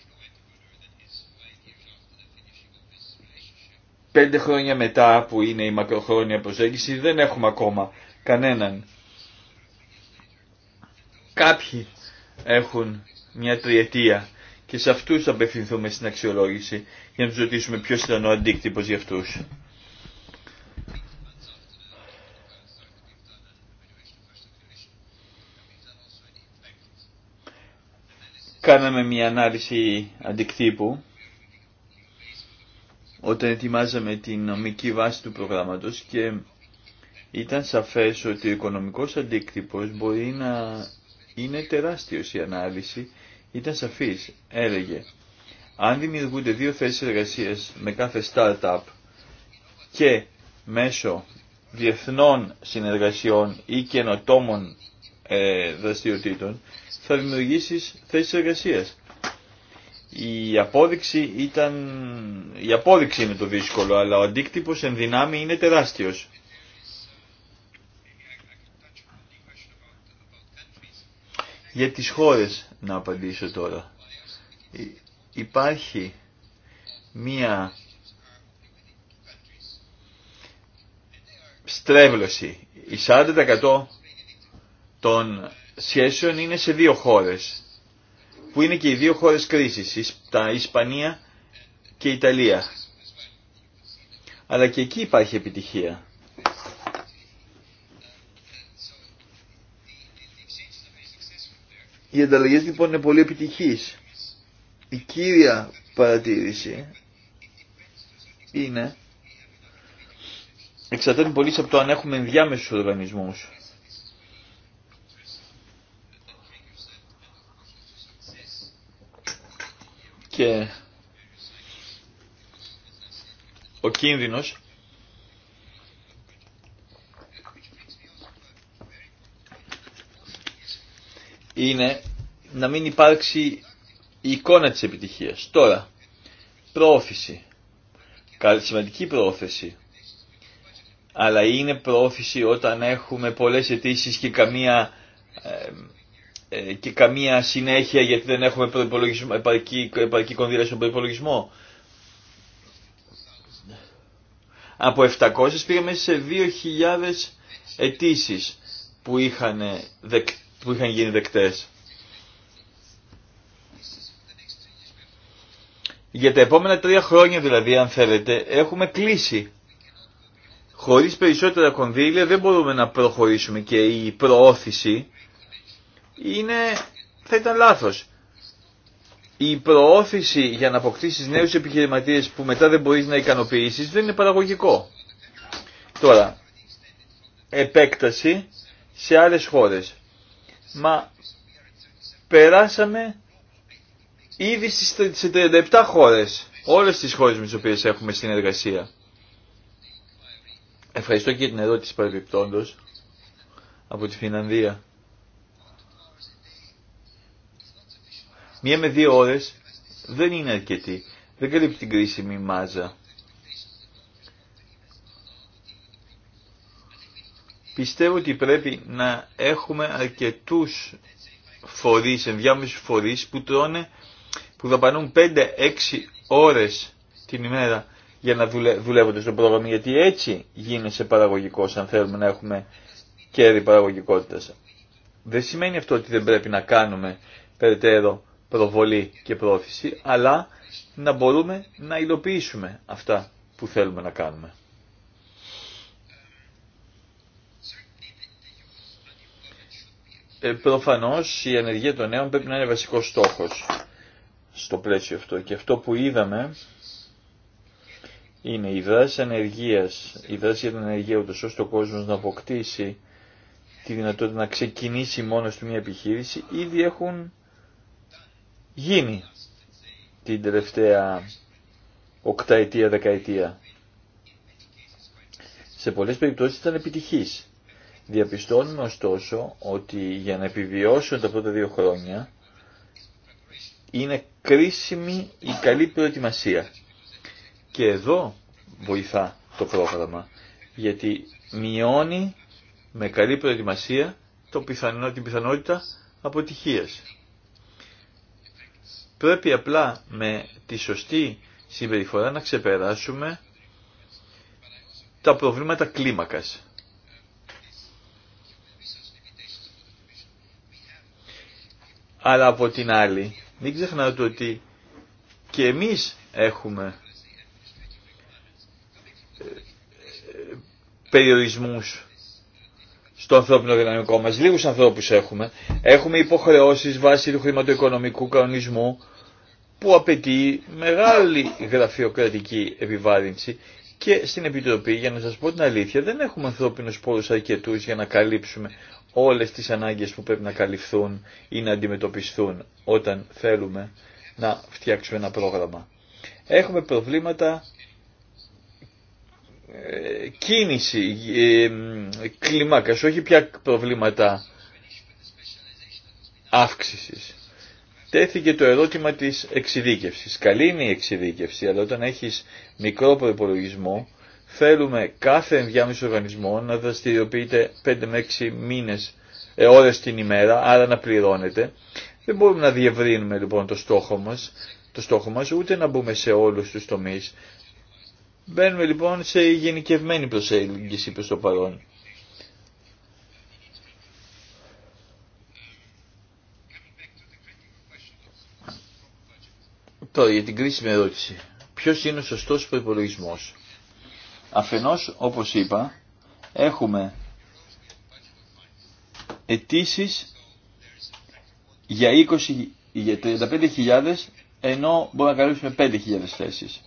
Speaker 3: πέντε χρόνια μετά που είναι η μακροχρόνια προσέγγιση δεν έχουμε ακόμα κανέναν. Κάποιοι έχουν μια τριετία και σε αυτούς απευθυνθούμε στην αξιολόγηση για να τους ρωτήσουμε ποιος ήταν ο αντίκτυπος για αυτούς. κάναμε μια ανάλυση αντικτύπου όταν ετοιμάζαμε την νομική βάση του προγράμματος και ήταν σαφές ότι ο οικονομικός αντίκτυπος μπορεί να είναι τεράστιος η ανάλυση, ήταν σαφής, έλεγε. Αν δημιουργούνται δύο θέσεις εργασίας με κάθε startup και μέσω διεθνών συνεργασιών ή καινοτόμων ε, δραστηριοτήτων θα δημιουργήσει θέσεις εργασίας. Η απόδειξη, ήταν... η απόδειξη είναι το δύσκολο, αλλά ο αντίκτυπο εν δυνάμει είναι τεράστιο. Για τις χώρες να απαντήσω τώρα. Υπάρχει μία στρέβλωση. Οι 40% των σχέσεων είναι σε δύο χώρες, που είναι και οι δύο χώρες κρίσης, τα Ισπανία και η Ιταλία. Αλλά και εκεί υπάρχει επιτυχία. Οι ανταλλαγέ λοιπόν είναι πολύ επιτυχείς. Η κύρια παρατήρηση είναι εξαρτάται πολύ από το αν έχουμε ενδιάμεσους οργανισμούς. και ο κίνδυνος είναι να μην υπάρξει η εικόνα της επιτυχίας. Τώρα, καλη Σημαντική πρόοφηση, Αλλά είναι πρόοφηση όταν έχουμε πολλές αιτήσει και καμία ε, ε, και καμία συνέχεια γιατί δεν έχουμε επαρκή, κονδύλια στον προπολογισμό. Από 700 πήγαμε σε 2.000 αιτήσει που, είχαν, που είχαν γίνει δεκτές. Για τα επόμενα τρία χρόνια δηλαδή, αν θέλετε, έχουμε κλείσει. Χωρίς περισσότερα κονδύλια δεν μπορούμε να προχωρήσουμε και η προώθηση είναι, θα ήταν λάθος. Η προώθηση για να αποκτήσεις νέους επιχειρηματίες που μετά δεν μπορείς να ικανοποιήσεις δεν είναι παραγωγικό. Τώρα, επέκταση σε άλλες χώρες. Μα περάσαμε ήδη σε 37 χώρες, όλες τις χώρες με τις οποίες έχουμε συνεργασία. Ευχαριστώ και την ερώτηση παρεμπιπτόντος από τη Φινανδία. Μία με δύο ώρες δεν είναι αρκετή. Δεν καλύπτει την κρίσιμη μάζα. Πιστεύω ότι πρέπει να έχουμε αρκετούς φορείς, ενδιάμεσους φορείς που τρώνε, που δαπανούν 5-6 ώρες την ημέρα για να δουλε, δουλεύονται στο πρόγραμμα, γιατί έτσι γίνεσαι παραγωγικός αν θέλουμε να έχουμε κέρδη παραγωγικότητας. Δεν σημαίνει αυτό ότι δεν πρέπει να κάνουμε περαιτέρω προβολή και πρόθεση, αλλά να μπορούμε να υλοποιήσουμε αυτά που θέλουμε να κάνουμε. Ε, προφανώς η ενεργεία των νέων πρέπει να είναι βασικός στόχος στο πλαίσιο αυτό και αυτό που είδαμε είναι η δράση ανεργίας, η δράση για την ανεργία ούτως ώστε ο κόσμος να αποκτήσει τη δυνατότητα να ξεκινήσει μόνος του μια επιχείρηση ήδη έχουν γίνει την τελευταία οκταετία, δεκαετία. Σε πολλές περιπτώσεις ήταν επιτυχής. Διαπιστώνουμε ωστόσο ότι για να επιβιώσουν τα πρώτα δύο χρόνια είναι κρίσιμη η καλή προετοιμασία. Και εδώ βοηθά το πρόγραμμα, γιατί μειώνει με καλή προετοιμασία το την πιθανότητα αποτυχίας. Πρέπει απλά με τη σωστή συμπεριφορά να ξεπεράσουμε τα προβλήματα κλίμακας. Αλλά από την άλλη, μην ξεχνάτε ότι και εμείς έχουμε ε, ε, περιορισμούς στο ανθρώπινο δυναμικό μας. Λίγους ανθρώπους έχουμε. Έχουμε υποχρεώσεις βάσει του χρηματοοικονομικού κανονισμού που απαιτεί μεγάλη γραφειοκρατική επιβάρυνση και στην Επιτροπή, για να σας πω την αλήθεια, δεν έχουμε ανθρώπινους πόρους αρκετούς για να καλύψουμε όλες τις ανάγκες που πρέπει να καλυφθούν ή να αντιμετωπιστούν όταν θέλουμε να φτιάξουμε ένα πρόγραμμα. Έχουμε προβλήματα ε, κίνηση ε, κλιμάκας, όχι πια προβλήματα αύξησης. Τέθηκε το ερώτημα της εξειδίκευσης. Καλή είναι η εξειδίκευση, αλλά όταν έχεις μικρό προπολογισμό, θέλουμε κάθε ενδιάμεσο οργανισμό να δραστηριοποιείται 5 με 6 μήνες, ε, ώρες την ημέρα, άρα να πληρώνεται. Δεν μπορούμε να διευρύνουμε λοιπόν το στόχο μας, το στόχο μας ούτε να μπούμε σε όλους τους τομείς. Μπαίνουμε λοιπόν σε γενικευμένη προσέγγιση προς το παρόν. Τώρα για την κρίσιμη ερώτηση. Ποιο είναι ο σωστό προπολογισμό. Αφενό, όπως είπα, έχουμε αιτήσει για 20, για 35.000 ενώ μπορούμε να καλύψουμε 5.000 θέσεις.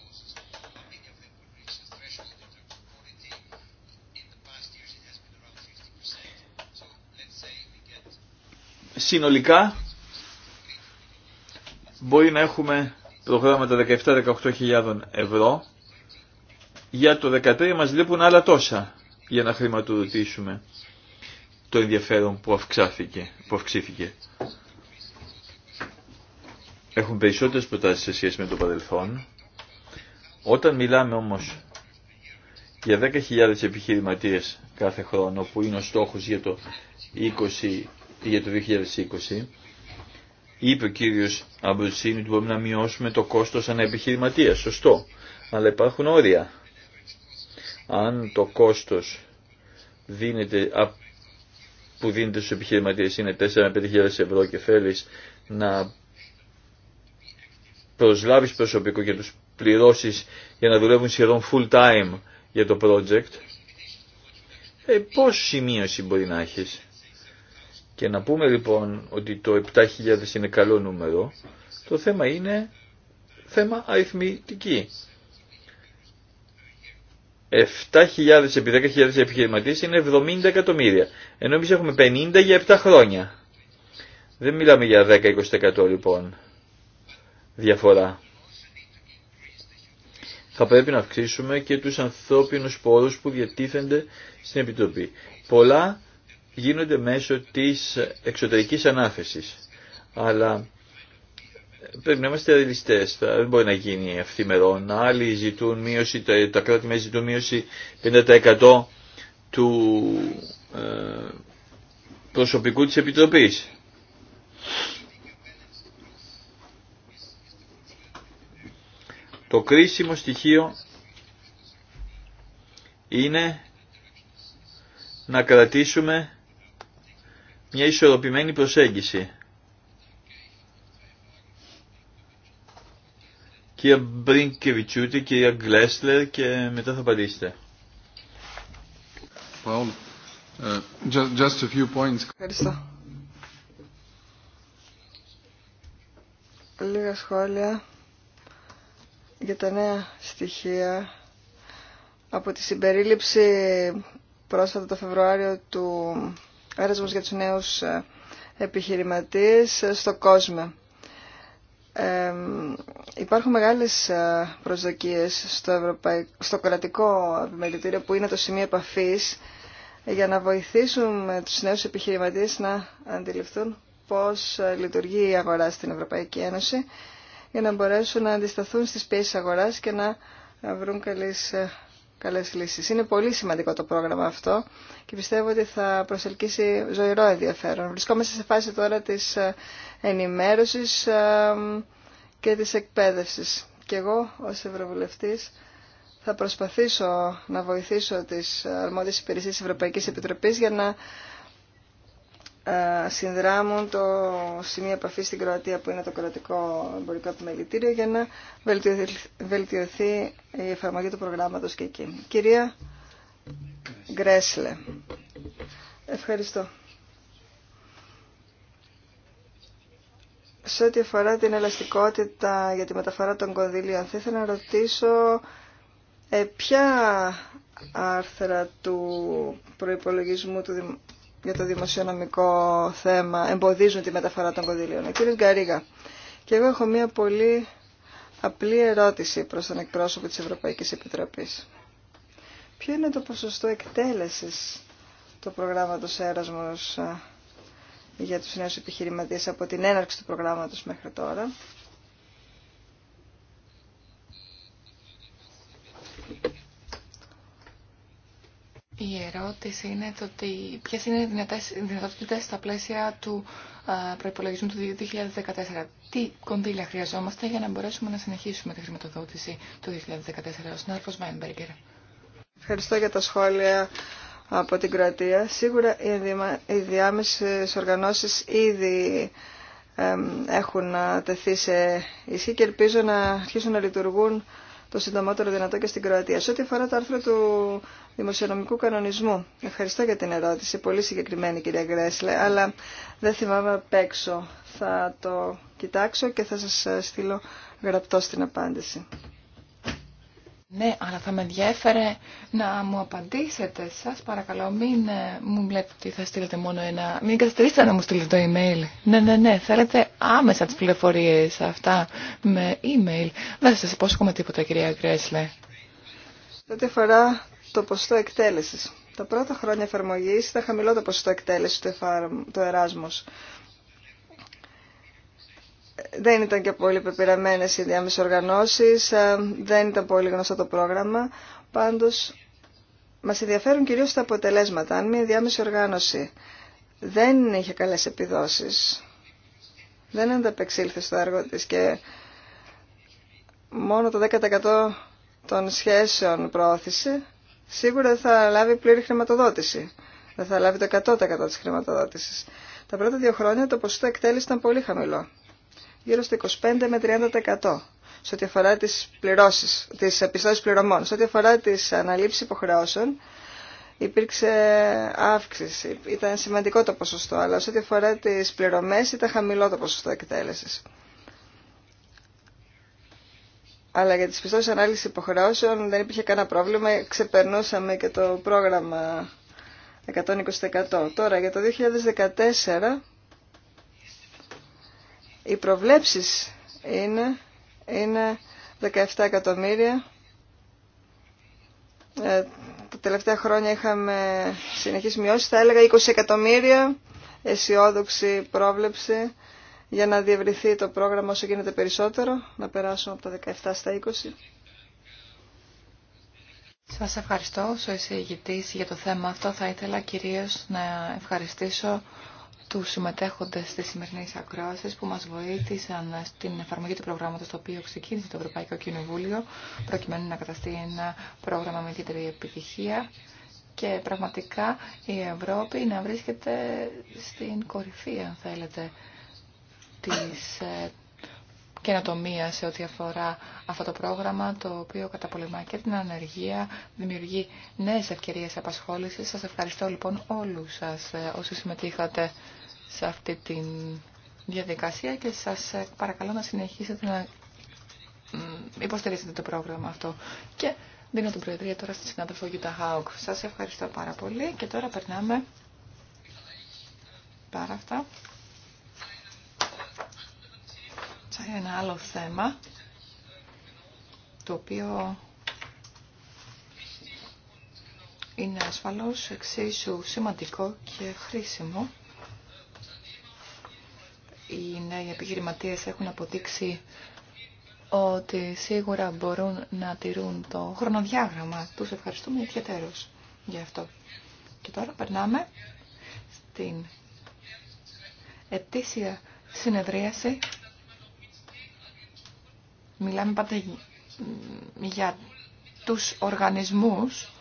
Speaker 3: Συνολικά μπορεί να έχουμε προγράμματα 17-18.000 ευρώ. Για το 13 μας λείπουν άλλα τόσα για να χρηματοδοτήσουμε το ενδιαφέρον που, αυξάθηκε, που αυξήθηκε. Έχουν περισσότερες προτάσεις σε σχέση με το παρελθόν. Όταν μιλάμε όμως για 10.000 επιχειρηματίες κάθε χρόνο που είναι ο στόχος για το, 20, για το 2020, Είπε ο κύριο Αμπρουτσίνη ότι μπορούμε να μειώσουμε το κόστο κόστος επιχειρηματία. Σωστό. Αλλά υπάρχουν όρια. Αν το κόστο που δίνεται στου επιχειρηματιε είναι 4 με 5.000 ευρώ και θέλει να προσλάβει προσωπικό και του πληρώσει για να δουλεύουν σχεδόν full time για το project, ε, πόση μείωση μπορεί να έχει, και να πούμε λοιπόν ότι το 7.000 είναι καλό νούμερο, το θέμα είναι θέμα αριθμητική. 7.000 επί 10.000 επιχειρηματίες είναι 70 εκατομμύρια. Ενώ εμείς έχουμε 50 για 7 χρόνια. Δεν μιλάμε για 10-20% λοιπόν διαφορά. Θα πρέπει να αυξήσουμε και τους ανθρώπινους πόρους που διατίθενται στην Επιτροπή. Πολλά γίνονται μέσω της εξωτερικής ανάθεσης. Αλλά πρέπει να είμαστε ρεαλιστέ. Δεν μπορεί να γίνει αυτή Άλλοι ζητούν μείωση, τα, τα κράτη μέσα ζητούν μείωση 50% του ε, προσωπικού της Επιτροπής. Το κρίσιμο στοιχείο είναι να κρατήσουμε μια ισορροπημένη προσέγγιση. Κυρία Μπρίνκεβιτσούτη, κυρία Γκλέσλερ και μετά θα απαντήσετε. Well, uh, just,
Speaker 4: Ευχαριστώ.
Speaker 1: Λίγα σχόλια για τα νέα στοιχεία από τη συμπερίληψη πρόσφατα το Φεβρουάριο του έρασμος για τους νέους ε, επιχειρηματίες ε, στο κόσμο. Ε, υπάρχουν μεγάλες προσδοκίες στο, στο κρατικό επιμελητήριο που είναι το σημείο επαφής για να βοηθήσουν τους νέους επιχειρηματίες να αντιληφθούν πώς λειτουργεί η αγορά στην Ευρωπαϊκή Ένωση για να μπορέσουν να αντισταθούν στις πιέσεις αγοράς και να βρουν καλές καλές λύσεις. Είναι πολύ σημαντικό το πρόγραμμα αυτό και πιστεύω ότι θα προσελκύσει ζωηρό ενδιαφέρον. Βρισκόμαστε σε φάση τώρα της ε, ενημέρωσης ε, και της εκπαίδευσης. Και εγώ ως Ευρωβουλευτής θα προσπαθήσω να βοηθήσω τις αρμόδιες υπηρεσίες Ευρωπαϊκής Επιτροπής για να ε, συνδράμουν το σημείο επαφή στην Κροατία που είναι το κρατικό εμπορικό επιμελητήριο για να βελτιωθεί η εφαρμογή του προγράμματος και εκεί. Κυρία Γκρέσλε. Ευχαριστώ. Σε ό,τι αφορά την ελαστικότητα για τη μεταφορά των κονδυλίων, θα ήθελα να ρωτήσω ε, ποια άρθρα του προϋπολογισμού του, για το δημοσιονομικό θέμα εμποδίζουν τη μεταφορά των κονδυλίων. Κύριε Γκαρίγα, και εγώ έχω μία πολύ απλή ερώτηση προς τον εκπρόσωπο της Ευρωπαϊκής Επιτροπής. Ποιο είναι το ποσοστό εκτέλεσης του προγράμματος Έρασμος ε, για τους νέους επιχειρηματίες από την έναρξη του προγράμματος μέχρι τώρα
Speaker 2: Η ερώτηση είναι το ότι ποιε είναι οι δυνατότητε στα πλαίσια του προπολογισμού του 2014. Τι κονδύλια χρειαζόμαστε για να μπορέσουμε να συνεχίσουμε τη χρηματοδότηση του 2014. Ο συνάδελφο
Speaker 1: Ευχαριστώ για τα σχόλια από την Κροατία. Σίγουρα οι διάμεσε οργανώσει ήδη έχουν τεθεί σε ισχύ και ελπίζω να αρχίσουν να λειτουργούν το συντομότερο δυνατό και στην Κροατία. Σε ό,τι αφορά το άρθρο του δημοσιονομικού κανονισμού, ευχαριστώ για την ερώτηση, πολύ συγκεκριμένη κυρία Γκρέσλε, αλλά δεν θυμάμαι απ' έξω. Θα το κοιτάξω και θα σας ε, στείλω γραπτό στην
Speaker 2: απάντηση. Ναι, αλλά θα με ενδιαφέρε να μου απαντήσετε. σα παρακαλώ, μην ε, μου βλέπετε ότι θα στείλετε μόνο ένα... Μην καθυστερήσετε να μου στείλετε το email. Ναι, ναι, ναι, θέλετε άμεσα τι πληροφορίε αυτά με email. Δεν σα υπόσχομαι τίποτα, κυρία Γκρέσλε.
Speaker 1: Σε ό,τι αφορά το ποστό εκτέλεση. Τα πρώτα χρόνια εφαρμογή ήταν χαμηλό το ποσοστό εκτέλεση του Εράσμου δεν ήταν και πολύ πεπειραμένε οι διάμεσες οργανώσεις, ε, δεν ήταν πολύ γνωστό το πρόγραμμα. Πάντω μα ενδιαφέρουν κυρίω τα αποτελέσματα. Αν μια διάμεση οργάνωση δεν είχε καλέ επιδόσεις, δεν ανταπεξήλθε στο έργο τη. και μόνο το 10% των σχέσεων προώθησε, σίγουρα θα λάβει πλήρη χρηματοδότηση. Δεν θα λάβει το 100% της χρηματοδότησης. Τα πρώτα δύο χρόνια το ποσοστό εκτέλεση ήταν πολύ χαμηλό γύρω στο 25 με 30% σε ό,τι αφορά τις πληρώσεις, τις πιστώσεις πληρωμών. Σε ό,τι αφορά τις αναλήψεις υποχρεώσεων, υπήρξε αύξηση. Ήταν σημαντικό το ποσοστό, αλλά σε ό,τι αφορά τις πληρωμές ήταν χαμηλό το ποσοστό εκτέλεσης. Αλλά για τις πιστώσεις ανάλυσης υποχρεώσεων δεν υπήρχε κανένα πρόβλημα, ξεπερνούσαμε και το πρόγραμμα 120%. Τώρα για το 2014 οι προβλέψεις είναι, είναι 17 εκατομμύρια. Ε, τα τελευταία χρόνια είχαμε συνεχίσει μειώσει. θα έλεγα 20 εκατομμύρια αισιόδοξη πρόβλεψη για να διευρυθεί το πρόγραμμα όσο γίνεται περισσότερο, να περάσουμε από τα 17 στα 20.
Speaker 2: Σας ευχαριστώ ο εισηγητής για το θέμα αυτό. Θα ήθελα κυρίως να ευχαριστήσω τους συμμετέχοντες στις σημερινές ακροάσεις που μας βοήθησαν στην εφαρμογή του προγράμματος το οποίο ξεκίνησε το Ευρωπαϊκό Κοινοβούλιο προκειμένου να καταστεί ένα πρόγραμμα με ιδιαίτερη επιτυχία και πραγματικά η Ευρώπη να βρίσκεται στην κορυφή αν θέλετε της ε, καινοτομία σε ό,τι αφορά αυτό το πρόγραμμα, το οποίο καταπολεμά και την ανεργία, δημιουργεί νέες ευκαιρίες απασχόλησης. Σας ευχαριστώ λοιπόν όλους σας ε, όσοι συμμετείχατε σε αυτή τη διαδικασία και σας ε, παρακαλώ να συνεχίσετε να υποστηρίζετε το πρόγραμμα αυτό. Και δίνω την Προεδρία τώρα στη συνάδελφο Γιούτα Χάουκ. Σας ευχαριστώ πάρα πολύ και τώρα περνάμε πάρα αυτά ένα άλλο θέμα το οποίο είναι ασφαλώς εξίσου σημαντικό και χρήσιμο. Οι νέοι επιχειρηματίες έχουν αποδείξει ότι σίγουρα μπορούν να τηρούν το χρονοδιάγραμμα. Τους ευχαριστούμε ιδιαίτερως για αυτό. Και τώρα περνάμε στην ετήσια συνεδρίαση Μιλάμε πάντα για τους οργανισμούς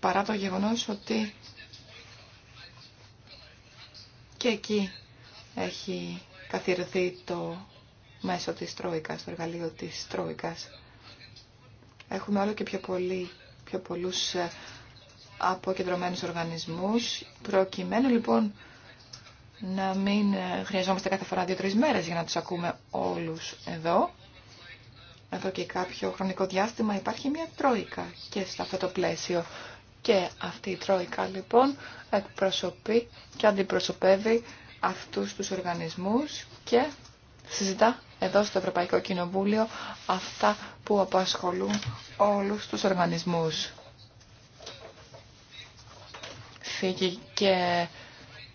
Speaker 2: παρά το γεγονός ότι και εκεί έχει καθιερωθεί το μέσο της Τρόικας, το εργαλείο της Τρόικας. Έχουμε όλο και πιο, πολύ, πιο πολλούς ε, αποκεντρωμένους οργανισμούς. Προκειμένου λοιπόν να μην ε, χρειαζόμαστε κάθε φορά δύο-τρεις μέρες για να τους ακούμε όλους εδώ. Εδώ και κάποιο χρονικό διάστημα υπάρχει μια τρόικα και σε αυτό το πλαίσιο. Και αυτή η τρόικα λοιπόν εκπροσωπεί και αντιπροσωπεύει αυτούς τους οργανισμούς και συζητά εδώ στο Ευρωπαϊκό Κοινοβούλιο αυτά που απασχολούν όλους τους οργανισμούς. Φύγει και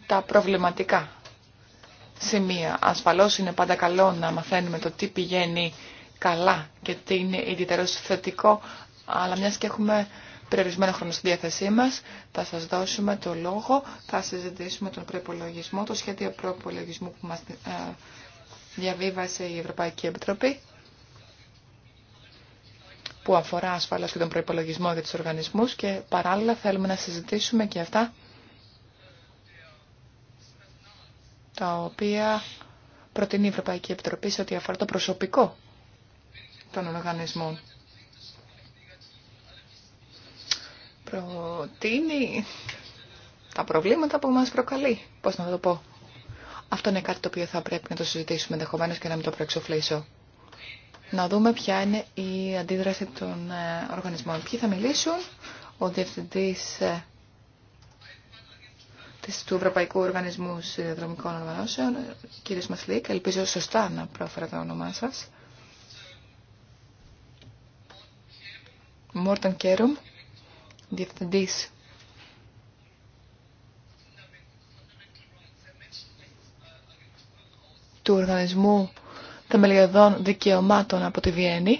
Speaker 2: τα προβληματικά σημεία. Ασφαλώς είναι πάντα καλό να μαθαίνουμε το τι πηγαίνει καλά και τι είναι ιδιαιτερός θετικό, αλλά μιας και έχουμε περιορισμένο χρόνο στη διάθεσή μας, θα σας δώσουμε το λόγο, θα συζητήσουμε τον προπολογισμό, το σχέδιο προπολογισμού που μας ε, διαβίβασε η Ευρωπαϊκή Επιτροπή που αφορά ασφαλώς και τον προϋπολογισμό για τους οργανισμούς και παράλληλα θέλουμε να συζητήσουμε και αυτά τα οποία προτείνει η Ευρωπαϊκή Επιτροπή σε ό,τι αφορά το προσωπικό των οργανισμών. Προτείνει τα προβλήματα που μας προκαλεί, πώς να το πω. Αυτό είναι κάτι το οποίο θα πρέπει να το συζητήσουμε ενδεχομένω και να μην το προεξοφλήσω. Να δούμε ποια είναι η αντίδραση των ε, οργανισμών. Ποιοι θα μιλήσουν, ο διευθυντής ε, του Ευρωπαϊκού Οργανισμού Συνδρομικών Οργανώσεων, κύριε Μασλίκ, ελπίζω σωστά να πρόφερα το όνομά σας. Μόρταν Κέρουμ, Διευθυντή. του Οργανισμού Θεμελιωδών Δικαιωμάτων από τη Βιέννη.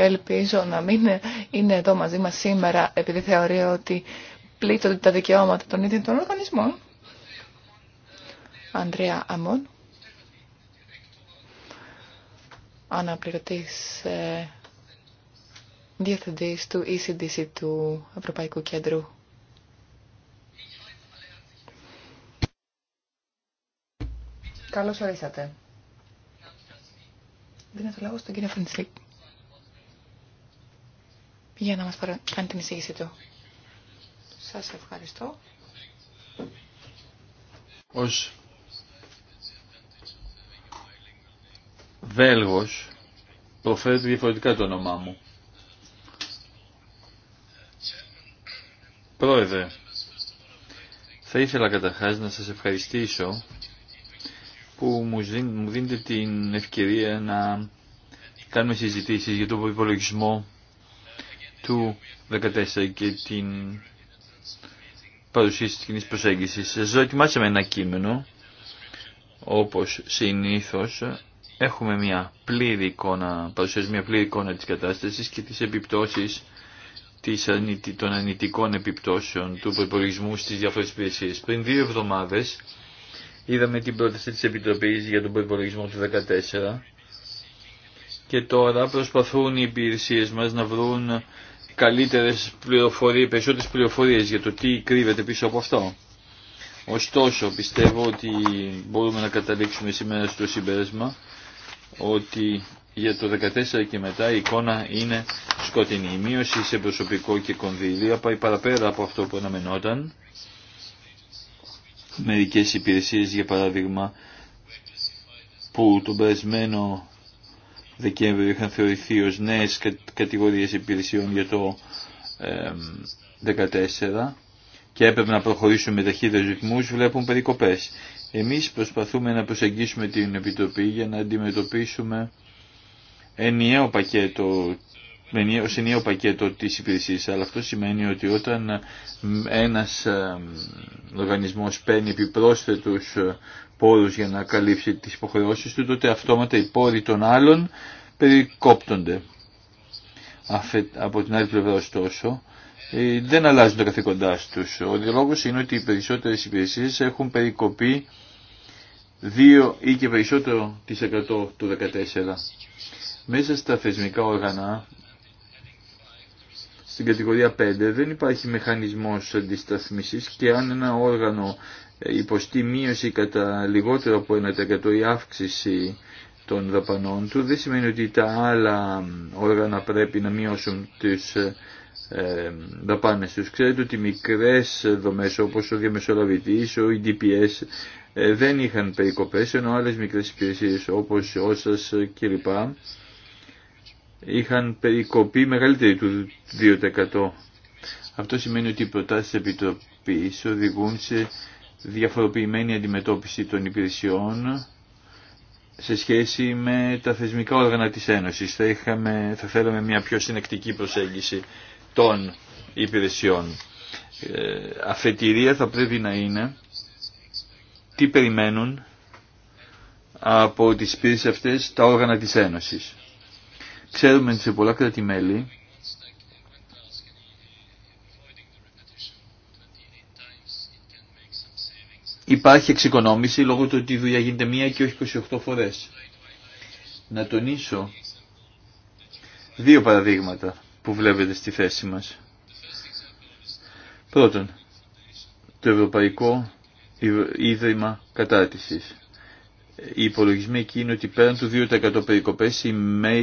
Speaker 2: Ελπίζω να μην είναι εδώ μαζί μας σήμερα επειδή θεωρεί ότι πλήττονται τα δικαιώματα των ίδιων των οργανισμών. Ανδρέα Αμών, αναπληρωτής ε, διευθυντής του ECDC του Ευρωπαϊκού Κέντρου. Καλώς ορίσατε. Δίνω το λόγο στον κύριο Φρενσίκ για να μας κάνει την εισήγηση του. Σας ευχαριστώ.
Speaker 3: Ως Βέλγος προφέρεται διαφορετικά το όνομά μου. Πρόεδρε, θα ήθελα καταρχάς να σας ευχαριστήσω που μου δίνετε την ευκαιρία να κάνουμε συζητήσεις για τον υπολογισμό του 14 και την παρουσίαση της κοινής προσέγγισης. Σας δοκιμάσαμε ένα κείμενο, όπως συνήθως έχουμε μια πλήρη εικόνα, παρουσιάζει μια πλήρη εικόνα της κατάστασης και τις επιπτώσεις της, των αρνητικών επιπτώσεων του προπολογισμού στις διάφορες υπηρεσίε. Πριν δύο εβδομάδες είδαμε την πρόταση της Επιτροπής για τον προπολογισμό του 2014 και τώρα προσπαθούν οι υπηρεσίε μας να βρουν καλύτερες πληροφορίες, περισσότερες πληροφορίες για το τι κρύβεται πίσω από αυτό. Ωστόσο πιστεύω ότι μπορούμε να καταλήξουμε σήμερα στο συμπέρασμα ότι για το 14 και μετά η εικόνα είναι σκοτεινή. Η μείωση σε προσωπικό και κονδύλια πάει παραπέρα από αυτό που αναμενόταν. Μερικές υπηρεσίες για παράδειγμα που τον περασμένο Δεκέμβριο είχαν θεωρηθεί ως νέες κατηγορίες υπηρεσιών για το 2014 και έπρεπε να προχωρήσουμε με ταχύτερους ρυθμούς, βλέπουν περικοπές. Εμείς προσπαθούμε να προσεγγίσουμε την Επιτροπή για να αντιμετωπίσουμε ενιαίο πακέτο ως ενιαίο πακέτο της υπηρεσίας, αλλά αυτό σημαίνει ότι όταν ένας οργανισμός παίρνει επιπρόσθετους πόρους για να καλύψει τις υποχρεώσεις του, τότε αυτόματα οι πόροι των άλλων περικόπτονται. Από την άλλη πλευρά ωστόσο, ε, δεν αλλάζουν τα καθήκοντά του. Ο διαλόγος είναι ότι οι περισσότερε υπηρεσίε έχουν περικοπεί 2 ή και περισσότερο τη 100 του 14. Μέσα στα θεσμικά όργανα, στην κατηγορία 5, δεν υπάρχει μηχανισμό αντισταθμίσης και αν ένα όργανο υποστεί μείωση κατά λιγότερο από 1% η αύξηση των δαπανών του, δεν σημαίνει ότι τα άλλα όργανα πρέπει να μειώσουν τις ε, δαπάνες τους. Ξέρετε ότι μικρές δομές όπως ο διαμεσολαβητής, ο EDPS ε, δεν είχαν περικοπές, ενώ άλλες μικρές υπηρεσίες όπως όσας κλπ. είχαν περικοπή μεγαλύτερη του 2%. Αυτό σημαίνει ότι οι προτάσεις της Επιτροπής οδηγούν σε διαφοροποιημένη αντιμετώπιση των υπηρεσιών σε σχέση με τα θεσμικά όργανα της Ένωσης. Θα, θα θέλαμε μια πιο συνεκτική προσέγγιση των υπηρεσιών. Ε, αφετηρία θα πρέπει να είναι τι περιμένουν από τις υπηρεσίες αυτές τα όργανα της Ένωσης. Ξέρουμε σε πολλά κράτη-μέλη υπάρχει εξοικονόμηση λόγω του ότι η δουλειά γίνεται μία και όχι 28 φορές. Να τονίσω δύο παραδείγματα που βλέπετε στη θέση μας. Πρώτον, το Ευρωπαϊκό Ίδρυμα Κατάρτισης. Οι υπολογισμοί εκεί είναι ότι πέραν του 2% περικοπές η,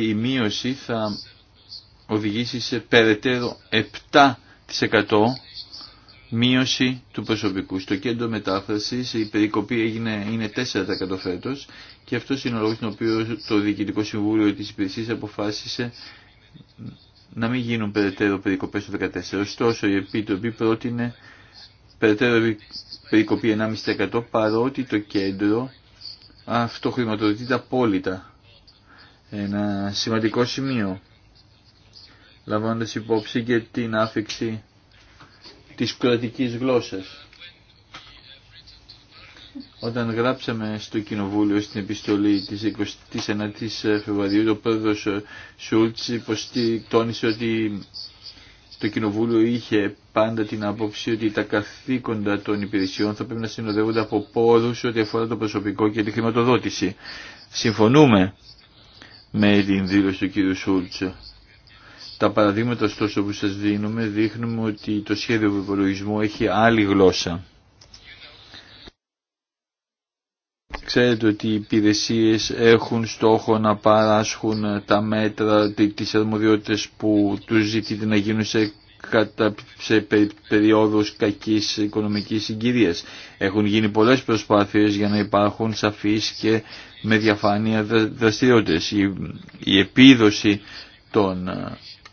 Speaker 3: η μείωση θα οδηγήσει σε περαιτέρω 7% μείωση του προσωπικού. Στο κέντρο μετάφρασης η περικοπή έγινε, είναι 4% φέτο και αυτό είναι ο λόγο τον οποίο το Διοικητικό Συμβούλιο της Υπηρεσία αποφάσισε να μην γίνουν περαιτέρω περικοπές το 2014. Ωστόσο η Επίτροπη πρότεινε περαιτέρω περικοπή 1,5% παρότι το κέντρο αυτό χρηματοδοτείται απόλυτα. Ένα σημαντικό σημείο λαμβάνοντας υπόψη και την άφηξη της κρατικής γλώσσας. Όταν γράψαμε στο Κοινοβούλιο στην επιστολή της 29ης Φεβρουαρίου, ο πρόεδρος Σούλτς τόνισε ότι το Κοινοβούλιο είχε πάντα την άποψη ότι τα καθήκοντα των υπηρεσιών θα πρέπει να συνοδεύονται από πόρους ό,τι αφορά το προσωπικό και τη χρηματοδότηση. Συμφωνούμε με την δήλωση του κ. Σούλτς τα παραδείγματα ωστόσο που σας δίνουμε δείχνουμε ότι το σχέδιο υπολογισμού έχει άλλη γλώσσα. Ξέρετε ότι οι υπηρεσίες έχουν στόχο να παράσχουν τα μέτρα, τις αρμοδιότητες που τους ζητείτε να γίνουν σε, κατα, σε περίοδους κακής οικονομικής συγκυρίας. Έχουν γίνει πολλές προσπάθειες για να υπάρχουν σαφείς και με διαφάνεια δραστηριότητες. η επίδοση των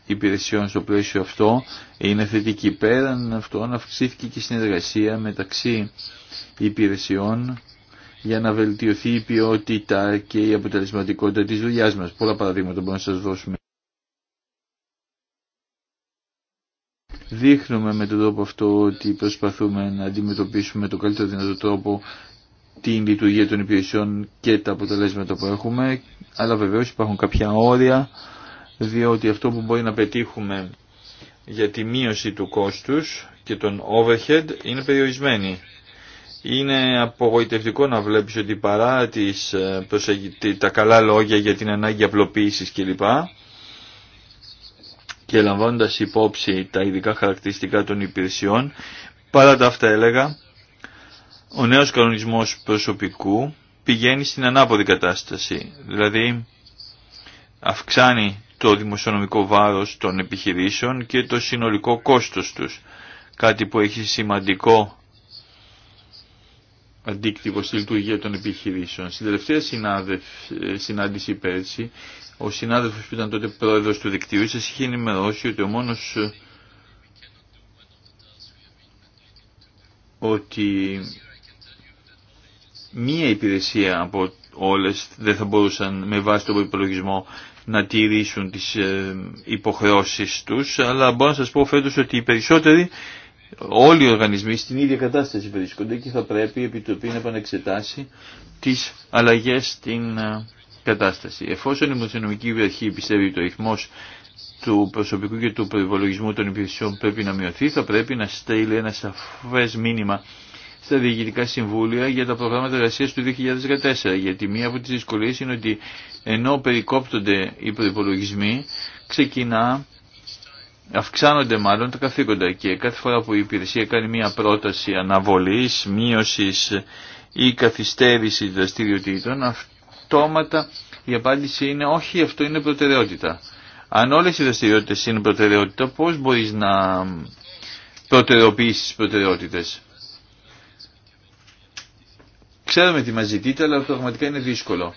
Speaker 3: υπηρεσιών στο πλαίσιο αυτό είναι θετική. Πέραν αυτών αυξήθηκε και η συνεργασία μεταξύ υπηρεσιών για να βελτιωθεί η ποιότητα και η αποτελεσματικότητα της δουλειά μας. Πολλά παραδείγματα μπορούμε να σας δώσουμε. Δείχνουμε με τον τρόπο αυτό ότι προσπαθούμε να αντιμετωπίσουμε το καλύτερο δυνατό τρόπο την λειτουργία των υπηρεσιών και τα αποτελέσματα που έχουμε, αλλά βεβαίως υπάρχουν κάποια όρια διότι αυτό που μπορεί να πετύχουμε για τη μείωση του κόστους και των overhead είναι περιορισμένη. Είναι απογοητευτικό να βλέπεις ότι παρά τις, ε, τα καλά λόγια για την ανάγκη απλοποίησης κλπ. και λαμβάνοντας υπόψη τα ειδικά χαρακτηριστικά των υπηρεσιών, παρά τα αυτά έλεγα, ο νέος κανονισμός προσωπικού πηγαίνει στην ανάποδη κατάσταση. Δηλαδή αυξάνει το δημοσιονομικό βάρος των επιχειρήσεων και το συνολικό κόστος τους. Κάτι που έχει σημαντικό αντίκτυπο στη λειτουργία των επιχειρήσεων. Στην τελευταία συνάντηση πέρσι, ο συνάδελφος που ήταν τότε πρόεδρος του δικτύου σας είχε ενημερώσει ότι ο μόνος ότι μία υπηρεσία από όλες δεν θα μπορούσαν με βάση τον υπολογισμό να τηρήσουν τις ε, υποχρεώσεις τους, αλλά μπορώ να σας πω φέτος ότι οι περισσότεροι, όλοι οι οργανισμοί στην ίδια κατάσταση βρίσκονται και θα πρέπει η Επιτροπή να επανεξετάσει τις αλλαγές στην ε, κατάσταση. Εφόσον η Δημοσιονομική Υπηρεχή πιστεύει ότι ο ρυθμός του προσωπικού και του προϋπολογισμού των υπηρεσιών πρέπει να μειωθεί, θα πρέπει να στείλει ένα σαφές μήνυμα στα διοικητικά συμβούλια για τα προγράμματα εργασία του 2014. Γιατί μία από τι δυσκολίε είναι ότι ενώ περικόπτονται οι προπολογισμοί, ξεκινά, αυξάνονται μάλλον τα καθήκοντα και κάθε φορά που η υπηρεσία κάνει μία πρόταση αναβολή, μείωση ή καθυστέρηση δραστηριοτήτων, αυτόματα η απάντηση είναι όχι, αυτό είναι προτεραιότητα. Αν όλες οι δραστηριότητες είναι προτεραιότητα, πώς μπορείς να προτεραιοποιήσεις τις προτεραιότητες. Ξέρουμε τι μας ζητείτε, αλλά πραγματικά είναι δύσκολο.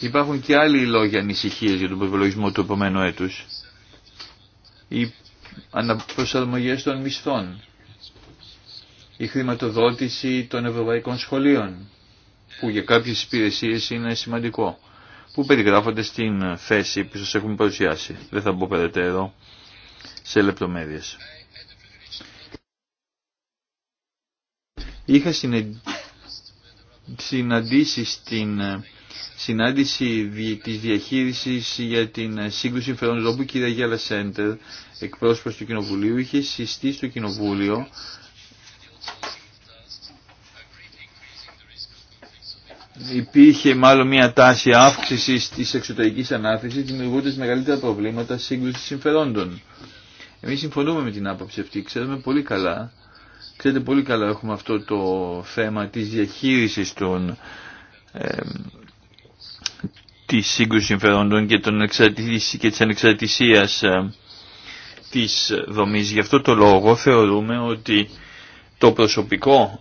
Speaker 3: Υπάρχουν και άλλοι λόγοι ανησυχίες για τον προπολογισμό του επόμενου έτου. Οι αναπροσαρμογέ των μισθών, η χρηματοδότηση των ευρωπαϊκών σχολείων, που για κάποιε υπηρεσίε είναι σημαντικό, που περιγράφονται στην θέση που σα έχουμε παρουσιάσει. Δεν θα μπω περαιτέρω σε λεπτομέρειε. Είχα Συναντήσεις στην ε, συνάντηση της διαχείρισης για την ε, σύγκρουση συμφερόντων όπου η κυρία Γιάλα Σέντερ, εκπρόσωπος του Κοινοβουλίου, είχε συστήσει στο Κοινοβούλιο υπήρχε μάλλον μια τάση αύξησης τη εξωτερική ανάθεσης δημιουργώντα μεγαλύτερα προβλήματα σύγκρουση συμφερόντων. Εμεί συμφωνούμε με την άποψη αυτή, ξέρουμε πολύ καλά Ξέρετε πολύ καλά έχουμε αυτό το θέμα της διαχείρισης των, ε, της σύγκρουσης συμφερόντων και, των και της ανεξαρτησίας της δομής. Γι' αυτό το λόγο θεωρούμε ότι το προσωπικό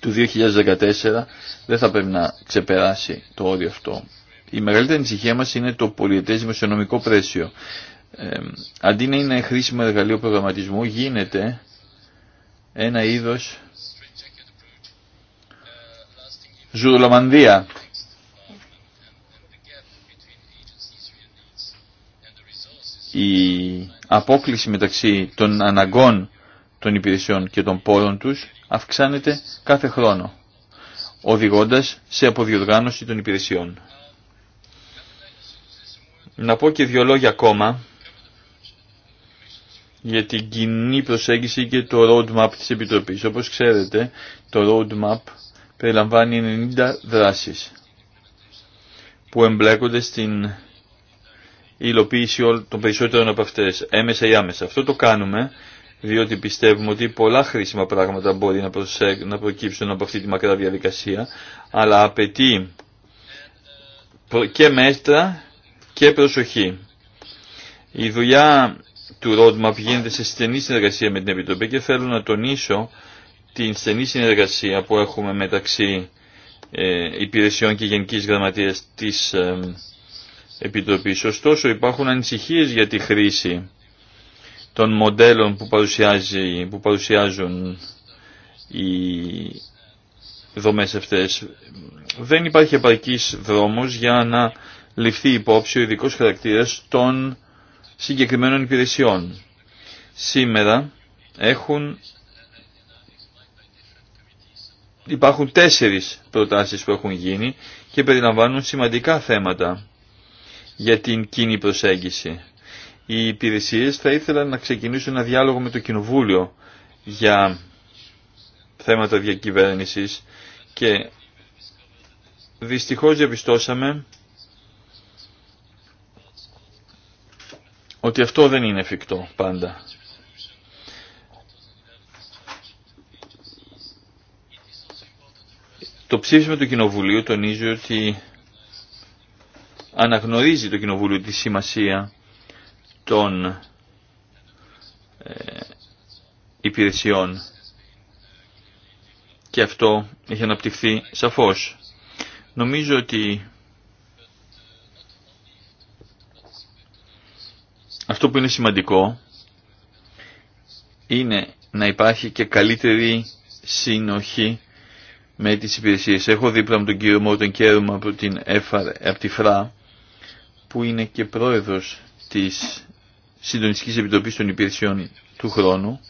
Speaker 3: του 2014 δεν θα πρέπει να ξεπεράσει το όριο αυτό. Η μεγαλύτερη ανησυχία μας είναι το πολιετές δημοσιονομικό πρέσιο. αντί να είναι χρήσιμο εργαλείο προγραμματισμού γίνεται ένα είδος Ζουλομάνδια Η απόκληση μεταξύ των αναγκών των υπηρεσιών και των πόρων τους αυξάνεται κάθε χρόνο, οδηγώντας σε αποδιοργάνωση των υπηρεσιών. Να πω και δύο λόγια ακόμα για την κοινή προσέγγιση και το roadmap της Επιτροπής. Όπως ξέρετε, το roadmap περιλαμβάνει 90 δράσεις που εμπλέκονται στην υλοποίηση όλων των περισσότερων από αυτές, έμεσα ή άμεσα. Αυτό το κάνουμε διότι πιστεύουμε ότι πολλά χρήσιμα πράγματα μπορεί να, προσέ... να προκύψουν από αυτή τη μακρά διαδικασία, αλλά απαιτεί και μέτρα και προσοχή. Η δουλειά του roadmap γίνεται σε στενή συνεργασία με την Επιτροπή και θέλω να τονίσω την στενή συνεργασία που έχουμε μεταξύ ε, υπηρεσιών και γενικής γραμματείας της ε, Επιτροπής. Ωστόσο υπάρχουν ανησυχίες για τη χρήση των μοντέλων που, παρουσιάζει, που παρουσιάζουν οι δομές αυτές. Δεν υπάρχει επαρκής δρόμος για να ληφθεί υπόψη ο ειδικός χαρακτήρας των συγκεκριμένων υπηρεσιών. Σήμερα έχουν, υπάρχουν τέσσερις προτάσεις που έχουν γίνει και περιλαμβάνουν σημαντικά θέματα για την κοινή προσέγγιση. Οι υπηρεσίες θα ήθελαν να ξεκινήσουν ένα διάλογο με το Κοινοβούλιο για θέματα διακυβέρνησης και δυστυχώς διαπιστώσαμε ότι αυτό δεν είναι εφικτό πάντα. Το ψήφισμα του Κοινοβουλίου τονίζει ότι αναγνωρίζει το Κοινοβούλιο τη σημασία των ε, υπηρεσιών και αυτό έχει αναπτυχθεί σαφώς. Νομίζω ότι Αυτό που είναι σημαντικό είναι να υπάρχει και καλύτερη συνοχή με τις υπηρεσίες. Έχω δίπλα μου τον κύριο Μόρτον Κέρμα από, την ΕΦΑΡ, από τη ΦΡΑ που είναι και πρόεδρος της Συντονιστικής Επιτροπής των Υπηρεσιών του χρόνου.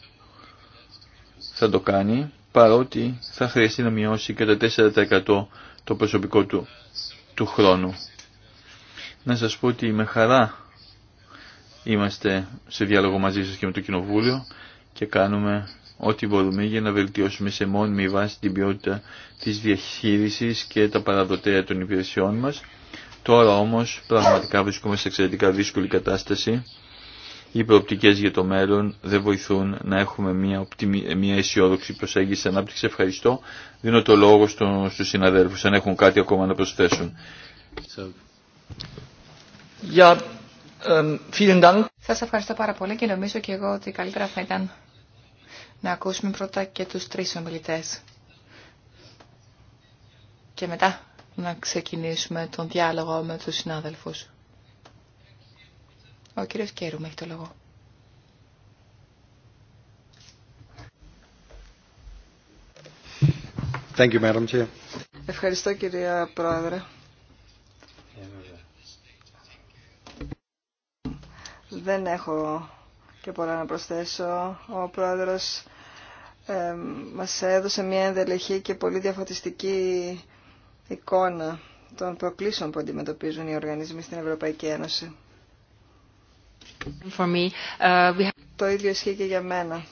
Speaker 3: Θα το κάνει παρότι θα χρειαστεί να μειώσει κατά 4% το προσωπικό του του χρόνου. Να σας πω ότι με χαρά Είμαστε σε διάλογο μαζί σας και με το Κοινοβούλιο και κάνουμε ό,τι μπορούμε για να βελτιώσουμε σε μόνιμη βάση την ποιότητα της διαχείρισης και τα παραδοτέα των υπηρεσιών μας. Τώρα όμως πραγματικά βρισκόμαστε σε εξαιρετικά δύσκολη κατάσταση. Οι προοπτικές για το μέλλον δεν βοηθούν να έχουμε μια, μια αισιόδοξη προσέγγιση ανάπτυξη. Ευχαριστώ. Δίνω το λόγο στο, στους συναδέλφους αν έχουν κάτι ακόμα να προσθέσουν.
Speaker 2: Σας ευχαριστώ πάρα πολύ και νομίζω και εγώ ότι καλύτερα θα ήταν να ακούσουμε πρώτα και τους τρεις ομιλητές. Και μετά να ξεκινήσουμε τον διάλογο με τους συνάδελφους. Ο κύριος με έχει το λόγο.
Speaker 4: Thank you, Madam Chair.
Speaker 2: Ευχαριστώ
Speaker 1: κυρία Πρόεδρε. Δεν έχω και πολλά να προσθέσω. Ο πρόεδρος ε, μας έδωσε μια ενδελεχή και πολύ διαφωτιστική εικόνα των προκλήσεων που αντιμετωπίζουν οι οργανισμοί στην Ευρωπαϊκή Ένωση. For me, uh, Το ίδιο ισχύει και για μένα.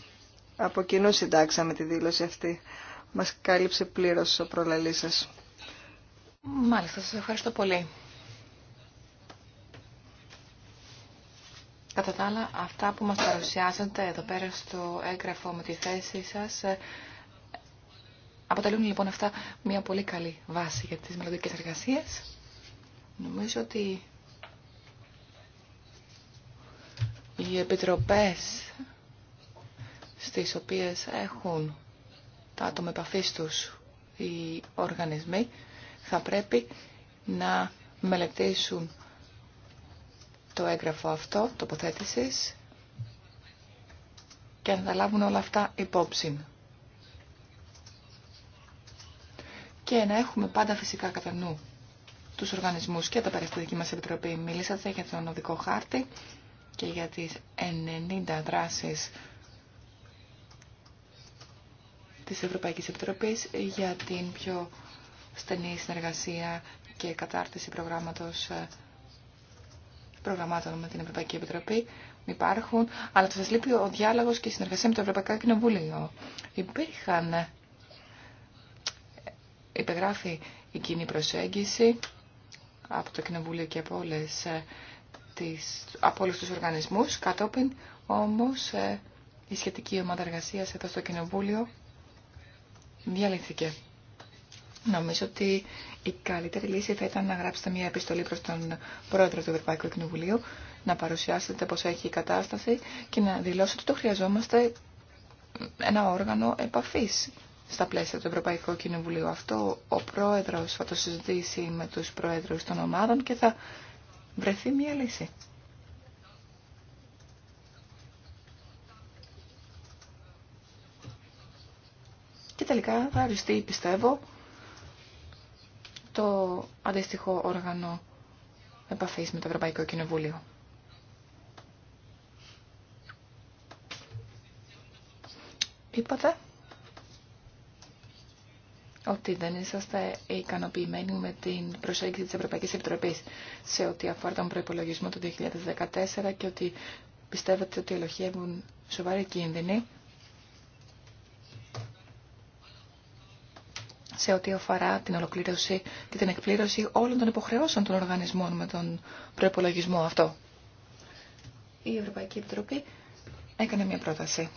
Speaker 1: Από κοινού συντάξαμε τη δήλωση αυτή. Μας κάλυψε πλήρως ο προλαλής σας.
Speaker 2: Μάλιστα, σας ευχαριστώ πολύ. Κατά τα άλλα, αυτά που μας παρουσιάζονται εδώ πέρα στο έγγραφο με τη θέση σας ε, αποτελούν λοιπόν αυτά μια πολύ καλή βάση για τις μελλοντικές εργασίες. Νομίζω ότι οι επιτροπές στις οποίες έχουν τα άτομα επαφής τους οι οργανισμοί θα πρέπει να μελετήσουν το έγγραφο αυτό τοποθέτησης και να τα λάβουν όλα αυτά υπόψη. Και να έχουμε πάντα φυσικά κατά νου τους οργανισμούς και τα περιστατική μας Επιτροπή. Μιλήσατε για τον οδικό χάρτη και για τις 90 δράσεις της Ευρωπαϊκής Επιτροπής για την πιο στενή συνεργασία και κατάρτιση προγράμματος ε, προγραμμάτων με την Ευρωπαϊκή Επιτροπή υπάρχουν, αλλά θα σας λείπει ο διάλογος και η συνεργασία με το Ευρωπαϊκό Κοινοβούλιο. Υπήρχαν, υπεγράφει η κοινή προσέγγιση από το Κοινοβούλιο και από, όλες, ε, τις, από όλους τους οργανισμούς, κατόπιν όμως ε, η σχετική ομάδα εργασίας εδώ στο Κοινοβούλιο διαλύθηκε. Νομίζω ότι η καλύτερη λύση θα ήταν να γράψετε μια επιστολή προς τον πρόεδρο του Ευρωπαϊκού Κοινοβουλίου, να παρουσιάσετε πώς έχει η κατάσταση και να δηλώσετε ότι το χρειαζόμαστε ένα όργανο επαφής στα πλαίσια του Ευρωπαϊκού Κοινοβουλίου. Αυτό ο πρόεδρος θα το συζητήσει με τους πρόεδρους των ομάδων και θα βρεθεί μια λύση. Και τελικά θα αριστεί, πιστεύω, το αντίστοιχο όργανο επαφής με το Ευρωπαϊκό Κοινοβούλιο. Είπατε ότι δεν είσαστε ικανοποιημένοι με την προσέγγιση της Ευρωπαϊκής Επιτροπής σε ό,τι αφορά τον προϋπολογισμό του 2014 και ότι πιστεύετε ότι ελοχεύουν σοβαροί κίνδυνοι σε ό,τι αφορά την ολοκλήρωση και την εκπλήρωση όλων των υποχρεώσεων των οργανισμών με τον προπολογισμό αυτό. Η Ευρωπαϊκή Επιτροπή έκανε μια πρόταση.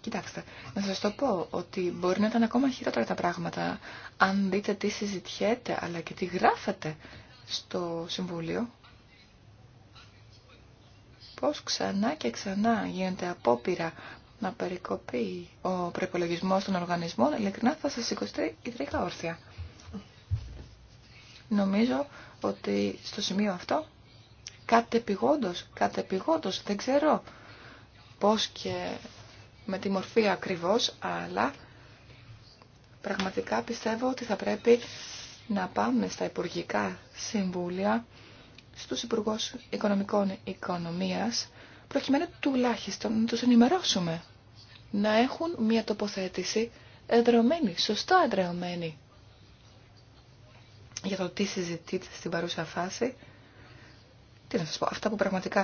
Speaker 2: Κοιτάξτε, να σας το πω ότι μπορεί να ήταν ακόμα χειρότερα τα πράγματα αν δείτε τι συζητιέται αλλά και τι γράφεται στο Συμβούλιο. Πώς ξανά και ξανά γίνεται απόπειρα να περικοπεί ο προπολογισμό των οργανισμών, ειλικρινά θα σα σηκωστεί η τρίχα όρθια. Νομίζω ότι στο σημείο αυτό, κατεπηγόντως, κατεπηγόντως, δεν ξέρω πώς και με τη μορφή ακριβώς, αλλά πραγματικά πιστεύω ότι θα πρέπει να πάμε στα Υπουργικά Συμβούλια, στους Υπουργούς Οικονομικών Οικονομίας, προκειμένου τουλάχιστον να τους ενημερώσουμε να έχουν μια τοποθέτηση εδρωμένη, σωστά εδρεωμένη για το τι συζητείτε στην παρούσα φάση. Τι να σας πω, αυτά που πραγματικά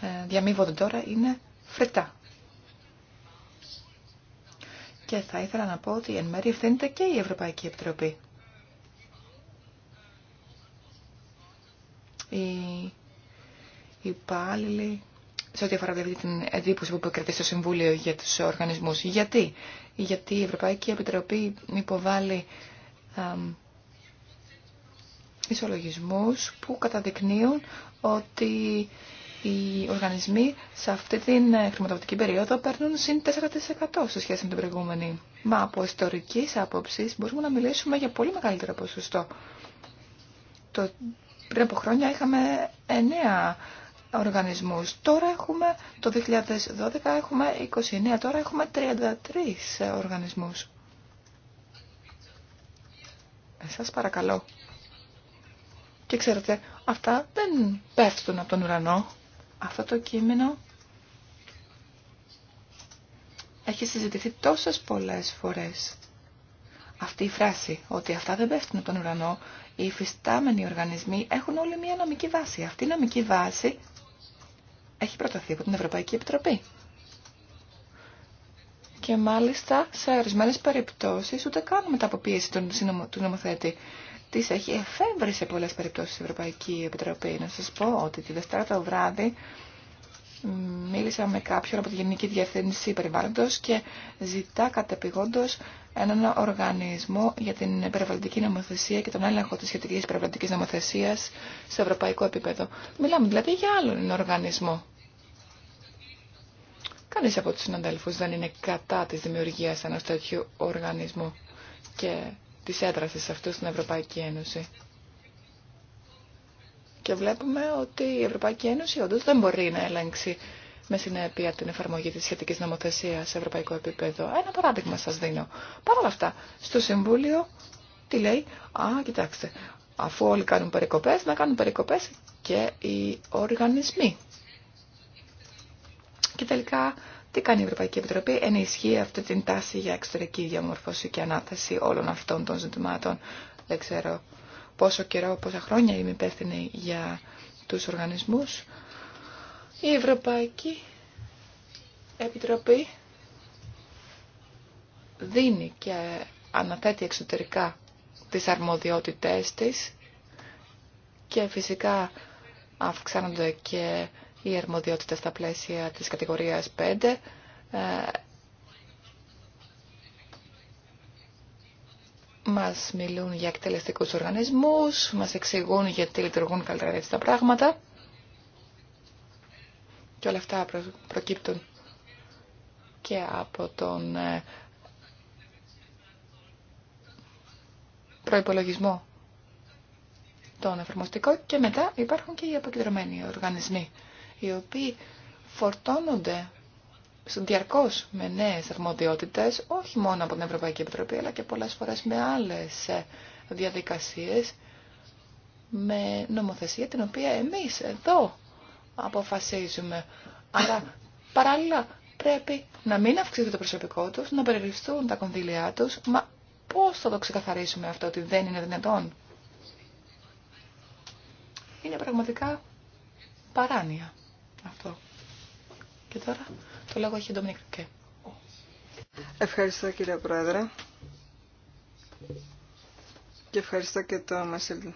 Speaker 2: ε, διαμείβονται τώρα είναι φρετά. Και θα ήθελα να πω ότι εν μέρει ευθύνεται και η Ευρωπαϊκή Επιτροπή. Οι υπάλληλοι σε ό,τι αφορά δηλαδή την εντύπωση που επικρατεί στο Συμβούλιο για τους οργανισμούς. Γιατί, Γιατί η Ευρωπαϊκή Επιτροπή υποβάλλει ισολογισμούς που καταδεικνύουν ότι οι οργανισμοί σε αυτή την χρηματοδοτική περίοδο παίρνουν συν 4% σε σχέση με την προηγούμενη. Μα από ιστορική άποψη μπορούμε να μιλήσουμε για πολύ μεγαλύτερο ποσοστό. Το, πριν από χρόνια είχαμε 9 οργανισμούς. Τώρα έχουμε, το 2012 έχουμε 29, τώρα έχουμε 33 οργανισμούς. Ε, σας παρακαλώ. Και ξέρετε, αυτά δεν πέφτουν από τον ουρανό. Αυτό το κείμενο έχει συζητηθεί τόσες πολλές φορές. Αυτή η φράση, ότι αυτά δεν πέφτουν από τον ουρανό, οι υφιστάμενοι οργανισμοί έχουν όλοι μια νομική βάση. Αυτή η νομική βάση έχει προταθεί από την Ευρωπαϊκή Επιτροπή. Και μάλιστα σε ορισμένε περιπτώσει ούτε καν μετά από πίεση του νομοθέτη. Τι έχει εφεύρει σε πολλέ περιπτώσει η Ευρωπαϊκή Επιτροπή. Να σα πω ότι τη Δευτέρα το βράδυ μίλησα με κάποιον από τη Γενική Διευθύνση Περιβάλλοντος και ζητά κατεπηγόντως έναν οργανισμό για την περιβαλλοντική νομοθεσία και τον έλεγχο της σχετικής περιβαλλοντικής νομοθεσίας σε ευρωπαϊκό επίπεδο. Μιλάμε δηλαδή για άλλον οργανισμό. Κανείς από τους συναντέλφους δεν είναι κατά της δημιουργίας ενός τέτοιου οργανισμού και της έντρασης αυτού στην Ευρωπαϊκή Ένωση. Και βλέπουμε ότι η Ευρωπαϊκή Ένωση όντω δεν μπορεί να ελέγξει με συνέπεια την εφαρμογή τη σχετική νομοθεσία σε ευρωπαϊκό επίπεδο. Ένα παράδειγμα σα δίνω. Παρ' όλα αυτά, στο Συμβούλιο τι λέει. Α, κοιτάξτε, αφού όλοι κάνουν περικοπέ, να κάνουν περικοπέ και οι οργανισμοί. Και τελικά, τι κάνει η Ευρωπαϊκή Επιτροπή, ενισχύει αυτή την τάση για εξωτερική διαμορφώση και ανάθεση όλων αυτών των ζητημάτων. Δεν ξέρω πόσο καιρό, πόσα χρόνια είμαι υπεύθυνη για τους οργανισμούς, η Ευρωπαϊκή Επιτροπή δίνει και αναθέτει εξωτερικά τις αρμοδιότητές της και φυσικά αυξάνονται και οι αρμοδιότητες στα πλαίσια της κατηγορίας 5 μας μιλούν για εκτελεστικούς οργανισμούς, μας εξηγούν γιατί λειτουργούν καλύτερα έτσι τα πράγματα. Και όλα αυτά προκύπτουν και από τον ε, προϋπολογισμό των εφαρμοστικό και μετά υπάρχουν και οι αποκεντρωμένοι οργανισμοί οι οποίοι φορτώνονται διαρκώ με νέε αρμοδιότητες, όχι μόνο από την Ευρωπαϊκή Επιτροπή, αλλά και πολλές φορές με άλλες ε, διαδικασίες, με νομοθεσία την οποία εμείς εδώ αποφασίζουμε. Αλλά παράλληλα πρέπει να μην αυξηθεί το προσωπικό τους, να περιοριστούν τα κονδύλια τους, μα πώς θα το ξεκαθαρίσουμε αυτό ότι δεν είναι δυνατόν. Είναι πραγματικά παράνοια αυτό. Και τώρα το λόγο έχει ο
Speaker 1: Ευχαριστώ κύριε Πρόεδρε. Και ευχαριστώ και τον Μασίλ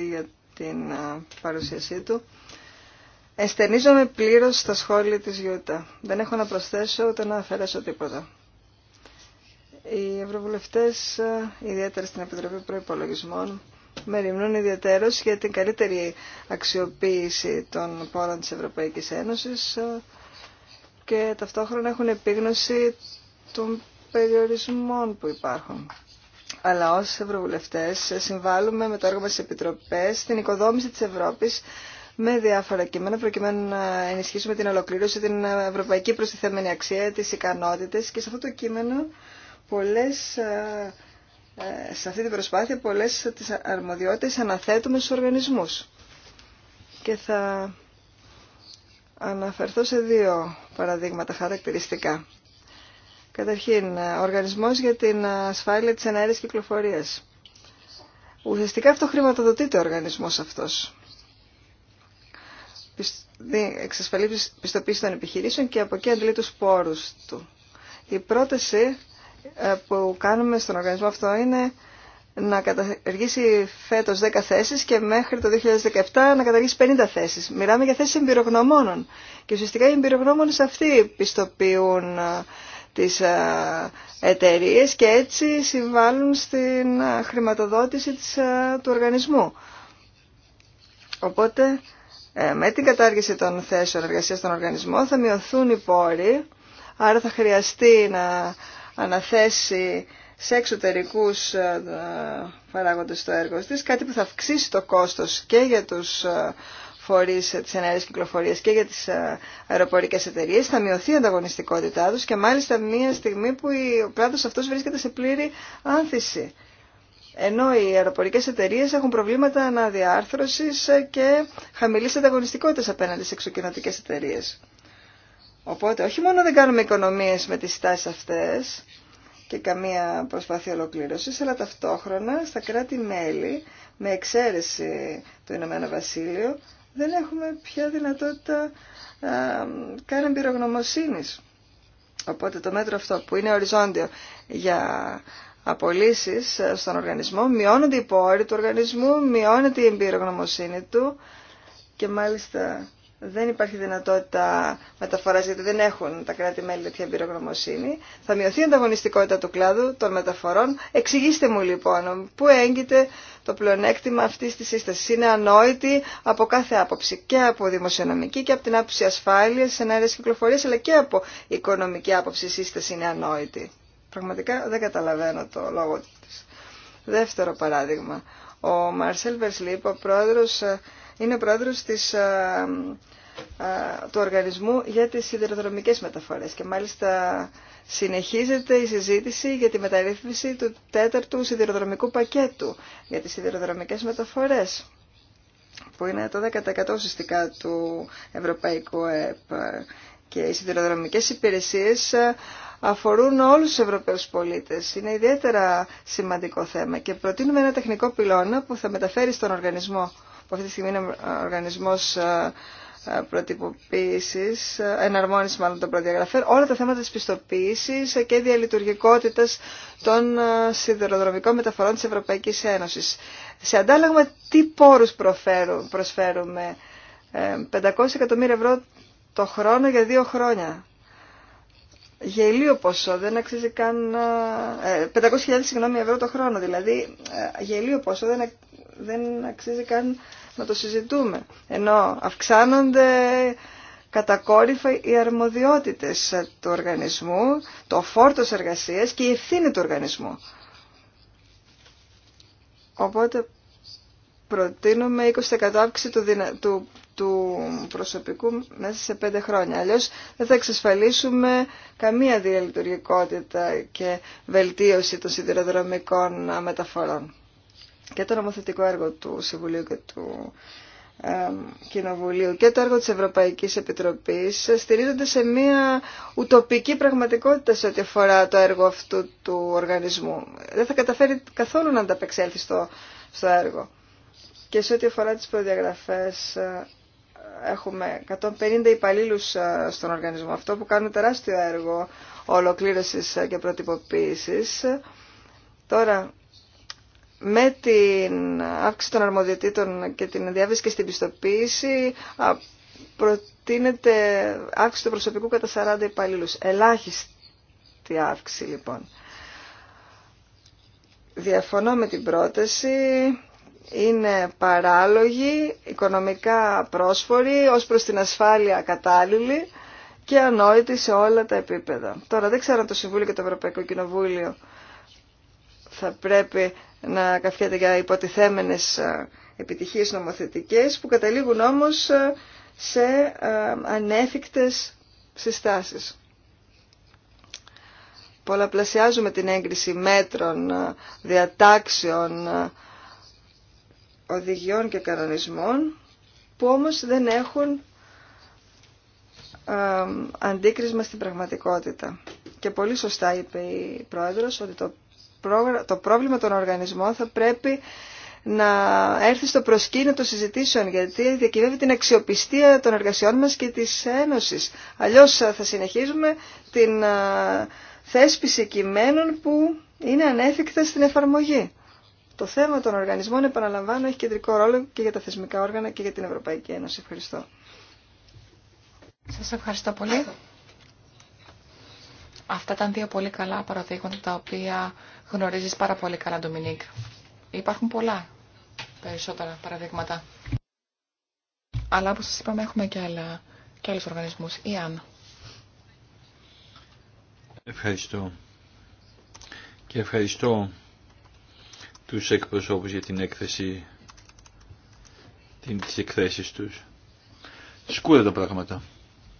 Speaker 1: για την παρουσίασή του. Εστενίζομαι πλήρως στα σχόλια της Γιούτα. Δεν έχω να προσθέσω ούτε να αφαιρέσω τίποτα. Οι ευρωβουλευτές, ιδιαίτερα στην Επιτροπή Προϋπολογισμών, μεριμνούν ιδιαίτερως για την καλύτερη αξιοποίηση των πόρων της Ευρωπαϊκής Ένωσης και ταυτόχρονα έχουν επίγνωση των περιορισμών που υπάρχουν. Αλλά ως Ευρωβουλευτές συμβάλλουμε με το έργο μας στις Επιτροπές στην οικοδόμηση της Ευρώπης με διάφορα κείμενα προκειμένου να ενισχύσουμε την ολοκλήρωση, την ευρωπαϊκή προστιθέμενη αξία, τις ικανότητες και σε αυτό το κείμενο πολλές ε, ε, σε αυτή την προσπάθεια πολλές τις αρμοδιότητες αναθέτουμε στους οργανισμούς. Και θα αναφερθώ σε δύο παραδείγματα χαρακτηριστικά. Καταρχήν, ε, οργανισμός για την ασφάλεια της εναέρειας κυκλοφορίας. Ουσιαστικά αυτό χρηματοδοτείται ο οργανισμός αυτός. Εξασφαλίζει πιστοποίηση των επιχειρήσεων και από εκεί αντλεί τους πόρους του. Η πρόταση ε, που κάνουμε στον οργανισμό αυτό είναι να καταργήσει φέτος 10 θέσεις και μέχρι το 2017 να καταργήσει 50 θέσεις. Μιλάμε για θέσεις εμπειρογνωμόνων και ουσιαστικά οι εμπειρογνώμονες αυτοί πιστοποιούν ε, τις ε, εταιρείε και έτσι συμβάλλουν στην χρηματοδότηση του οργανισμού. Οπότε με την κατάργηση των θέσεων εργασίας στον οργανισμό θα μειωθούν οι πόροι, άρα θα χρειαστεί να αναθέσει σε εξωτερικούς ε, παράγοντες το έργο της, κάτι που θα αυξήσει το κόστος και για τους ε, φορείς της ενέργειας κυκλοφορίας και για τις ε, αεροπορικές εταιρείες, θα μειωθεί η ανταγωνιστικότητά τους και μάλιστα μια στιγμή που ο κλάδος αυτός βρίσκεται σε πλήρη άνθηση. Ενώ οι αεροπορικές εταιρείες έχουν προβλήματα αναδιάρθρωσης και χαμηλής ανταγωνιστικότητας απέναντι στις εξωκοινωτικές εταιρείες. Οπότε όχι μόνο δεν κάνουμε οικονομίες με τις στάσεις αυτές και καμία προσπάθεια ολοκλήρωση, αλλά ταυτόχρονα στα κράτη-μέλη, με εξαίρεση το Ηνωμένο Βασίλειο, δεν έχουμε πια δυνατότητα καν Οπότε το μέτρο αυτό που είναι οριζόντιο για απολύσεις στον οργανισμό, μειώνονται οι πόροι του οργανισμού, μειώνεται η εμπειρογνωμοσύνη του και μάλιστα δεν υπάρχει δυνατότητα μεταφοράς γιατί δεν έχουν τα κράτη-μέλη τέτοια εμπειρογνωμοσύνη. Θα μειωθεί η ανταγωνιστικότητα του κλάδου των μεταφορών. Εξηγήστε μου λοιπόν πού έγκυται το πλεονέκτημα αυτή τη σύσταση. Είναι ανόητη από κάθε άποψη και από δημοσιονομική και από την άποψη σε ενέργειε κυκλοφορίας αλλά και από οικονομική άποψη η σύσταση είναι ανόητη. Πραγματικά δεν καταλαβαίνω το λόγο τη. Δεύτερο παράδειγμα. Ο Μαρσέλ Βερσλίπ, ο πρόεδρο. Ε, είναι πρόεδρος της, του οργανισμού για τις σιδηροδρομικές μεταφορές και μάλιστα συνεχίζεται η συζήτηση για τη μεταρρύθμιση του τέταρτου σιδηροδρομικού πακέτου για τις σιδηροδρομικές μεταφορές που είναι το 10% ουσιαστικά του Ευρωπαϊκού ΕΠ και οι σιδηροδρομικές υπηρεσίες αφορούν όλους τους Ευρωπαίους πολίτες. Είναι ιδιαίτερα σημαντικό θέμα και προτείνουμε ένα τεχνικό πυλώνα που θα μεταφέρει στον οργανισμό που αυτή τη στιγμή είναι οργανισμός ε, ε, προτυποποίησης, ε, εναρμόνιση μάλλον των προδιαγραφών, όλα τα θέματα της πιστοποίησης και διαλειτουργικότητας των σιδηροδρομικών μεταφορών της Ευρωπαϊκής Ένωσης. Σε αντάλλαγμα, τι πόρους προσφέρουμε. 500 εκατομμύρια ευρώ το χρόνο για δύο χρόνια γελίο ποσό, δεν αξίζει καν... 500.000 ε, ε, συγγνώμη ευρώ το χρόνο, δηλαδή ε, γελίο ποσό δεν, δεν αξίζει καν να το συζητούμε. Ενώ αυξάνονται κατακόρυφα οι αρμοδιότητες του οργανισμού, το φόρτο εργασίας και η ευθύνη του οργανισμού. Οπότε προτείνουμε 20% αύξηση του, δυνα... του του προσωπικού μέσα σε πέντε χρόνια. Αλλιώς δεν θα εξασφαλίσουμε καμία διαλειτουργικότητα και βελτίωση των σιδηροδρομικών μεταφορών. Και το νομοθετικό έργο του Συμβουλίου και του Κοινοβουλίου και το έργο της Ευρωπαϊκής Επιτροπής στηρίζονται σε μια ουτοπική πραγματικότητα σε ό,τι αφορά το έργο αυτού του οργανισμού. Δεν θα καταφέρει καθόλου να ανταπεξέλθει στο, στο έργο. Και σε ό,τι αφορά τις προδιαγραφές έχουμε 150 υπαλλήλους ε, στον οργανισμό αυτό που κάνουν τεράστιο έργο ολοκλήρωση ε, και προτυποποίηση. Τώρα, με την αύξηση των αρμοδιοτήτων και την διάβηση και στην πιστοποίηση προτείνεται αύξηση του προσωπικού κατά 40 υπαλλήλους. Ελάχιστη αύξηση λοιπόν. Διαφωνώ με την πρόταση είναι παράλογοι, οικονομικά πρόσφοροι, ως προς την ασφάλεια κατάλληλοι και ανόητοι σε όλα τα επίπεδα. Τώρα δεν ξέρω αν το Συμβούλιο και το Ευρωπαϊκό Κοινοβούλιο θα πρέπει να καφιέται για υποτιθέμενες ε, επιτυχίες νομοθετικές που καταλήγουν όμως ε, σε ε, ανέφικτες συστάσεις. Πολλαπλασιάζουμε την έγκριση μέτρων, διατάξεων, οδηγιών και κανονισμών που όμως δεν έχουν αντίκρισμα στην πραγματικότητα. Και πολύ σωστά είπε η Πρόεδρος ότι το, το πρόβλημα των οργανισμών θα πρέπει να έρθει στο προσκήνιο των συζητήσεων γιατί διακυβεύει την αξιοπιστία των εργασιών μας και της Ένωσης. Αλλιώς θα συνεχίζουμε την ε, θέσπιση κειμένων που είναι ανέφικτα στην εφαρμογή. Το θέμα των οργανισμών, επαναλαμβάνω, έχει κεντρικό ρόλο και για τα θεσμικά όργανα και για την Ευρωπαϊκή
Speaker 2: Ένωση. Ευχαριστώ. Σας ευχαριστώ πολύ. Αυτά ήταν δύο πολύ καλά παραδείγματα τα οποία γνωρίζεις πάρα πολύ καλά, Ντομινίκ. Υπάρχουν πολλά περισσότερα παραδείγματα. Αλλά όπως σας είπαμε έχουμε και, άλλα, και άλλους οργανισμούς.
Speaker 3: Ευχαριστώ. Και ευχαριστώ τους εκπροσώπους για την έκθεση, την, τις εκθέσεις τους. Σκούρα τα πράγματα.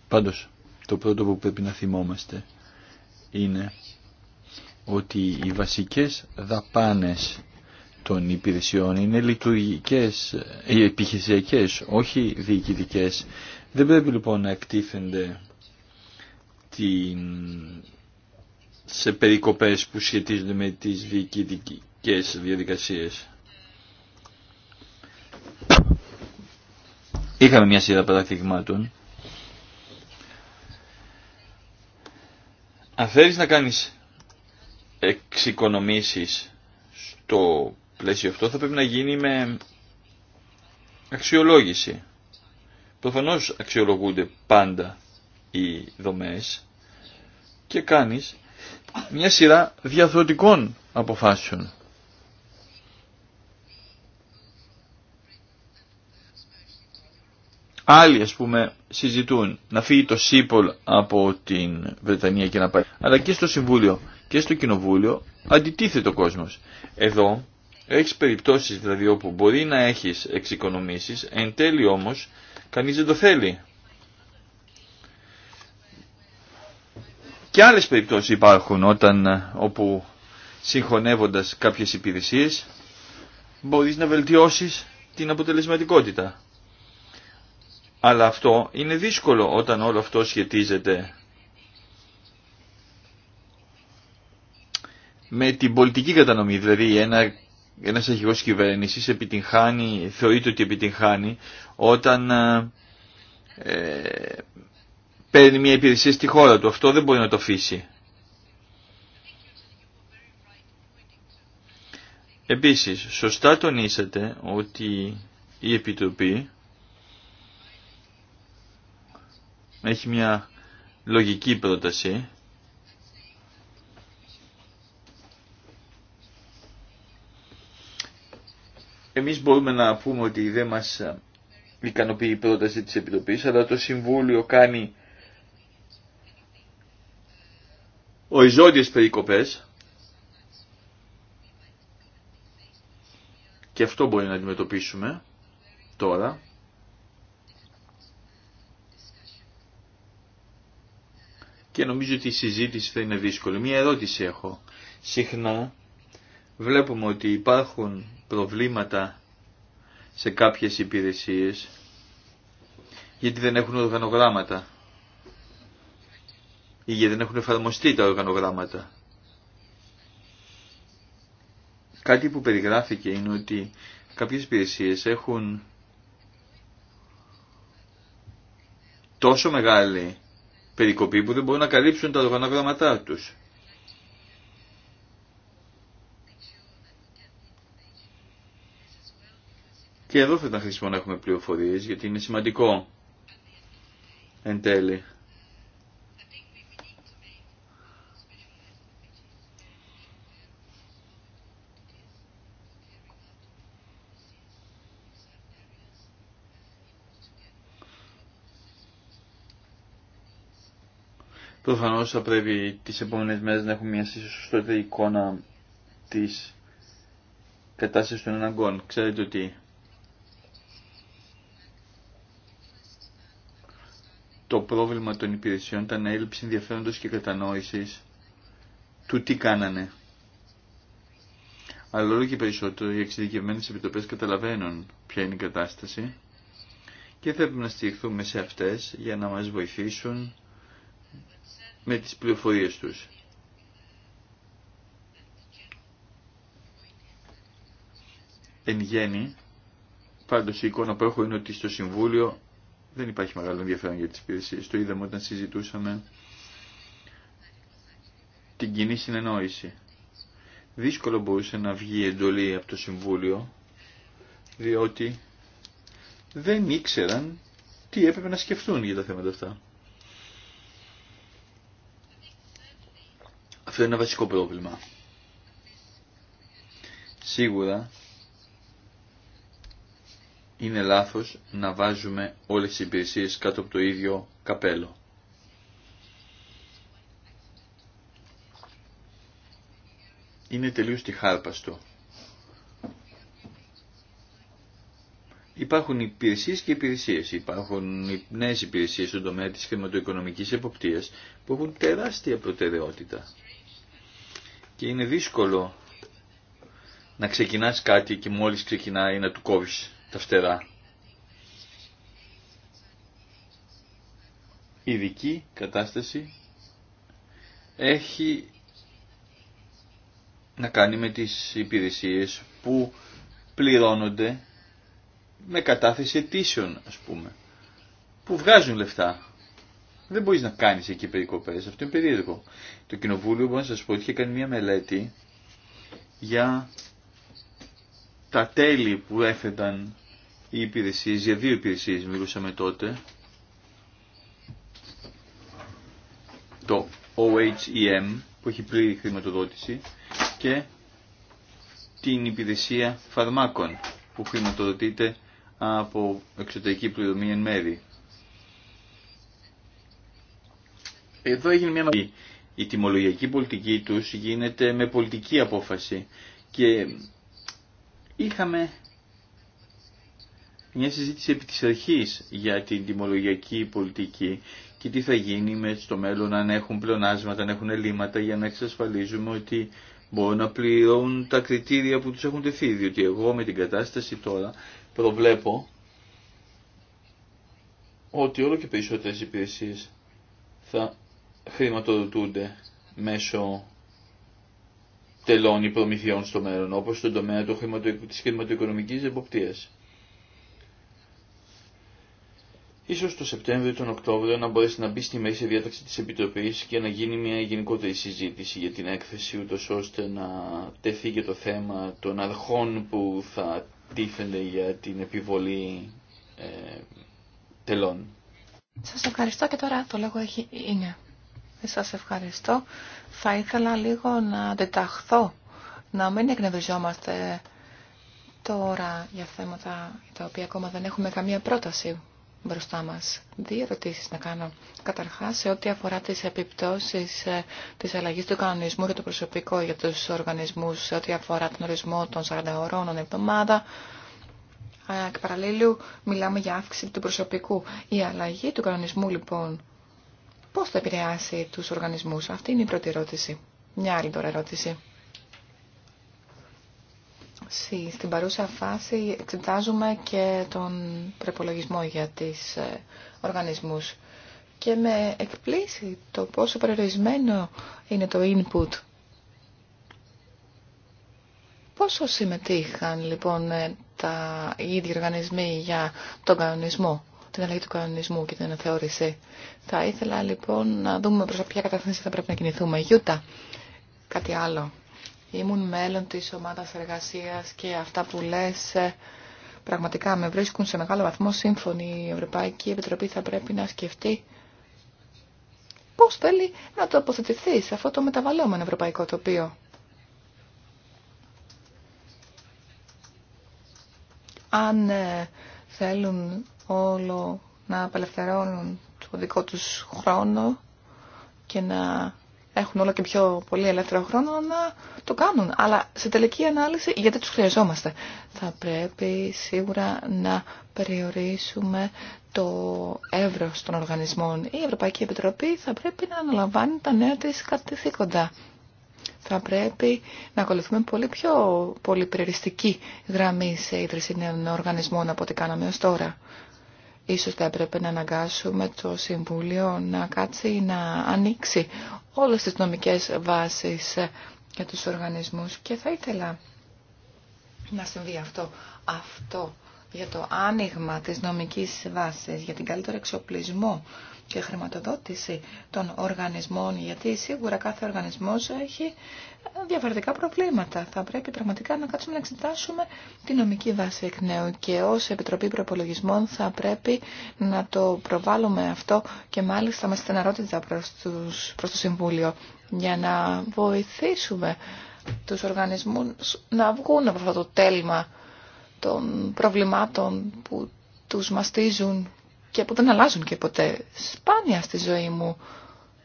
Speaker 3: Πάντως, το πρώτο που πρέπει να θυμόμαστε είναι ότι οι βασικές δαπάνες των υπηρεσιών είναι λειτουργικές, ε, επιχειρησιακές, όχι διοικητικές. Δεν πρέπει λοιπόν να εκτίθενται την σε περικοπές που σχετίζονται με τις διοικητικές διαδικασίες. Είχαμε μια σειρά παραδειγμάτων. Αν θέλεις να κάνεις εξοικονομήσεις στο πλαίσιο αυτό θα πρέπει να γίνει με αξιολόγηση. Προφανώς αξιολογούνται πάντα οι δομές και κάνεις μια σειρά διαθώτικών αποφάσεων. Άλλοι ας πούμε συζητούν να φύγει το ΣΥΠΟΛ από την Βρετανία και να πάει. Αλλά και στο Συμβούλιο και στο Κοινοβούλιο αντιτίθεται ο κόσμος. Εδώ έχεις περιπτώσεις δηλαδή όπου μπορεί να έχεις εξοικονομήσεις, εν τέλει όμως κανείς δεν το θέλει. Και άλλες περιπτώσεις υπάρχουν όταν, ε, όπου συγχωνεύοντας κάποιες υπηρεσίες μπορείς να βελτιώσεις την αποτελεσματικότητα. Αλλά αυτό είναι δύσκολο όταν όλο αυτό σχετίζεται με την πολιτική κατανομή. Δηλαδή ένα, ένας αρχηγός κυβέρνησης θεωρείται ότι επιτυγχάνει όταν ε, ε, παίρνει μια υπηρεσία στη χώρα του. Αυτό δεν μπορεί να το αφήσει. Επίσης, σωστά τονίσατε ότι η Επιτροπή έχει μια λογική πρόταση Εμείς μπορούμε να πούμε ότι δεν μας ικανοποιεί η πρόταση της Επιτροπής, αλλά το Συμβούλιο κάνει οριζόντιες περικοπές και αυτό μπορεί να αντιμετωπίσουμε τώρα και νομίζω ότι η συζήτηση θα είναι δύσκολη. Μία ερώτηση έχω. Συχνά βλέπουμε ότι υπάρχουν προβλήματα σε κάποιες υπηρεσίες γιατί δεν έχουν οργανογράμματα. Ή γιατί δεν έχουν εφαρμοστεί τα οργανογράμματα. Κάτι που περιγράφηκε είναι ότι κάποιες υπηρεσίε έχουν τόσο μεγάλη περικοπή που δεν μπορούν να καλύψουν τα οργανογραμματά τους. Και εδώ θα ήταν χρήσιμο να έχουμε πληροφορίες γιατί είναι σημαντικό εν τέλει. Προφανώ θα πρέπει τι επόμενε μέρε να έχουμε μια σωστότερη εικόνα τη κατάσταση των αναγκών. Ξέρετε ότι το πρόβλημα των υπηρεσιών ήταν έλλειψη ενδιαφέροντος και κατανόησης του τι κάνανε. Αλλά όλο και περισσότερο οι εξειδικευμένε επιτροπές καταλαβαίνουν ποια είναι η κατάσταση και θα έπρεπε να στηριχθούμε σε αυτές για να μας βοηθήσουν με τις πληροφορίες τους. Εν γέννη, πάντως η εικόνα που έχω είναι ότι στο Συμβούλιο δεν υπάρχει μεγάλο ενδιαφέρον για τις υπηρεσίες. Το είδαμε όταν συζητούσαμε την κοινή συνεννόηση. Δύσκολο μπορούσε να βγει εντολή από το Συμβούλιο, διότι δεν ήξεραν τι έπρεπε να σκεφτούν για τα θέματα αυτά. Αυτό είναι ένα βασικό πρόβλημα. Σίγουρα είναι λάθος να βάζουμε όλες τις υπηρεσίες κάτω από το ίδιο καπέλο. Είναι τελείως τυχάρπαστο. Υπάρχουν υπηρεσίε και υπηρεσίε. Υπάρχουν νέε υπηρεσίε στον τομέα τη χρηματοοικονομική εποπτεία που έχουν τεράστια προτεραιότητα και είναι δύσκολο να ξεκινάς κάτι και μόλις ξεκινάει να του κόβεις τα φτερά. Η ειδική κατάσταση έχει να κάνει με τις υπηρεσίες που πληρώνονται με κατάθεση αιτήσεων ας πούμε που βγάζουν λεφτά δεν μπορεί να κάνει εκεί περικοπέ. Αυτό είναι περίεργο. Το κοινοβούλιο, μπορώ να σα πω, είχε κάνει μια μελέτη για τα τέλη που έφεταν οι υπηρεσίε, για δύο υπηρεσίε μιλούσαμε τότε. Το OHEM που έχει πλήρη χρηματοδότηση και την υπηρεσία φαρμάκων που χρηματοδοτείται από εξωτερική πληρωμή εν μέρη. Εδώ έγινε μια Η τιμολογιακή πολιτική τους γίνεται με πολιτική απόφαση και είχαμε μια συζήτηση επί της αρχής για την τιμολογιακή πολιτική και τι θα γίνει με στο μέλλον αν έχουν πλεονάσματα, αν έχουν ελλείμματα για να εξασφαλίζουμε ότι μπορούν να πληρώνουν τα κριτήρια που τους έχουν τεθεί. Διότι εγώ με την κατάσταση τώρα προβλέπω ότι όλο και περισσότερες υπηρεσίες θα χρηματοδοτούνται μέσω τελών ή προμηθειών στο μέλλον, όπως στον τομέα του χρηματο... της χρηματοοικονομικής εποπτείας. Ίσως το Σεπτέμβριο ή τον Οκτώβριο να μπορέσει να μπει στη μέση διάταξη της Επιτροπής και να γίνει μια γενικότερη συζήτηση για την έκθεση, ούτως ώστε να τεθεί και το θέμα των αρχών που θα τίθενται για την επιβολή ε, τελών.
Speaker 2: Σας ευχαριστώ και τώρα το λόγο έχει είναι. Σας ευχαριστώ. Θα ήθελα λίγο να αντιταχθώ, να μην εκνευριζόμαστε τώρα για θέματα τα οποία ακόμα δεν έχουμε καμία πρόταση μπροστά μας. Δύο ερωτήσει να κάνω. Καταρχάς, σε ό,τι αφορά τις επιπτώσεις ε, της αλλαγής του κανονισμού για το προσωπικό για τους οργανισμούς, σε ό,τι αφορά τον ορισμό των 40 ωρών εβδομάδα, ε, Και παραλλήλου μιλάμε για αύξηση του προσωπικού. Η αλλαγή του κανονισμού λοιπόν πώς θα επηρεάσει του οργανισμούς. Αυτή είναι η πρώτη ερώτηση. Μια άλλη τώρα ερώτηση. Στην παρούσα φάση εξετάζουμε και τον προπολογισμό για τις ε, οργανισμούς και με εκπλήσει το πόσο περιορισμένο είναι το input. Πόσο συμμετείχαν λοιπόν ε, τα ίδιοι οργανισμοί για τον κανονισμό την αλλαγή του κανονισμού και την αναθεώρηση. Θα ήθελα λοιπόν να δούμε προς ποια κατεύθυνση θα πρέπει να κινηθούμε. Γιούτα, κάτι άλλο. Ήμουν μέλλον της ομάδας εργασίας και αυτά που λες ε, πραγματικά με βρίσκουν σε μεγάλο βαθμό σύμφωνη Η Ευρωπαϊκή Επιτροπή θα πρέπει να σκεφτεί πώς θέλει να τοποθετηθεί σε αυτό το μεταβαλλόμενο ευρωπαϊκό τοπίο. Αν ε, θέλουν όλο να απελευθερώνουν το δικό τους χρόνο και να έχουν όλο και πιο πολύ ελεύθερο χρόνο να το κάνουν. Αλλά σε τελική ανάλυση γιατί τους χρειαζόμαστε. Θα πρέπει σίγουρα να περιορίσουμε το εύρος των οργανισμών. Η Ευρωπαϊκή Επιτροπή θα πρέπει να αναλαμβάνει τα νέα της καθηκόντα θα πρέπει να ακολουθούμε πολύ πιο πολυπρεριστική γραμμή σε ίδρυση νέων οργανισμών από ό,τι κάναμε ως τώρα. Ίσως θα έπρεπε να αναγκάσουμε το Συμβούλιο να κάτσει να ανοίξει όλες τις νομικές βάσεις για τους οργανισμούς και θα ήθελα να συμβεί αυτό. Αυτό για το άνοιγμα της νομικής βάσης, για την καλύτερη εξοπλισμό και χρηματοδότηση των οργανισμών, γιατί σίγουρα κάθε οργανισμός έχει διαφορετικά προβλήματα. Θα πρέπει πραγματικά να κάτσουμε να εξετάσουμε τη νομική βάση εκ νέου και ως Επιτροπή Προπολογισμών θα πρέπει να το προβάλλουμε αυτό και μάλιστα με στεναρότητα προς, τους, προς το Συμβούλιο για να βοηθήσουμε τους οργανισμούς να βγουν από αυτό το τέλμα των προβλημάτων που τους μαστίζουν και που δεν αλλάζουν και ποτέ. Σπάνια στη ζωή μου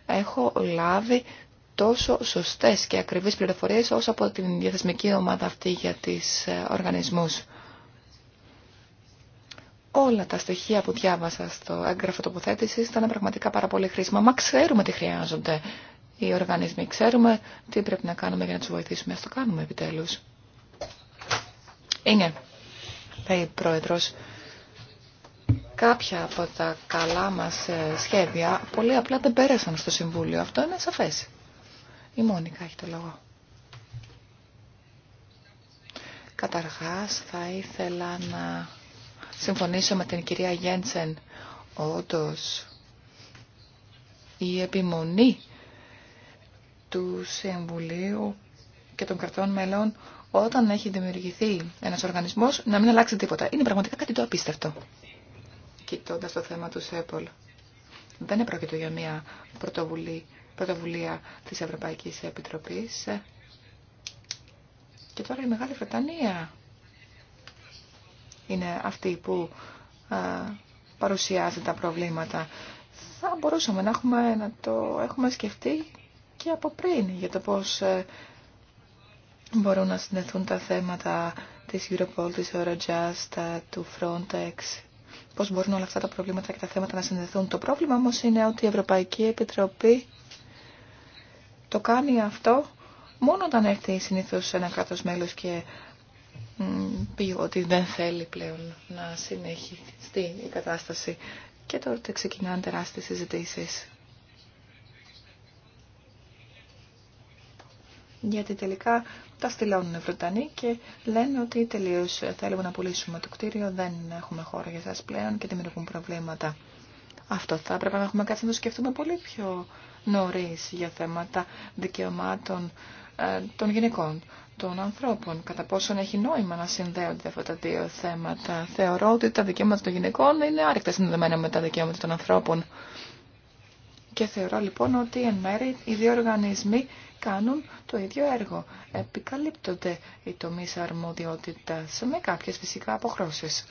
Speaker 2: έχω λάβει τόσο σωστές και ακριβείς πληροφορίες όσο από την διαθεσμική ομάδα αυτή για τις ε, οργανισμούς. Όλα τα στοιχεία που διάβασα στο έγγραφο τοποθέτηση ήταν πραγματικά πάρα πολύ χρήσιμα. Μα ξέρουμε τι χρειάζονται οι οργανισμοί. Ξέρουμε τι πρέπει να κάνουμε για να του βοηθήσουμε. Α το κάνουμε επιτέλου. Είναι, λέει η πρόεδρο, κάποια από τα καλά μας ε, σχέδια πολύ απλά δεν πέρασαν στο Συμβούλιο. Αυτό είναι σαφές. Η Μόνικα έχει το λόγο. Καταρχάς θα ήθελα να συμφωνήσω με την κυρία Γέντσεν. Όντως, η επιμονή του Συμβουλίου και των κρατών μελών όταν έχει δημιουργηθεί ένας οργανισμός να μην αλλάξει τίποτα. Είναι πραγματικά κάτι το απίστευτο κοιτώντα το θέμα του ΣΕΠΟΛ. Δεν επρόκειτο για μια πρωτοβουλία, πρωτοβουλία της Ευρωπαϊκής Επιτροπής. Και τώρα η Μεγάλη Βρετανία είναι αυτή που α, παρουσιάζει τα προβλήματα. Θα μπορούσαμε να, έχουμε, να το έχουμε σκεφτεί και από πριν για το πώς ε, μπορούν να συνδεθούν τα θέματα της Europol, της Eurojust, του Frontex πώς μπορούν όλα αυτά τα προβλήματα και τα θέματα να συνδεθούν. Το πρόβλημα όμως είναι ότι η Ευρωπαϊκή Επιτροπή το κάνει αυτό μόνο όταν έρθει συνήθως ένα κράτος μέλος και πει ότι δεν θέλει πλέον να συνεχιστεί η κατάσταση και τότε ξεκινάνε τεράστιες συζητήσει. Γιατί τελικά τα στυλώνουν οι Βρετανοί και λένε ότι τελείω θέλουμε να πουλήσουμε το κτίριο, δεν έχουμε χώρο για σας πλέον και δημιουργούν προβλήματα. Αυτό θα έπρεπε να έχουμε κάτι να το σκεφτούμε πολύ πιο νωρί για θέματα δικαιωμάτων ε, των γυναικών, των ανθρώπων. Κατά πόσον έχει νόημα να συνδέονται αυτά τα δύο θέματα. Θεωρώ ότι τα δικαιώματα των γυναικών είναι άρρηκτα συνδεδεμένα με τα δικαιώματα των ανθρώπων. Και θεωρώ λοιπόν ότι εν μέρει οι δύο οργανισμοί κάνουν το ίδιο έργο. Επικαλύπτονται οι τομεί αρμοδιότητας με κάποιες φυσικά αποχρώσεις.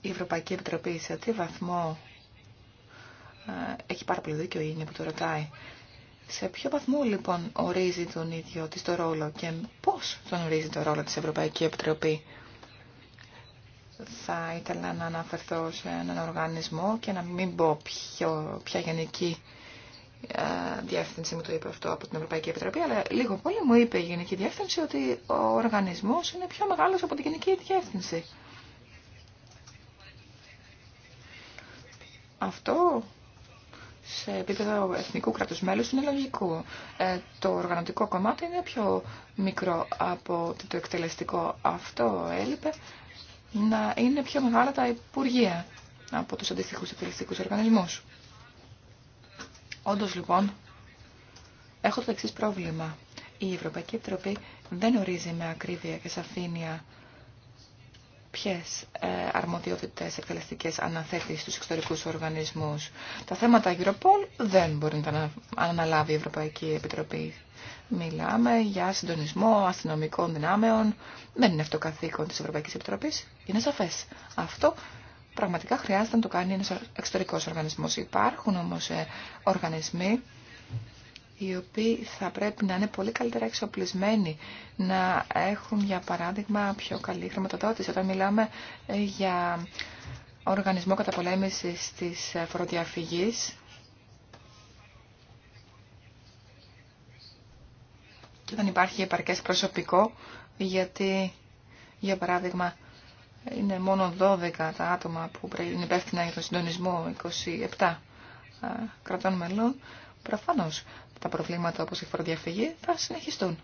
Speaker 2: Η Ευρωπαϊκή Επιτροπή σε τι βαθμό ε, έχει πάρα πολύ δίκιο είναι που το ρωτάει. Σε ποιο βαθμό λοιπόν ορίζει τον ίδιο της το ρόλο και πώς τον ορίζει το ρόλο της Ευρωπαϊκή Επιτροπή θα ήθελα να αναφερθώ σε έναν οργανισμό και να μην πω ποιο, ποια γενική ε, διεύθυνση μου το είπε αυτό από την Ευρωπαϊκή Επιτροπή, αλλά λίγο πολύ μου είπε η Γενική Διεύθυνση ότι ο οργανισμός είναι πιο μεγάλος από την Γενική Διεύθυνση. Αυτό σε επίπεδο εθνικού κράτους μέλους είναι λογικό. Ε, το οργανωτικό κομμάτι είναι πιο μικρό από το εκτελεστικό. Αυτό έλειπε να είναι πιο μεγάλα τα υπουργεία από τους αντίστοιχους εκτελεστικούς οργανισμούς. Όντως λοιπόν, έχω το εξή πρόβλημα. Η Ευρωπαϊκή Επιτροπή δεν ορίζει με ακρίβεια και σαφήνεια ποιες ε, αρμοδιότητες εκτελεστικές αναθέτει στους εξωτερικούς οργανισμούς. Τα θέματα Europol δεν μπορεί να αναλάβει η Ευρωπαϊκή Επιτροπή. Μιλάμε για συντονισμό αστυνομικών δυνάμεων. Δεν είναι αυτό καθήκον της Ευρωπαϊκή Επιτροπή. Είναι σαφέ. Αυτό πραγματικά χρειάζεται να το κάνει ένα εξωτερικό οργανισμό. Υπάρχουν όμως ε, οργανισμοί οι οποίοι θα πρέπει να είναι πολύ καλύτερα εξοπλισμένοι, να έχουν για παράδειγμα πιο καλή χρηματοδότηση. Όταν μιλάμε ε, για οργανισμό καταπολέμησης της ε, φοροδιαφυγής, και δεν υπάρχει επαρκές προσωπικό γιατί, για παράδειγμα, είναι μόνο 12 τα άτομα που είναι υπεύθυνα για τον συντονισμό 27 κρατών μελών. Προφανώς τα προβλήματα όπως η φοροδιαφυγή θα συνεχιστούν.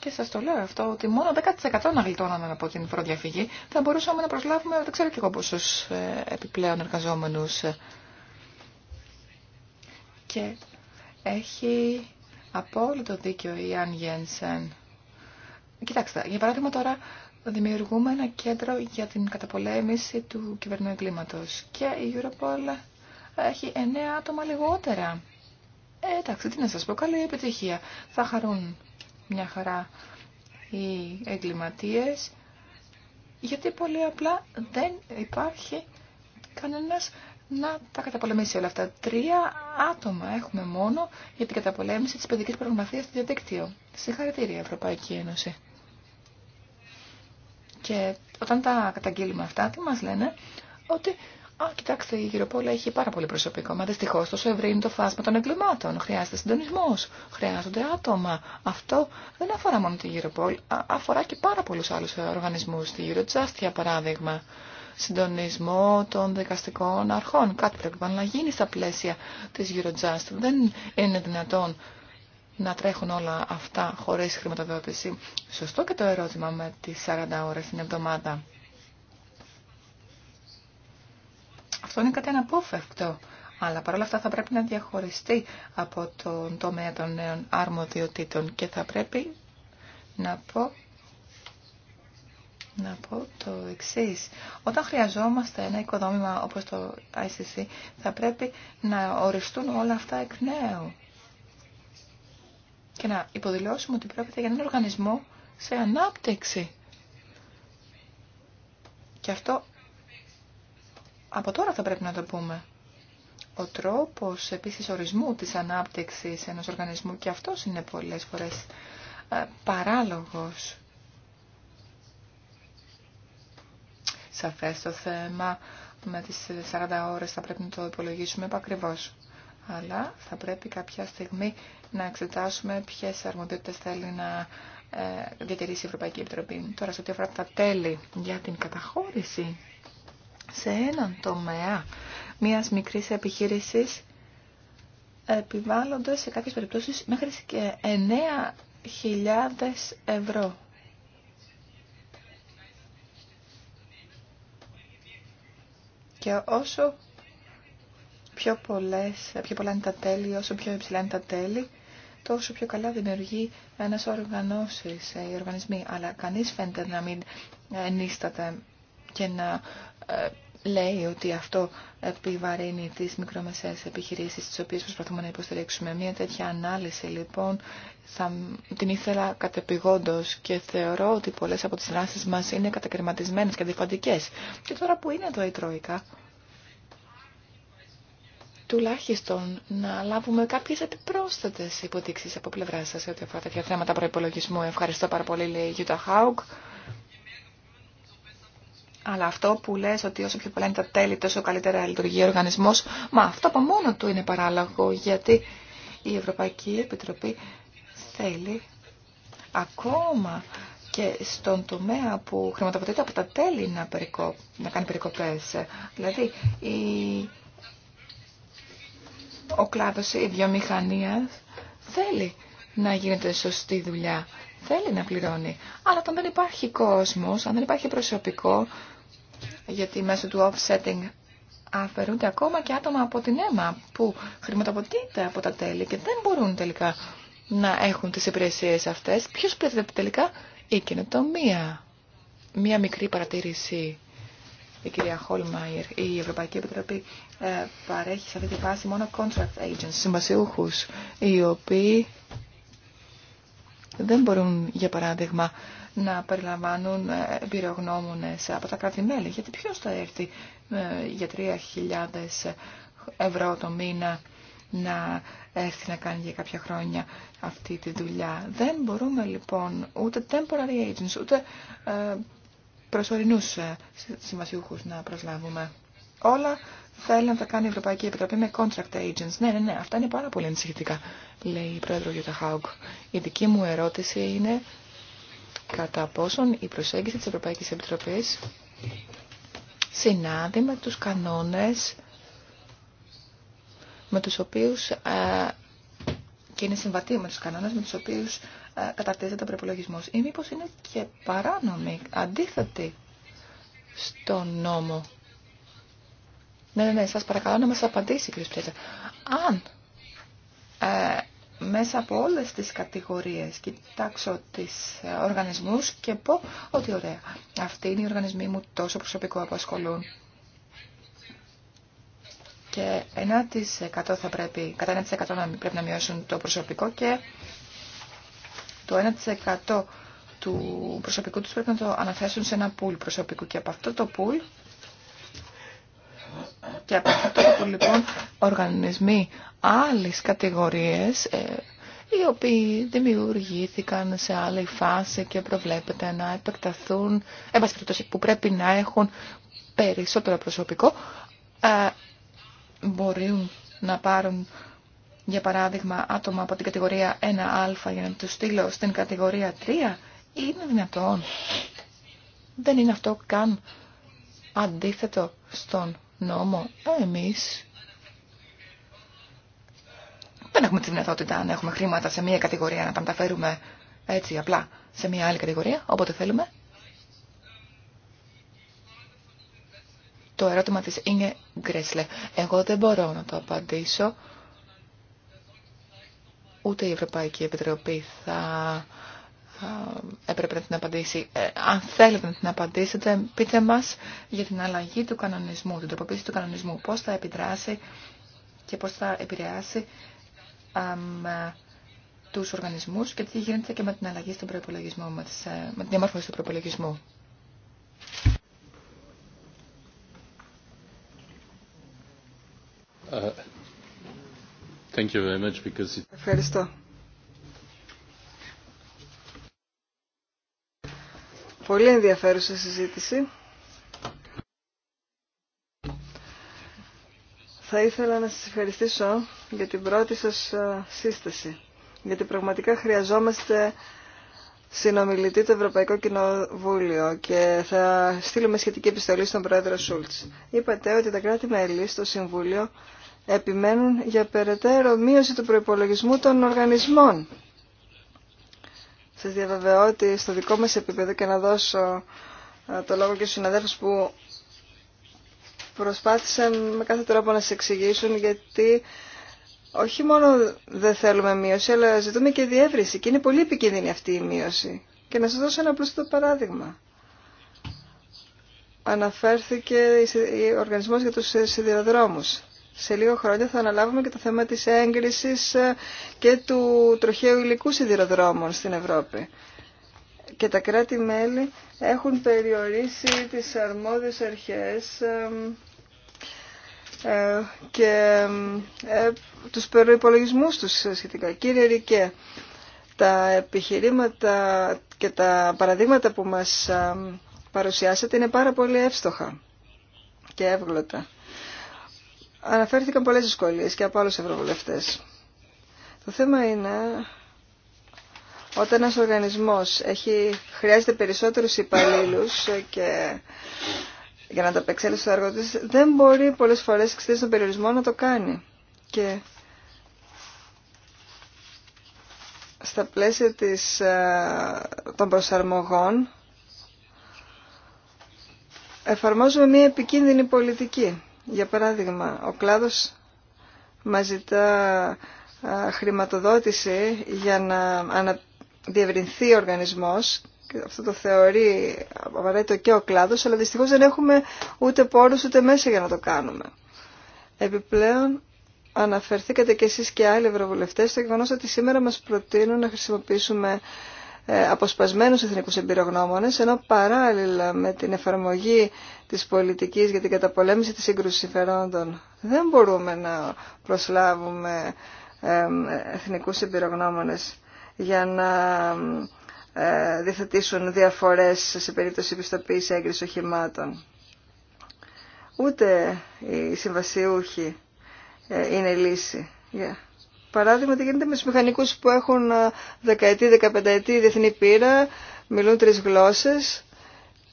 Speaker 2: Και σας το λέω αυτό ότι μόνο 10% να γλιτώναμε από την φοροδιαφυγή θα μπορούσαμε να προσλάβουμε δεν ξέρω και εγώ πόσους ε, επιπλέον εργαζόμενους ε, και έχει απόλυτο δίκιο η Αν Γένσεν. Κοιτάξτε, για παράδειγμα τώρα δημιουργούμε ένα κέντρο για την καταπολέμηση του εγκλήματος και η Europol έχει εννέα άτομα λιγότερα. Ε, εντάξει, τι να σας πω, καλή επιτυχία. Θα χαρούν μια χαρά οι εγκληματίες, γιατί πολύ απλά δεν υπάρχει κανένας να τα καταπολεμήσει όλα αυτά. Τρία άτομα έχουμε μόνο για την καταπολέμηση της παιδικής προγραμματίας στο διαδίκτυο. Συγχαρητήρια Ευρωπαϊκή Ένωση. Και όταν τα καταγγείλουμε αυτά, τι μας λένε, ότι Α, κοιτάξτε, η Γυροπόλα έχει πάρα πολύ προσωπικό. Μα δυστυχώ τόσο ευρύ είναι το φάσμα των εγκλημάτων. Χρειάζεται συντονισμό. Χρειάζονται άτομα. Αυτό δεν αφορά μόνο τη Γυροπόλα αφορά και πάρα πολλού άλλου οργανισμού. Τη Eurojust, παράδειγμα συντονισμό των δικαστικών αρχών. Κάτι πρέπει λοιπόν να γίνει στα πλαίσια της Eurojust. Δεν είναι δυνατόν να τρέχουν όλα αυτά χωρίς χρηματοδότηση. Σωστό και το ερώτημα με τις 40 ώρες την εβδομάδα. Αυτό είναι κάτι αναπόφευκτο. Αλλά παρόλα αυτά θα πρέπει να διαχωριστεί από τον τομέα των νέων αρμοδιοτήτων και θα πρέπει να πω να πω το εξή. Όταν χρειαζόμαστε ένα οικοδόμημα όπως το ICC, θα πρέπει να οριστούν όλα αυτά εκ νέου. Και να υποδηλώσουμε ότι πρόκειται για έναν οργανισμό σε ανάπτυξη. Και αυτό από τώρα θα πρέπει να το πούμε. Ο τρόπος επίσης ορισμού της ανάπτυξης ενός οργανισμού και αυτός είναι πολλές φορές ε, παράλογος. σαφές το θέμα. Με τις 40 ώρες θα πρέπει να το υπολογίσουμε επακριβώς. Αλλά θα πρέπει κάποια στιγμή να εξετάσουμε ποιες αρμοδιότητες θέλει να ε, διατηρήσει η Ευρωπαϊκή Επιτροπή. Τώρα, σε ό,τι αφορά τα τέλη για την καταχώρηση σε έναν τομέα μιας μικρής επιχείρησης, επιβάλλονται σε κάποιες περιπτώσεις μέχρι και 9.000 ευρώ Και όσο πιο, πολλές, πιο πολλά είναι τα τέλη, όσο πιο υψηλά είναι τα τέλη, τόσο πιο καλά δημιουργεί ένας οργανώσεις, ε, οι οργανισμοί. Αλλά κανείς φαίνεται να μην ε, ενίσταται και να ε, λέει ότι αυτό επιβαρύνει τις μικρομεσαίες επιχειρήσεις τις οποίες προσπαθούμε να υποστηρίξουμε. Μία τέτοια ανάλυση λοιπόν θα την ήθελα κατεπηγόντως και θεωρώ ότι πολλές από τις δράσεις μας είναι κατακαιρματισμένε και αντιφαντικές. Και τώρα που είναι εδώ η Τρόικα, τουλάχιστον να λάβουμε κάποιες επιπρόσθετες υποδείξεις από πλευρά σας ό,τι αφορά τέτοια θέματα προϋπολογισμού. Ευχαριστώ πάρα πολύ, λέει η Γιούτα Χάουκ. Αλλά αυτό που λες ότι όσο πιο πολλά είναι τα τέλη, τόσο καλύτερα λειτουργεί ο οργανισμός, μα αυτό από μόνο του είναι παράλογο, γιατί η Ευρωπαϊκή Επιτροπή θέλει ακόμα και στον τομέα που χρηματοδοτείται από τα τέλη να, περικο... να κάνει περικοπές. Δηλαδή, ο κλάδος, η βιομηχανία θέλει να γίνεται σωστή δουλειά. Θέλει να πληρώνει. Αλλά όταν δεν υπάρχει κόσμος, αν δεν υπάρχει προσωπικό, γιατί μέσω του offsetting αφαιρούνται ακόμα και άτομα από την αίμα που χρηματοδοτείται από τα τέλη και δεν μπορούν τελικά να έχουν τις υπηρεσίες αυτές. Ποιος πρέπει τελικά η καινοτομία. Μία μικρή παρατήρηση. Η κυρία Χόλμαϊρ, η Ευρωπαϊκή Επιτροπή ε, παρέχει σε αυτή τη φάση μόνο contract agents, συμβασιούχους, οι οποίοι δεν μπορούν, για παράδειγμα, να περιλαμβάνουν ε, εμπειρογνώμονε από τα κράτη-μέλη. Γιατί ποιος θα έρθει ε, για 3.000 ευρώ το μήνα να έρθει να κάνει για κάποια χρόνια αυτή τη δουλειά. Δεν μπορούμε λοιπόν ούτε temporary agents, ούτε ε, προσωρινούς συμβασιούχους να προσλάβουμε. Όλα θέλει να τα κάνει η Ευρωπαϊκή Επιτροπή με contract agents. Ναι, ναι, ναι, αυτά είναι πάρα πολύ ενσυχητικά, λέει η Πρόεδρο Γιώτα Χάουγκ. Η δική μου ερώτηση είναι κατά πόσον η προσέγγιση της Ευρωπαϊκής Επιτροπής συνάδει με τους κανόνες με τους οποίους ε, και είναι συμβατή με τους κανόνες με τους οποίους ε, καταρτίζεται ο προπολογισμό. ή μήπως είναι και παράνομη, αντίθετη στον νόμο ναι, ναι, ναι, σας παρακαλώ να μας απαντήσει, κύριε Σπιέτσα. Αν ε, μέσα από όλες τις κατηγορίες κοιτάξω τις ε, οργανισμούς και πω ότι ωραία, αυτοί είναι οι οργανισμοί μου τόσο προσωπικό που ασχολούν. Και 1% θα πρέπει, κατά 1% να, πρέπει να μειώσουν το προσωπικό και το 1% του προσωπικού τους πρέπει να το αναθέσουν σε ένα πουλ προσωπικού και από αυτό το πουλ και από αυτό τον λοιπόν οργανισμοί άλλης κατηγορίες ε, οι οποίοι δημιουργήθηκαν σε άλλη φάση και προβλέπεται να επεκταθούν, εμπασχετώσει που πρέπει να έχουν περισσότερο προσωπικό, ε, μπορούν να πάρουν για παράδειγμα άτομα από την κατηγορία 1α για να τους στείλω στην κατηγορία 3, είναι δυνατόν. Δεν είναι αυτό καν αντίθετο στον νόμο, εμείς δεν έχουμε τη δυνατότητα να έχουμε χρήματα σε μία κατηγορία να τα μεταφέρουμε έτσι απλά σε μία άλλη κατηγορία, όποτε θέλουμε. Το ερώτημα της είναι Γκρέσλε. Εγώ δεν μπορώ να το απαντήσω. Ούτε η Ευρωπαϊκή Επιτροπή θα ε, έπρεπε να την απαντήσει. Ε, αν θέλετε να την απαντήσετε, πείτε μας για την αλλαγή του κανονισμού, την τροποποίηση του κανονισμού, πώς θα επιδράσει και πώς θα επηρεάσει α, με τους οργανισμούς και τι γίνεται και με την αλλαγή στον προπολογισμό, με, με την διαμόρφωση του προπολογισμού.
Speaker 4: Uh,
Speaker 1: Ευχαριστώ. πολύ ενδιαφέρουσα συζήτηση. Θα ήθελα να σας ευχαριστήσω για την πρώτη σας ε, σύσταση, γιατί πραγματικά χρειαζόμαστε συνομιλητή του Ευρωπαϊκό Κοινοβούλιο και θα στείλουμε σχετική επιστολή στον Πρόεδρο Σούλτς. Είπατε ότι τα κράτη-μέλη στο Συμβούλιο επιμένουν για περαιτέρω μείωση του προϋπολογισμού των οργανισμών σας διαβεβαιώ ότι στο δικό μας επίπεδο και να δώσω ε, το λόγο και στους συναδέλφους που προσπάθησαν με κάθε τρόπο να σε εξηγήσουν γιατί όχι μόνο δεν θέλουμε μείωση, αλλά ζητούμε και διεύρυνση και είναι πολύ επικίνδυνη αυτή η μείωση. Και να σας δώσω ένα απλούστο παράδειγμα. Αναφέρθηκε ο Οργανισμός για τους Σιδηροδρόμους σε λίγο χρόνια θα αναλάβουμε και το θέμα της έγκρισης ε, και του τροχαίου υλικού σιδηροδρόμων στην Ευρώπη. Και τα κράτη-μέλη έχουν περιορίσει τις αρμόδιες αρχές ε, ε, και τους περιπολογισμούς τους σχετικά. Κύριε Ρικέ, τα επιχειρήματα και τα παραδείγματα που μας παρουσιάσατε είναι πάρα πολύ εύστοχα και εύγλωτα. Αναφέρθηκαν πολλές δυσκολίες και από άλλους ευρωβουλευτές. Το θέμα είναι όταν ένας οργανισμός έχει, χρειάζεται περισσότερους υπαλλήλους και για να ανταπεξέλθει στο έργο της, δεν μπορεί πολλές φορές εξαιτίας τον περιορισμό να το κάνει. Και στα πλαίσια της, ε, των προσαρμογών εφαρμόζουμε μια επικίνδυνη πολιτική. Για παράδειγμα, ο κλάδος μας ζητά χρηματοδότηση για να διευρυνθεί ο οργανισμός και αυτό το θεωρεί απαραίτητο και ο κλάδος, αλλά δυστυχώς δεν έχουμε ούτε πόρους ούτε μέσα για να το κάνουμε. Επιπλέον, αναφερθήκατε κι εσείς και άλλοι ευρωβουλευτές στο γεγονό ότι σήμερα μας προτείνουν να χρησιμοποιήσουμε ε, αποσπασμένους εθνικούς εμπειρογνώμονες, ενώ παράλληλα με την εφαρμογή της πολιτικής για την καταπολέμηση της σύγκρουσης συμφερόντων δεν μπορούμε να προσλάβουμε ε, εθνικούς εμπειρογνώμονες για να ε, διαθετήσουν διαφορές σε περίπτωση επιστοποίηση έγκρισης οχημάτων. Ούτε οι συμβασιούχοι είναι λύση παράδειγμα τι γίνεται με τους μηχανικούς που έχουν ε, δεκαετή, δεκαπενταετή διεθνή πείρα, μιλούν τρεις γλώσσες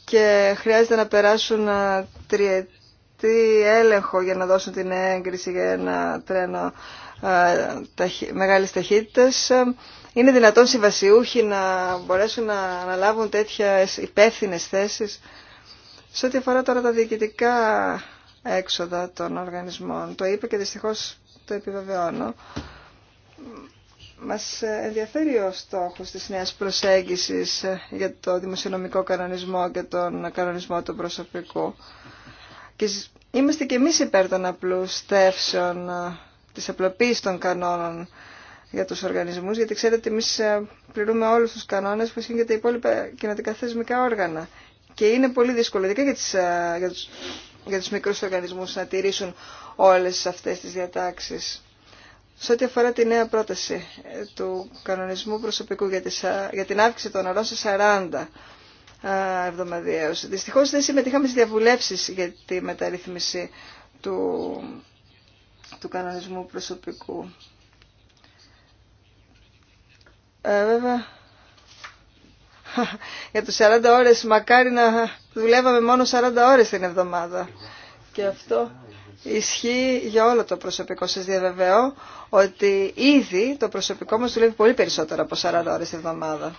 Speaker 1: και χρειάζεται να περάσουν ε, τριετή έλεγχο για να δώσουν την έγκριση για ένα τρένο ε, μεγάλης ταχύτητας. Είναι δυνατόν συμβασιούχοι να μπορέσουν να αναλάβουν τέτοιες υπεύθυνε θέσεις. Σε ό,τι αφορά τώρα τα διοικητικά έξοδα των οργανισμών, το είπε και δυστυχώς το επιβεβαιώνω, μας ενδιαφέρει ο στόχος της νέας προσέγγισης ε, για το δημοσιονομικό κανονισμό και τον κανονισμό του προσωπικού. Και είμαστε και εμείς υπέρ των στεύσεων ε, της απλοποίησης των κανόνων για τους οργανισμούς, γιατί ξέρετε ότι εμείς ε, πληρούμε όλους τους κανόνες που ισχύουν για τα υπόλοιπα κοινοτικά θεσμικά όργανα. Και είναι πολύ δύσκολο, ειδικά για, τις, για, τους, για τους μικρούς οργανισμούς να τηρήσουν όλες αυτές τις διατάξεις. Σε ό,τι αφορά τη νέα πρόταση ε, του κανονισμού προσωπικού για την αύξηση των ωρών σε 40 εβδομαδιαίως. Δυστυχώς δεν συμμετείχαμε στις διαβουλεύσεις για τη μεταρρύθμιση του, του κανονισμού προσωπικού. Ε, βέβαια, για τους 40 ώρες, μακάρι να δουλεύαμε μόνο 40 ώρες την εβδομάδα. Και αυτό ισχύει για όλο το προσωπικό. Σας διαβεβαιώ ότι ήδη το προσωπικό μας δουλεύει πολύ περισσότερο από 40 ώρες τη εβδομάδα.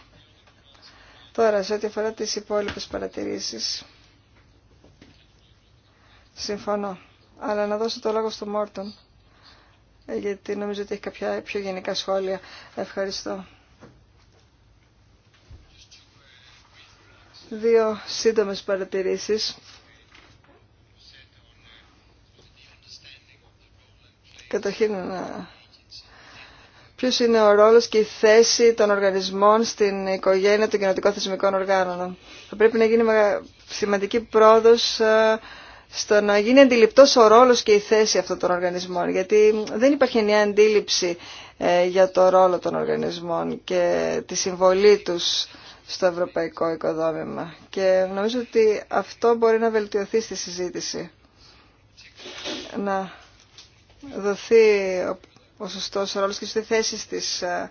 Speaker 1: Τώρα, σε ό,τι αφορά τις υπόλοιπες παρατηρήσεις, συμφωνώ. Αλλά να δώσω το λόγο στον Μόρτον, γιατί νομίζω ότι έχει κάποια πιο γενικά σχόλια. Ευχαριστώ. Δύο σύντομες παρατηρήσεις Καταρχήν, ε, ποιος είναι ο ρόλος και η θέση των οργανισμών στην οικογένεια των κοινοτικών θεσμικών οργάνων. Θα πρέπει να γίνει σημαντική πρόοδος ε, στο να γίνει αντιληπτός ο ρόλος και η θέση αυτών των οργανισμών, γιατί δεν υπάρχει μια αντίληψη ε, για το ρόλο των οργανισμών και τη συμβολή τους στο ευρωπαϊκό οικοδόμημα. Και νομίζω ότι αυτό μπορεί να βελτιωθεί στη συζήτηση. Να δοθεί ο σωστός ρόλος και στη θέση στις ε,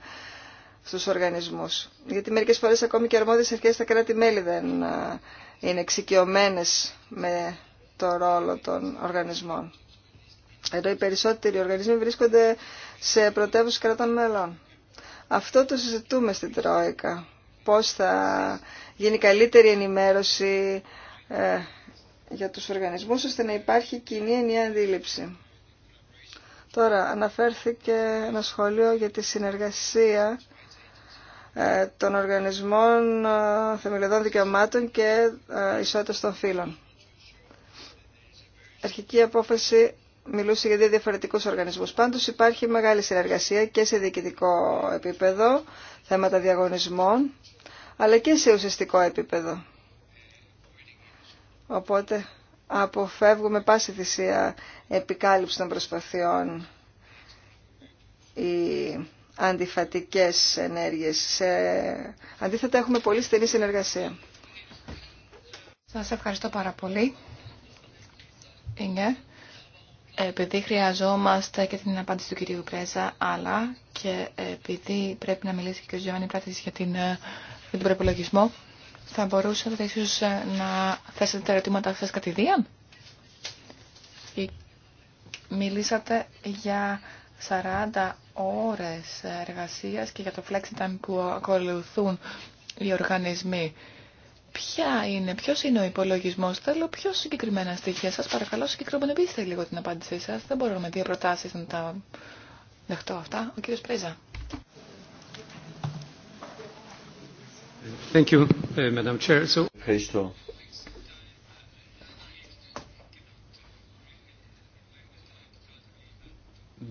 Speaker 1: στους οργανισμούς. Γιατί μερικές φορές ακόμη και αρμόδιες αρχές στα κράτη-μέλη δεν ε, είναι εξοικειωμένε με το ρόλο των οργανισμών. ενώ οι περισσότεροι οργανισμοί βρίσκονται σε πρωτεύουσες κρατών μελών. Αυτό το συζητούμε στην Τρόικα. Πώς θα γίνει καλύτερη ενημέρωση ε, για τους οργανισμούς ώστε να υπάρχει κοινή ενιαία αντίληψη. Τώρα, αναφέρθηκε ένα σχόλιο για τη συνεργασία ε, των οργανισμών ε, θεμελιωδών δικαιωμάτων και ε, ισότητας των φύλων. Αρχική απόφαση μιλούσε για δύο διαφορετικούς οργανισμούς. Πάντως υπάρχει μεγάλη συνεργασία και σε διοικητικό επίπεδο, θέματα διαγωνισμών, αλλά και σε ουσιαστικό επίπεδο. Οπότε αποφεύγουμε πάση θυσία επικάλυψη των προσπαθειών οι αντιφατικές ενέργειες. Αντίθετα έχουμε πολύ στενή συνεργασία.
Speaker 2: Σας ευχαριστώ πάρα πολύ. Είναι. Επειδή χρειαζόμαστε και την απάντηση του κυρίου Πρέζα, αλλά και επειδή πρέπει να μιλήσει και ο Γιάννη Πράτης για, την, ε, για τον προπολογισμό, θα μπορούσατε ίσως ε, να θέσετε τα ερωτήματά σας κατηδίαν. Μιλήσατε για 40 ώρες εργασίας και για το flex time που ακολουθούν οι οργανισμοί. Ποια είναι, ποιος είναι ο υπολογισμός, θέλω πιο συγκεκριμένα στοιχεία σας, παρακαλώ συγκεκριμενοποιήστε λίγο την απάντησή σας, δεν μπορώ με δύο προτάσεις να τα δεχτώ αυτά. Ο κύριος Πρίζα.
Speaker 4: Uh, Ευχαριστώ.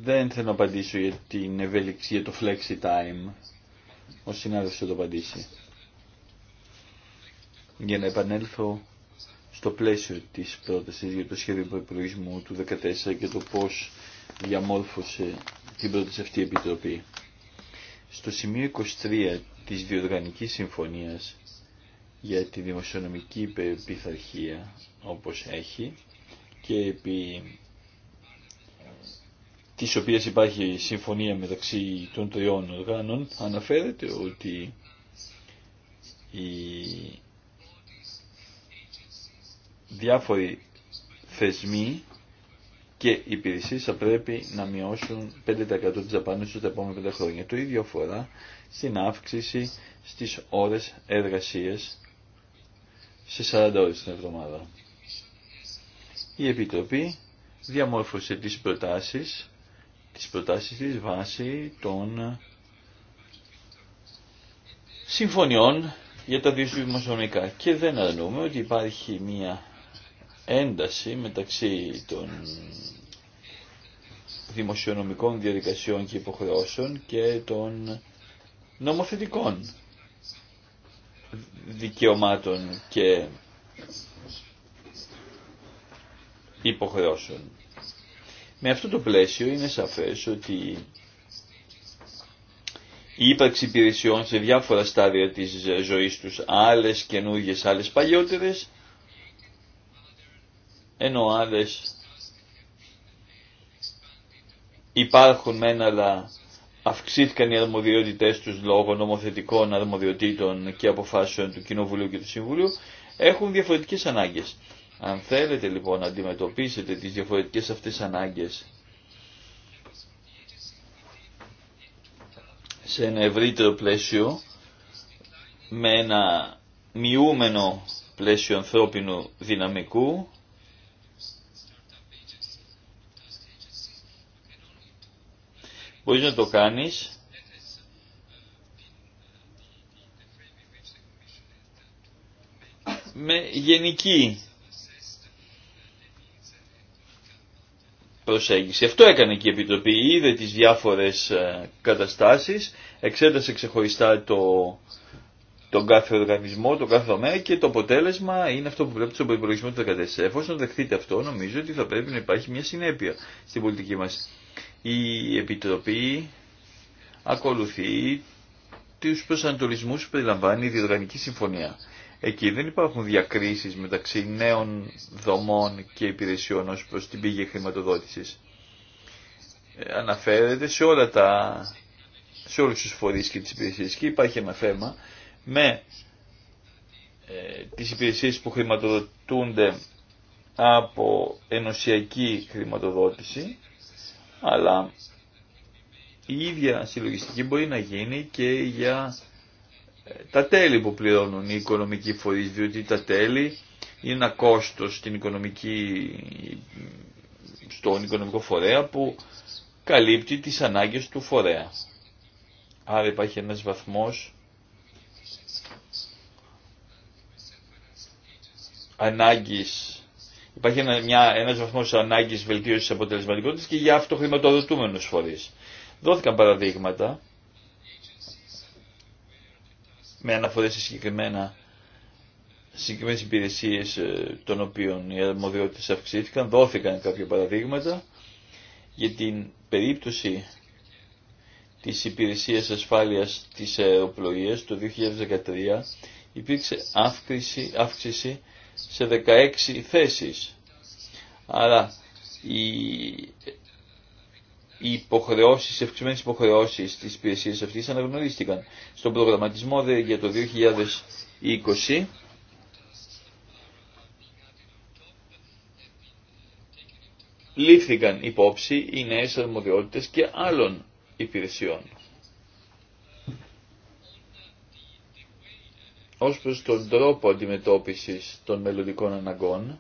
Speaker 3: Δεν θέλω να απαντήσω για την ευελιξία, για το flexi time. Ο συνάδελφος θα το απαντήσει. Για να επανέλθω στο πλαίσιο της πρότασης για το σχέδιο προϋπολογισμού του 2014 και το πώς διαμόρφωσε την πρόταση αυτή η Επιτροπή. Στο σημείο 23 της Διοργανικής Συμφωνίας για τη δημοσιονομική πειθαρχία όπως έχει και επί της οποίας υπάρχει συμφωνία μεταξύ των τριών οργάνων αναφέρεται ότι οι διάφοροι θεσμοί και υπηρεσίε θα πρέπει να μειώσουν 5% της δαπάνης τα επόμενα 5 χρόνια. Το ίδιο φορά στην αύξηση στις ώρες εργασίας σε 40 ώρες την εβδομάδα. Η Επιτροπή διαμόρφωσε τις προτάσεις, τις προτάσεις της βάση των συμφωνιών για τα δύο δημοσιονομικά και δεν αρνούμε ότι υπάρχει μία ένταση μεταξύ των δημοσιονομικών διαδικασιών και υποχρεώσεων και των νομοθετικών δικαιωμάτων και υποχρεώσεων. Με αυτό το πλαίσιο είναι σαφές ότι η ύπαρξη υπηρεσιών σε διάφορα στάδια της ζωής τους, άλλες καινούργιες, άλλες παλιότερες, ενώ άλλες υπάρχουν μεν αλλά αυξήθηκαν οι αρμοδιότητές τους λόγω νομοθετικών αρμοδιοτήτων και αποφάσεων του Κοινοβουλίου και του Συμβουλίου, έχουν διαφορετικές ανάγκες. Αν θέλετε λοιπόν να αντιμετωπίσετε τις διαφορετικές αυτές ανάγκες σε ένα ευρύτερο πλαίσιο, με ένα μειούμενο πλαίσιο ανθρώπινου δυναμικού, Μπορείς να το κάνεις με γενική προσέγγιση. Αυτό έκανε και η Επιτροπή. Είδε τις διάφορες ε, καταστάσεις, εξέτασε ξεχωριστά το, τον κάθε οργανισμό, τον κάθε δομέα και το αποτέλεσμα είναι αυτό που βλέπετε στον προϋπολογισμό του 2014. Εφόσον δεχτείτε αυτό, νομίζω ότι θα πρέπει να υπάρχει μια συνέπεια στην πολιτική μας η Επιτροπή ακολουθεί τους προσανατολισμούς που περιλαμβάνει η Διοργανική Συμφωνία. Εκεί δεν υπάρχουν διακρίσεις μεταξύ νέων δομών και υπηρεσιών ως προς την πήγη χρηματοδότησης. Ε, αναφέρεται σε, όλα τα, σε όλους φορείς και τις υπηρεσίες και υπάρχει ένα θέμα με ε, τις υπηρεσίες που χρηματοδοτούνται από ενωσιακή χρηματοδότηση αλλά η ίδια συλλογιστική μπορεί να γίνει και για ε, τα τέλη που πληρώνουν οι οικονομικοί φορείς, διότι τα τέλη είναι ένα κόστος στην οικονομική, στον οικονομικό φορέα που καλύπτει τις ανάγκες του φορέα. Άρα υπάρχει ένας βαθμός ανάγκης Υπάρχει ένα, μια, ένας βαθμός ανάγκης βελτίωσης αποτελεσματικότητας και για αυτοχρηματοδοτούμενους φορείς. Δόθηκαν παραδείγματα με αναφορές σε συγκεκριμένα συγκεκριμένες υπηρεσίες ε, των οποίων οι αρμοδιότητες αυξήθηκαν, δόθηκαν κάποια παραδείγματα για την περίπτωση της υπηρεσίας ασφάλειας της αεροπλοείας το 2013 υπήρξε αύξηση σε 16 θέσεις. Άρα οι, οι υποχρεώσεις, οι υποχρεώσεις της υπηρεσίας αυτής αναγνωρίστηκαν. Στον προγραμματισμό για το 2020 λήφθηκαν υπόψη οι νέες αρμοδιότητες και άλλων υπηρεσιών. ως προς τον τρόπο αντιμετώπισης των μελλοντικών αναγκών,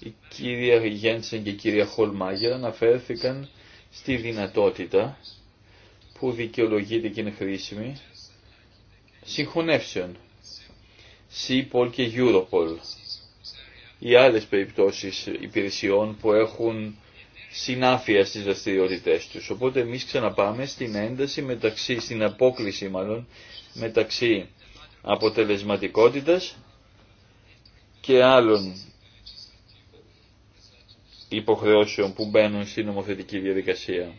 Speaker 3: η κυρία Γέντσεν και η κυρία Χολμάγερ αναφέρθηκαν στη δυνατότητα που δικαιολογείται και είναι χρήσιμη συγχωνεύσεων ΣΥΠΟΛ και Europol ή άλλες περιπτώσεις υπηρεσιών που έχουν συνάφεια στις δραστηριότητε τους. Οπότε εμείς ξαναπάμε στην ένταση μεταξύ, στην απόκληση μάλλον μεταξύ αποτελεσματικότητας και άλλων υποχρεώσεων που μπαίνουν στην νομοθετική διαδικασία.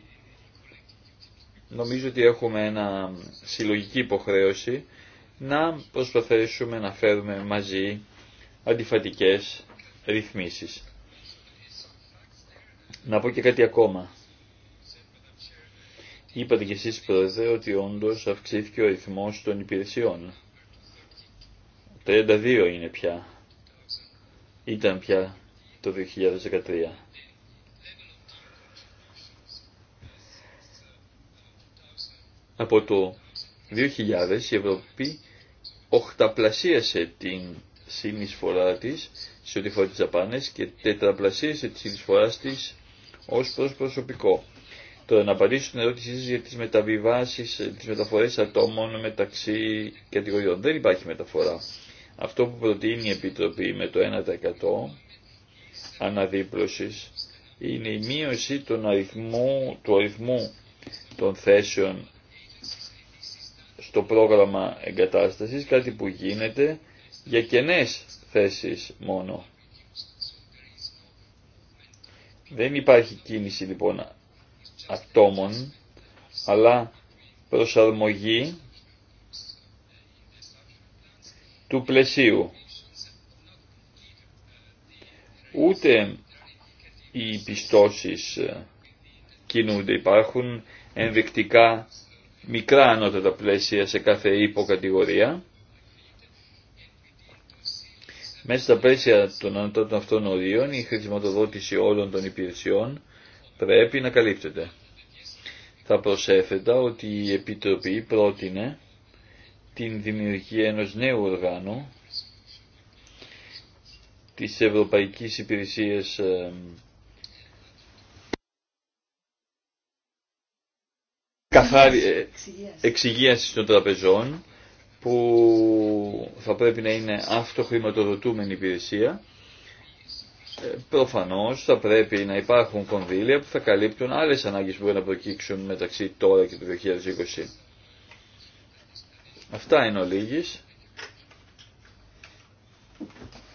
Speaker 3: Νομίζω ότι έχουμε ένα συλλογική υποχρέωση να προσπαθήσουμε να φέρουμε μαζί αντιφατικές ρυθμίσεις. Να πω και κάτι ακόμα. Είπατε κι εσείς πρόεδρε ότι όντως αυξήθηκε ο ρυθμός των υπηρεσιών. 32 είναι πια. Ήταν πια το 2013. Από το 2000 η Ευρώπη οχταπλασίασε την συνεισφορά της σε ό,τι φορά τις δαπάνες και τετραπλασίασε τη συνεισφορά της ως προς προσωπικό. Τώρα να απαντήσω στην ερώτησή σας για τις μεταβιβάσεις, τις μεταφορές ατόμων μεταξύ κατηγοριών. Δεν υπάρχει μεταφορά αυτό που προτείνει η Επιτροπή με το 1% αναδίπλωσης είναι η μείωση αριθμού, του αριθμού των θέσεων στο πρόγραμμα εγκατάστασης, κάτι που γίνεται για κενές θέσεις μόνο. Δεν υπάρχει κίνηση λοιπόν ατόμων, αλλά προσαρμογή του πλαισίου. Ούτε οι πιστώσεις κινούνται, υπάρχουν ενδεικτικά μικρά ανώτατα πλαίσια σε κάθε υποκατηγορία. Μέσα στα πλαίσια των ανώτατων αυτών ορίων η χρησιμοδοτήση όλων των υπηρεσιών πρέπει να καλύπτεται. Θα προσέφετα ότι η Επιτροπή πρότεινε την δημιουργία ενός νέου οργάνου της Ευρωπαϊκής Υπηρεσίας ε, καθάρι, ε, εξυγίασης των τραπεζών που θα πρέπει να είναι αυτοχρηματοδοτούμενη υπηρεσία. Ε, προφανώς θα πρέπει να υπάρχουν κονδύλια που θα καλύπτουν άλλες ανάγκες που μπορεί να προκύξουν μεταξύ τώρα και του 2020. Αυτά είναι ο Λίγης.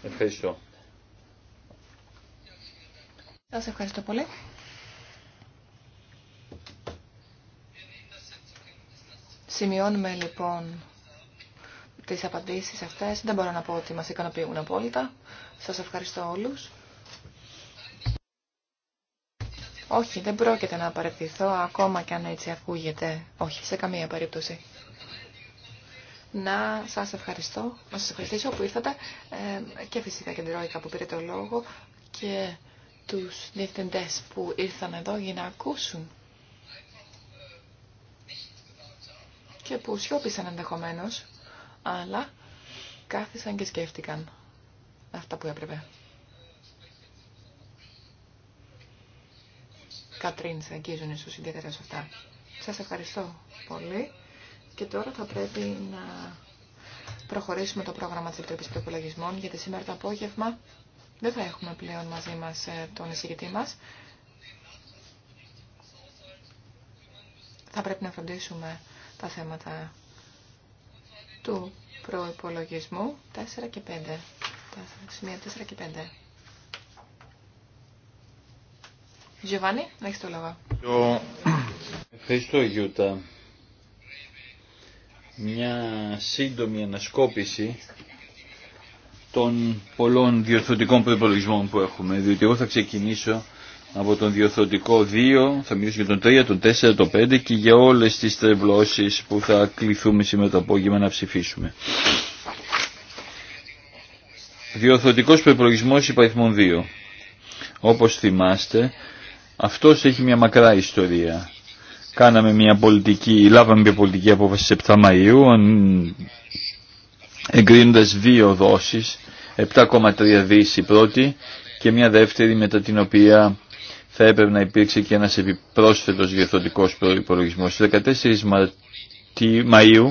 Speaker 3: Ευχαριστώ.
Speaker 2: Σας ευχαριστώ πολύ. Σημειώνουμε λοιπόν τις απαντήσεις αυτές. Δεν μπορώ να πω ότι μας ικανοποιούν απόλυτα. Σας ευχαριστώ όλους. Όχι, δεν πρόκειται να παρευθυνθώ ακόμα κι αν έτσι ακούγεται. Όχι, σε καμία περίπτωση να σας ευχαριστώ, να σας ευχαριστήσω που ήρθατε ε, και φυσικά και την Ρόικα που πήρε το λόγο και τους διευθυντές που ήρθαν εδώ για να ακούσουν και που σιώπησαν ενδεχομένω, αλλά κάθισαν και σκέφτηκαν αυτά που έπρεπε. Κατρίν, σε αγγίζουν ίσως ιδιαίτερα σε αυτά. Σας ευχαριστώ πολύ. Και τώρα θα πρέπει να προχωρήσουμε το πρόγραμμα της Επιτροπής Προπολογισμών, γιατί σήμερα το απόγευμα δεν θα έχουμε πλέον μαζί μας ε, τον εισηγητή μας. Θα πρέπει να φροντίσουμε τα θέματα του προϋπολογισμού 4 και 5. Τα σημεία 4 και 5. έχεις το λόγο.
Speaker 3: Ευχαριστώ Γιούτα μια σύντομη ανασκόπηση των πολλών διορθωτικών προπολογισμών που έχουμε, διότι εγώ θα ξεκινήσω από τον διορθωτικό 2, θα μιλήσω για τον 3, τον 4, τον 5 και για όλες τις τρευλώσεις που θα κληθούμε σήμερα το απόγευμα να ψηφίσουμε. Διορθωτικός προπολογισμός υπαριθμών 2. Όπως θυμάστε, αυτός έχει μια μακρά ιστορία κάναμε μια πολιτική, λάβαμε μια πολιτική απόφαση στις 7 Μαΐου, εγκρίνοντας δύο δόσεις, 7,3 δις η πρώτη και μια δεύτερη μετά την οποία θα έπρεπε να υπήρξε και ένας επιπρόσθετος διορθωτικός προϋπολογισμός. Στις 14 Μαΐου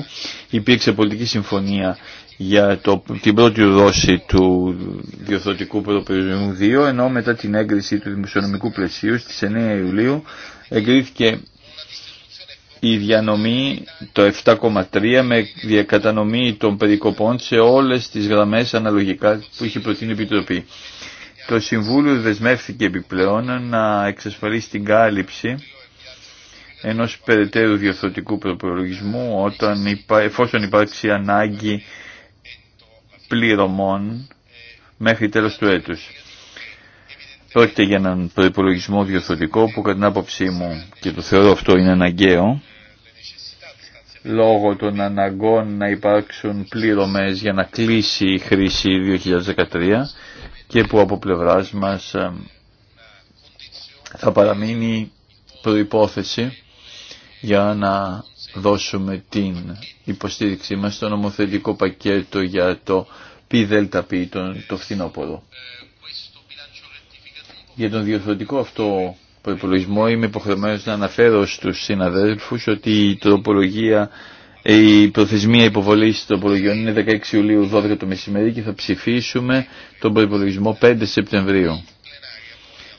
Speaker 3: υπήρξε πολιτική συμφωνία για το, την πρώτη δόση του διορθωτικού προϋπολογισμού 2, ενώ μετά την έγκριση του δημοσιονομικού πλαισίου στις 9 Ιουλίου εγκρίθηκε η διανομή το 7,3 με διακατανομή των περικοπών σε όλες τις γραμμές αναλογικά που είχε προτείνει η Επιτροπή. Το Συμβούλιο δεσμεύθηκε επιπλέον να εξασφαλίσει την κάλυψη ενός περαιτέρου διορθωτικού προπολογισμού όταν εφόσον υπάρξει ανάγκη πληρωμών μέχρι τέλος του έτους. Πρόκειται για έναν προπολογισμό διορθωτικό που κατά την άποψή μου και το θεωρώ αυτό είναι αναγκαίο λόγω των αναγκών να υπάρξουν πλήρωμες για να κλείσει η χρήση 2013 και που από πλευράς μας ε, θα παραμείνει προϋπόθεση για να δώσουμε την υποστήριξή μας στο νομοθετικό πακέτο για το ΠΔΠ, το φθινόπωρο. Για τον διορθωτικό αυτό προπολογισμό είμαι υποχρεωμένο να αναφέρω στους συναδέλφους ότι η τροπολογία η προθεσμία υποβολή τροπολογιών είναι 16 Ιουλίου 12 το μεσημέρι και θα ψηφίσουμε τον προπολογισμό 5 Σεπτεμβρίου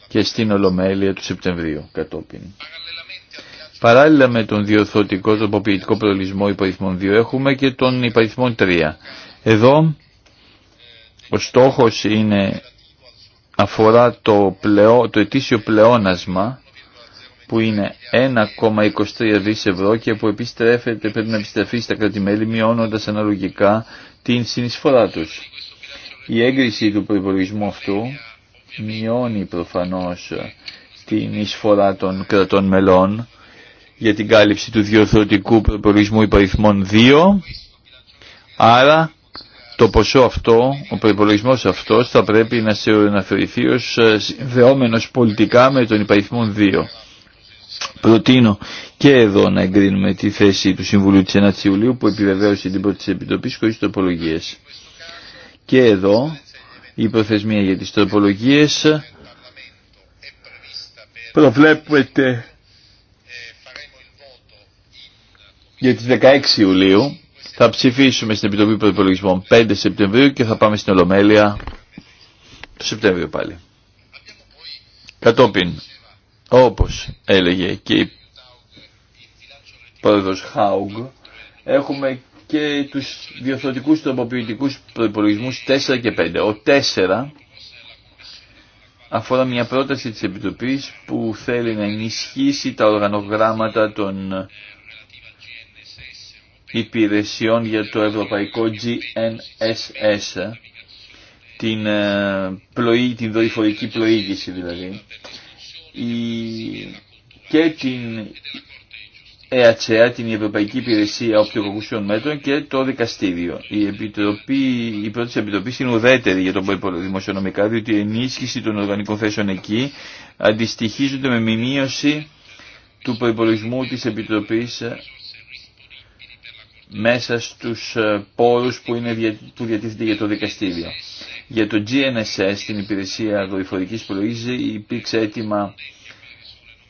Speaker 3: και στην Ολομέλεια του Σεπτεμβρίου κατόπιν. Παράλληλα με τον διορθωτικό τροποποιητικό προλογισμό υπαριθμών 2 έχουμε και τον υπαριθμό 3. Εδώ ο στόχος είναι αφορά το, πλεό, το ετήσιο πλεόνασμα που είναι 1,23 δις ευρώ και που επιστρέφεται, πρέπει να επιστρεφεί στα κρατημέλη μειώνοντας αναλογικά την συνεισφορά τους. Η έγκριση του προϋπολογισμού αυτού μειώνει προφανώς την εισφορά των κρατών μελών για την κάλυψη του διορθωτικού προϋπολογισμού υπαριθμών 2, άρα το ποσό αυτό, ο προπολογισμό αυτό, θα πρέπει να σε αναφερθεί ως ε, δεόμενος πολιτικά με τον υπαριθμό 2. Προτείνω και εδώ να εγκρίνουμε τη θέση του Συμβουλίου της η Ιουλίου που επιβεβαίωσε την πρώτη της Επιτροπής χωρίς τροπολογίες. Και εδώ η προθεσμία για τις τροπολογίες προβλέπεται για τις 16 Ιουλίου θα ψηφίσουμε στην Επιτροπή Προπολογισμών 5 Σεπτεμβρίου και θα πάμε στην Ολομέλεια το Σεπτέμβριο πάλι. Κατόπιν, όπως έλεγε και η πρόεδρος Χάουγκ, έχουμε και τους διορθωτικούς τροποποιητικούς προϋπολογισμούς 4 και 5. Ο 4 αφορά μια πρόταση της Επιτροπής που θέλει να ενισχύσει τα οργανογράμματα των υπηρεσιών για το ευρωπαϊκό GNSS, την, ε, πλοή, την δορυφορική πλοήγηση δηλαδή, και την ΕΑΤΣΕΑ, την Ευρωπαϊκή Υπηρεσία Οπτικοκουσιών Μέτρων και το Δικαστήριο. Η, επιτροπή, η πρώτη επιτροπή είναι ουδέτερη για τον δημοσιονομικά, διότι η ενίσχυση των οργανικών θέσεων εκεί αντιστοιχίζονται με μηνύωση του προπολογισμού της Επιτροπής μέσα στους ε, πόρους που, είναι, που για το δικαστήριο. Για το GNSS, την υπηρεσία δορυφορικής πλοήγησης, υπήρξε έτοιμα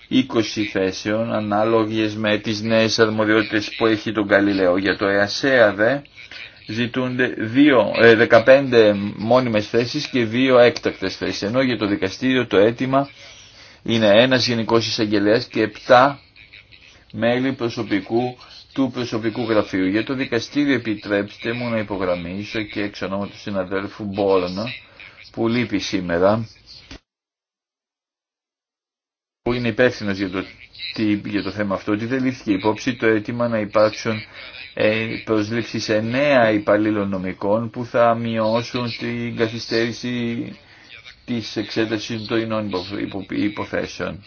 Speaker 3: 20 θέσεων ανάλογες με τις νέες αρμοδιότητες που έχει τον Καλλιλέο. Για το ΕΑΣΕΑ δε ζητούνται 15 ε, μόνιμες θέσεις και 2 έκτακτες θέσεις. Ενώ για το δικαστήριο το αίτημα είναι ένας γενικός εισαγγελέας και 7 μέλη προσωπικού του προσωπικού γραφείου. Για το δικαστήριο επιτρέψτε μου να υπογραμμίσω και εξ του συναδέλφου Μπόρνα που λείπει σήμερα που είναι υπεύθυνο για, το, θέμα αυτό ότι δεν λήφθηκε υπόψη το αίτημα να υπάρξουν ε, προσλήψεις εννέα υπαλλήλων νομικών που θα μειώσουν την καθυστέρηση της εξέτασης των υποθέσεων.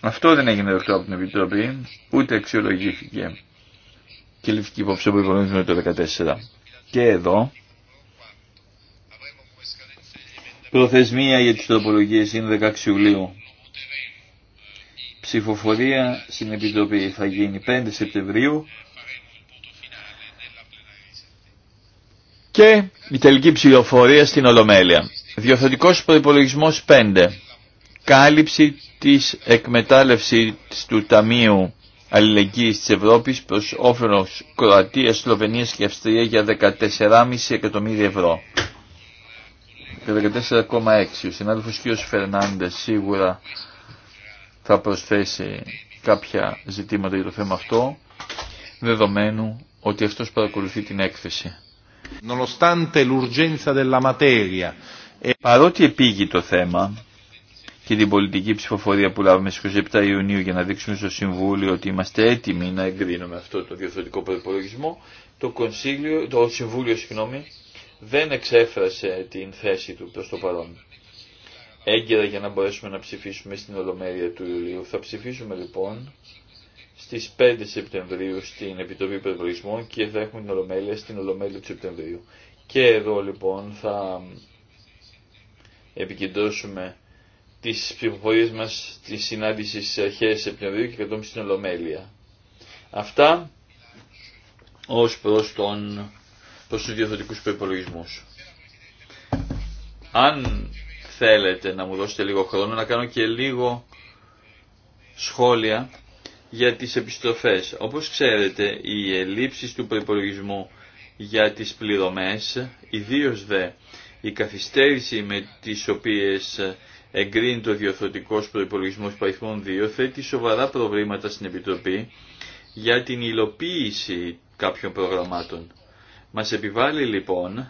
Speaker 3: Αυτό δεν έγινε δεκτό από την Επιτροπή, ούτε αξιολογήθηκε και λήφθηκε υπόψη από υπολογισμό το 2014. Και εδώ προθεσμία για τις τροπολογίες είναι 16 Ιουλίου. Ψηφοφορία στην Επιτροπή θα γίνει 5 Σεπτεμβρίου και η τελική ψηφοφορία στην Ολομέλεια. Διορθωτικός προϋπολογισμός 5 κάλυψη της εκμετάλλευσης του Ταμείου Αλληλεγγύης της Ευρώπης προς όφελος Κροατίας, Σλοβενίας και Αυστρία για 14,5 εκατομμύρια ευρώ. 14,6. Ο συνάδελφος κ. Φερνάντες σίγουρα θα προσθέσει κάποια ζητήματα για το θέμα αυτό, δεδομένου ότι αυτός παρακολουθεί την έκθεση. Ε, Παρότι επήγει το θέμα, και την πολιτική ψηφοφορία που λάβουμε... στις 27 Ιουνίου για να δείξουμε στο Συμβούλιο ότι είμαστε έτοιμοι να εγκρίνουμε αυτό το διορθωτικό προπολογισμό, το, Κονσίλιο, το Συμβούλιο συγγνώμη, δεν εξέφρασε την θέση του προς το παρόν. Έγκαιρα για να μπορέσουμε να ψηφίσουμε στην Ολομέρεια του Ιουλίου. Θα ψηφίσουμε λοιπόν στις 5 Σεπτεμβρίου στην Επιτροπή Προπολογισμών και θα έχουμε την Ολομέλεια στην Ολομέλεια του Σεπτεμβρίου. Και εδώ λοιπόν θα επικεντρώσουμε τις ψηφοφορίες μας τη συνάντηση Σεπτεμβρίου και κατόπιν στην Ολομέλεια. Αυτά ω προ τον, προς τους Αν θέλετε να μου δώσετε λίγο χρόνο να κάνω και λίγο σχόλια για τις επιστροφές. Όπως ξέρετε, οι ελλείψεις του προϋπολογισμού για τις πληρωμές, ιδίως δε η καθυστέρηση με τις οποίες εγκρίνει το διορθωτικό προπολογισμό παριθμών 2 θέτει σοβαρά προβλήματα στην Επιτροπή για την υλοποίηση κάποιων προγραμμάτων. Μας επιβάλλει λοιπόν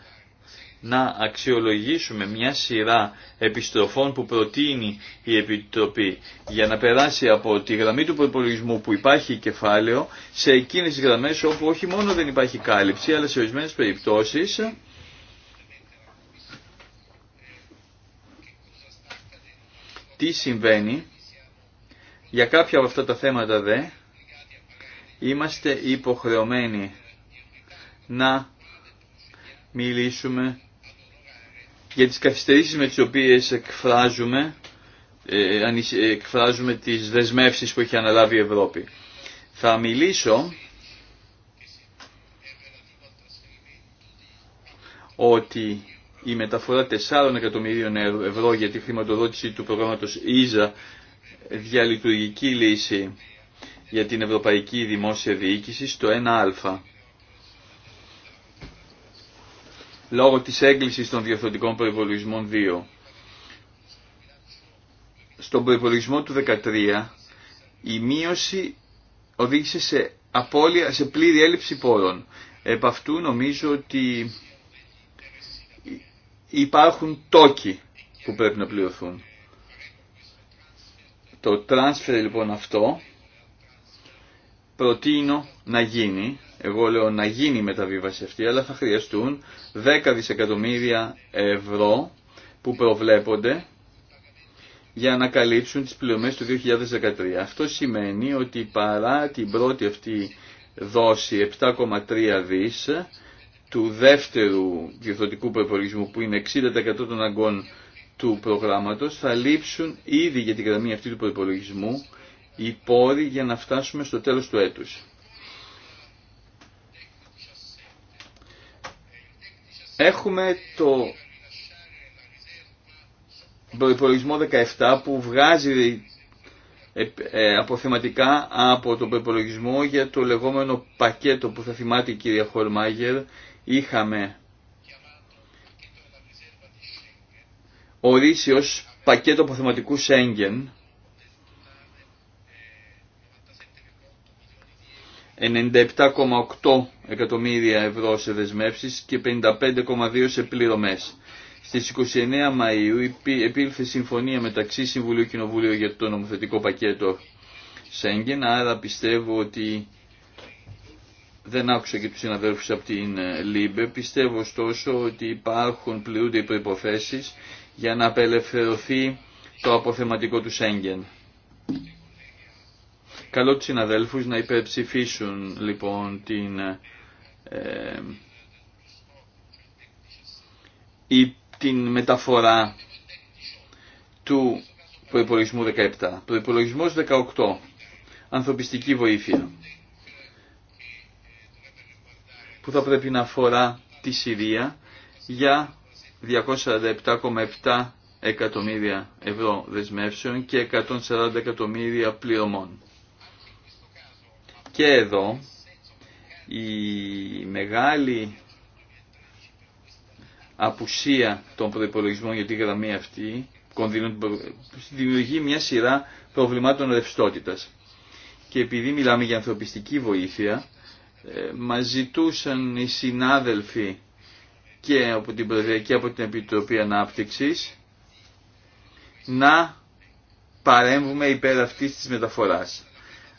Speaker 3: να αξιολογήσουμε μια σειρά επιστροφών που προτείνει η Επιτροπή για να περάσει από τη γραμμή του προπολογισμού που υπάρχει κεφάλαιο σε εκείνες τις γραμμές όπου όχι μόνο δεν υπάρχει κάλυψη αλλά σε ορισμένες περιπτώσεις τι συμβαίνει. Για κάποια από αυτά τα θέματα δε είμαστε υποχρεωμένοι να μιλήσουμε για τις καθυστερήσεις με τις οποίες εκφράζουμε, ε, ε εκφράζουμε τις δεσμεύσεις που έχει αναλάβει η Ευρώπη. Θα μιλήσω ότι η μεταφορά 4 εκατομμυρίων ευρώ για τη χρηματοδότηση του προγράμματος ΙΖΑ διαλειτουργική λύση για την Ευρωπαϊκή Δημόσια Διοίκηση στο 1α. Λόγω της έγκλησης των διορθωτικών προϋπολογισμών 2. Στον προϋπολογισμό του 13 η μείωση οδήγησε σε σε πλήρη έλλειψη πόρων. Επ' αυτού νομίζω ότι υπάρχουν τόκοι που πρέπει να πληρωθούν. Το transfer λοιπόν αυτό προτείνω να γίνει, εγώ λέω να γίνει η μεταβίβαση αυτή, αλλά θα χρειαστούν 10 δισεκατομμύρια ευρώ που προβλέπονται για να καλύψουν τις πληρωμές του 2013. Αυτό σημαίνει ότι παρά την πρώτη αυτή δόση 7,3 δις, του δεύτερου διορθωτικού προπολογισμού που είναι 60% των αγκών του προγράμματος θα λείψουν ήδη για την γραμμή αυτή του προπολογισμού οι πόροι για να φτάσουμε στο τέλος του έτους. Έχουμε το προπολογισμό 17 που βγάζει ε, ε, αποθεματικά από τον προπολογισμό για το λεγόμενο πακέτο που θα θυμάται η κυρία Χορμάγερ είχαμε ορίσει ως πακέτο αποθεματικού Σέγγεν 97,8 εκατομμύρια ευρώ σε δεσμεύσεις και 55,2 σε πληρωμές. Στις 29 Μαΐου επήλθε συμφωνία μεταξύ Συμβουλίου Κοινοβουλίου για το νομοθετικό πακέτο Σέγγεν, άρα πιστεύω ότι δεν άκουσα και τους συναδέλφους από την ε, ΛΥΜΠΕ. Πιστεύω ωστόσο ότι υπάρχουν, πληρούνται οι προϋποθέσεις για να απελευθερωθεί το αποθεματικό του Σέγγεν. Καλώ τους συναδέλφους να υπερψηφίσουν λοιπόν την ε, ε την μεταφορά του προϋπολογισμού 17. Προϋπολογισμός 18. Ανθρωπιστική βοήθεια που θα πρέπει να αφορά τη Συρία για 247,7 εκατομμύρια ευρώ δεσμεύσεων και 140 εκατομμύρια πληρωμών. Και εδώ η μεγάλη απουσία των προπολογισμών για τη γραμμή αυτή δημιουργεί μια σειρά προβλημάτων ρευστότητα. Και επειδή μιλάμε για ανθρωπιστική βοήθεια, ε, Μα ζητούσαν οι συνάδελφοι και από την Προεδρία και από την Επιτροπή Ανάπτυξης να παρέμβουμε υπέρ αυτής της μεταφοράς.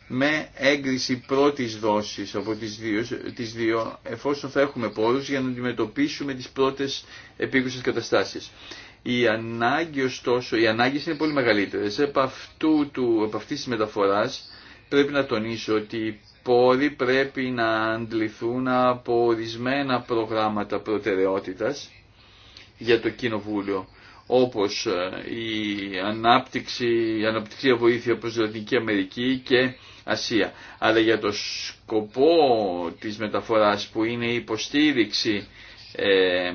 Speaker 3: Με έγκριση πρώτης δόσης από τις δύο, τις δύο εφόσον θα έχουμε πόρους για να αντιμετωπίσουμε τις πρώτες επίκουσες καταστάσεις. Η ανάγκη ωστόσο, οι ανάγκες είναι πολύ μεγαλύτερες. Επ, αυτού του, επ αυτής της μεταφοράς πρέπει να τονίσω ότι πόροι πρέπει να αντληθούν από ορισμένα προγράμματα προτεραιότητας για το Κοινοβούλιο όπως ε, η ανάπτυξη, η αναπτυξία βοήθεια προς Λατινική Αμερική και Ασία. Αλλά για το σκοπό της μεταφοράς που είναι η υποστήριξη ε,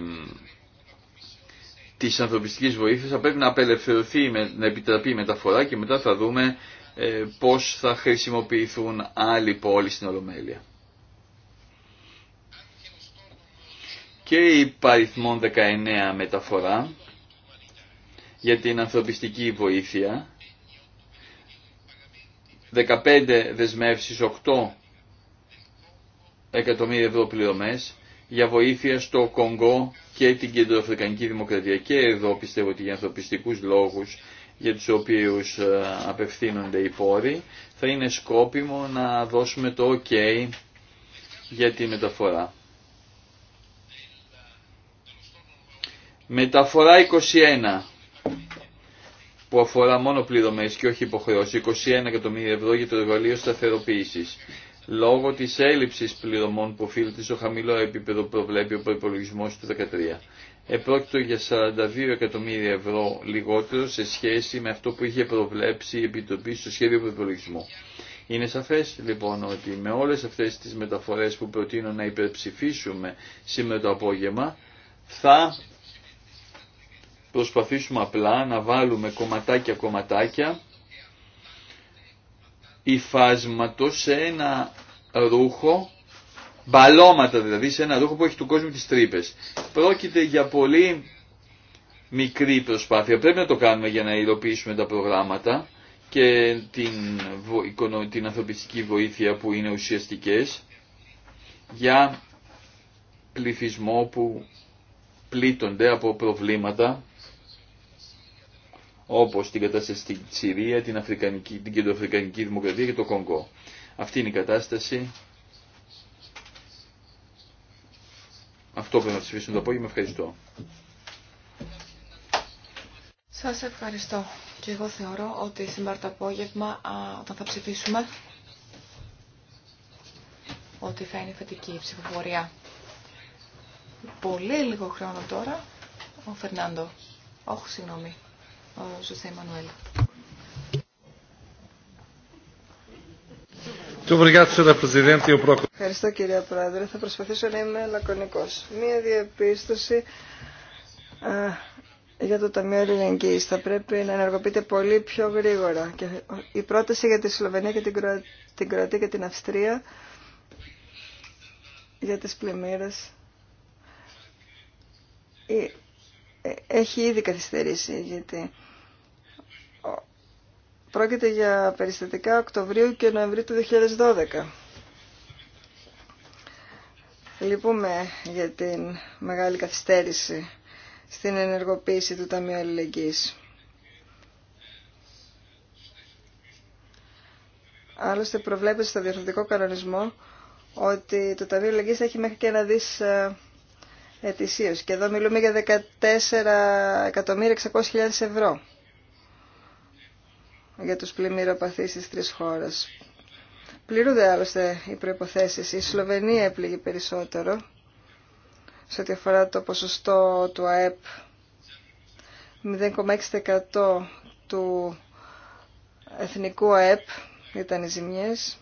Speaker 3: της ανθρωπιστικής βοήθειας θα πρέπει να απελευθερωθεί, να επιτραπεί η μεταφορά και μετά θα δούμε ε, πώς θα χρησιμοποιηθούν άλλοι πόλεις στην Ολομέλεια. Και η παριθμόν 19 μεταφορά για την ανθρωπιστική βοήθεια 15 δεσμεύσεις 8 εκατομμύρια ευρώ πληρωμές για βοήθεια στο Κονγκό και την Κεντροαφρικανική Δημοκρατία. Και εδώ πιστεύω ότι για ανθρωπιστικούς λόγους για τους οποίους ε, απευθύνονται οι πόροι, θα είναι σκόπιμο να δώσουμε το OK για τη μεταφορά. Μεταφορά 21 που αφορά μόνο πληρωμές και όχι υποχρεώσει, 21 εκατομμύρια ευρώ για το εργαλείο σταθεροποίησης. Λόγω της έλλειψης πληρωμών που οφείλεται στο χαμηλό επίπεδο προβλέπει ο προπολογισμό του 2013. Επρόκειτο για 42 εκατομμύρια ευρώ λιγότερο σε σχέση με αυτό που είχε προβλέψει η Επιτροπή στο σχέδιο προπολογισμού. Είναι σαφές λοιπόν ότι με όλες αυτές τις μεταφορές που προτείνω να υπερψηφίσουμε σήμερα το απόγευμα θα προσπαθήσουμε απλά να βάλουμε κομματάκια κομματάκια υφάσματο σε ένα ρούχο μπαλώματα δηλαδή σε ένα ρούχο που έχει του κόσμου τις τρύπε. Πρόκειται για πολύ μικρή προσπάθεια. Πρέπει να το κάνουμε για να υλοποιήσουμε τα προγράμματα και την, την ανθρωπιστική βοήθεια που είναι ουσιαστικές για πληθυσμό που πλήττονται από προβλήματα όπως την κατάσταση στην Συρία, την, Αφρικανική, την Κεντροαφρικανική Δημοκρατία και το Κονγκό. Αυτή είναι η κατάσταση Αυτό πρέπει να ψηφίσουν το απόγευμα. Ευχαριστώ.
Speaker 2: Σας ευχαριστώ. Και εγώ θεωρώ ότι σήμερα το απόγευμα, α, όταν θα ψηφίσουμε, ότι θα είναι θετική η ψηφοφορία. Πολύ λίγο χρόνο τώρα, ο Φερνάντο. Όχι, συγγνώμη, ο Ζωσέ Μανουέλ.
Speaker 1: Ευχαριστώ κύριε Πρόεδρε. Θα προσπαθήσω να είμαι λακωνικός. Μία διαπίστωση για το Ταμείο ελληνική. Θα πρέπει να ενεργοποιείται πολύ πιο γρήγορα. η πρόταση για τη Σλοβενία και την, Κροατία και την Αυστρία για τις πλημμύρες ε, ε, έχει ήδη καθυστερήσει γιατί Πρόκειται για περιστατικά Οκτωβρίου και Νοεμβρίου του 2012. Λυπούμε για την μεγάλη καθυστέρηση στην ενεργοποίηση του Ταμείου Αλληλεγγύης. Άλλωστε προβλέπεται στο διορθωτικό κανονισμό ότι το Ταμείο Αλληλεγγύης έχει μέχρι και ένα δις ε, ετησίως. Και εδώ μιλούμε για 14.600.000 ευρώ για τους πλημμυροπαθείς στις τρεις χώρες. Πληρούνται άλλωστε οι προϋποθέσεις. Η Σλοβενία έπληγε περισσότερο σε ό,τι αφορά το ποσοστό του ΑΕΠ 0,6% του εθνικού ΑΕΠ ήταν οι ζημιές.